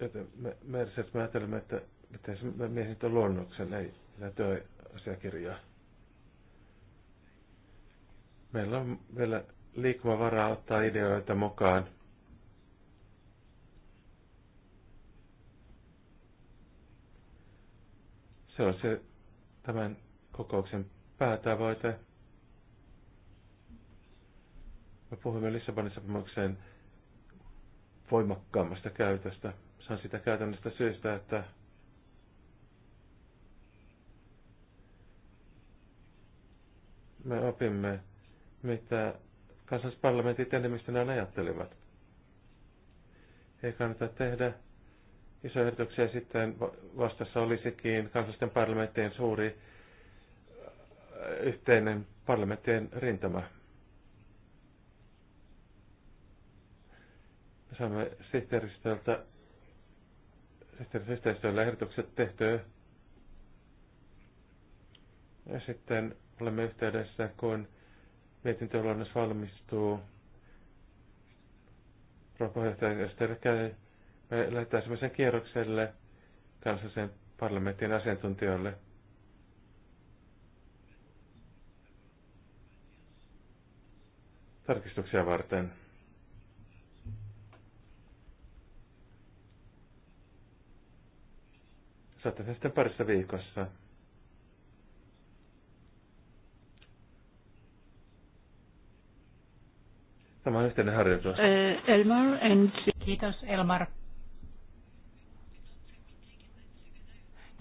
Joten me, Mercedes, me ajattelemme, että miten se mies nyt on luonnoksen, ei lähtö asiakirjaa. Meillä on vielä liikkumavaraa ottaa ideoita mukaan. Se on se tämän kokouksen päätavoite. Me puhumme Lissabonin sopimuksen voimakkaammasta käytöstä. Se on sitä käytännöstä syystä, että me opimme mitä kansallisparlamentit enemmistönään ajattelivat. Ei kannata tehdä isoja ehdotuksia sitten vastassa olisikin kansallisten parlamenttien suuri äh, yhteinen parlamenttien rintama. Saamme sihteeristöltä yhteistyöllä ehdotukset tehtyä. Ja sitten olemme yhteydessä, kun mietintöluonnos valmistuu. Puheenjohtaja Öster käy, me lähdetään semmoisen kierrokselle kansallisen parlamentin asiantuntijoille. Tarkistuksia varten. Saatte sen sitten parissa viikossa. Tämä on yhteinen harjoitus. Elmar and... Kiitos Elmar.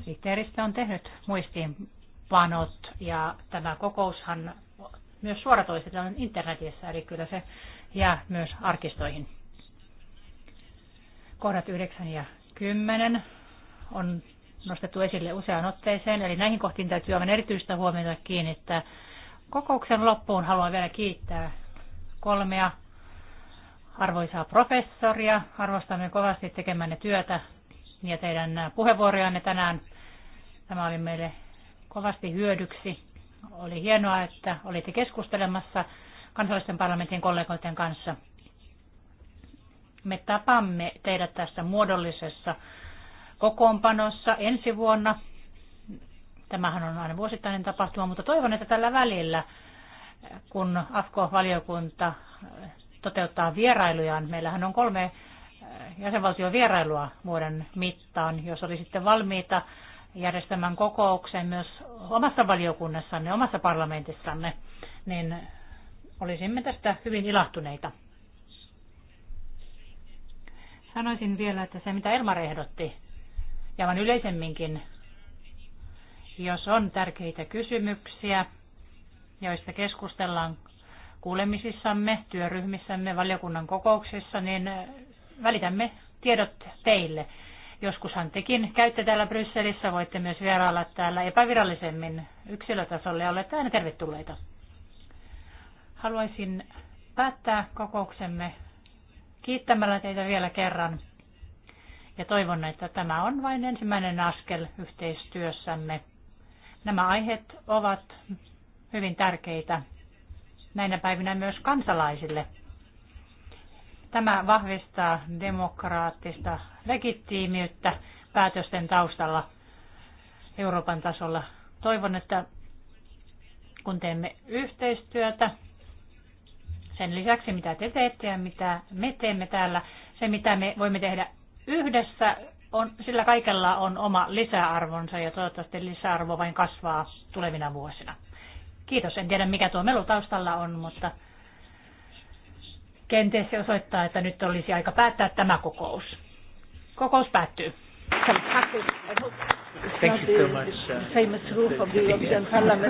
Sihteeristä on tehnyt muistiinpanot ja tämä kokoushan myös suoratoistetaan internetissä, eli kyllä se jää myös arkistoihin. Kohdat 9 ja 10 on nostettu esille useaan otteeseen, eli näihin kohtiin täytyy aivan erityistä huomiota kiinnittää. Kokouksen loppuun haluan vielä kiittää kolmea arvoisaa professoria. Arvostamme kovasti tekemänne työtä ja teidän puheenvuorojanne tänään. Tämä oli meille kovasti hyödyksi. Oli hienoa, että olitte keskustelemassa kansallisten parlamentin kollegoiden kanssa. Me tapamme teidät tässä muodollisessa kokoonpanossa ensi vuonna. Tämähän on aina vuosittainen tapahtuma, mutta toivon, että tällä välillä – kun AFKO-valiokunta toteuttaa vierailujaan. Meillähän on kolme jäsenvaltion vierailua vuoden mittaan. Jos olisitte valmiita järjestämään kokouksen myös omassa valiokunnassanne, omassa parlamentissanne, niin olisimme tästä hyvin ilahtuneita. Sanoisin vielä, että se mitä Elmar ehdotti, ja vaan yleisemminkin, jos on tärkeitä kysymyksiä, joista keskustellaan kuulemisissamme, työryhmissämme, valiokunnan kokouksissa, niin äh, välitämme tiedot teille. Joskushan tekin käytte täällä Brysselissä, voitte myös vierailla täällä epävirallisemmin yksilötasolle ja olette aina tervetulleita. Haluaisin päättää kokouksemme kiittämällä teitä vielä kerran ja toivon, että tämä on vain ensimmäinen askel yhteistyössämme. Nämä aiheet ovat hyvin tärkeitä näinä päivinä myös kansalaisille. Tämä vahvistaa demokraattista legitiimiyttä päätösten taustalla Euroopan tasolla. Toivon, että kun teemme yhteistyötä, sen lisäksi mitä te teette ja mitä me teemme täällä, se mitä me voimme tehdä yhdessä, on, sillä kaikella on oma lisäarvonsa ja toivottavasti lisäarvo vain kasvaa tulevina vuosina. Kiitos. En tiedä, mikä tuo melu taustalla on, mutta kenties se osoittaa, että nyt olisi aika päättää tämä kokous. Kokous päättyy. Thank you so much. Uh, Famous roof of the European Parliament.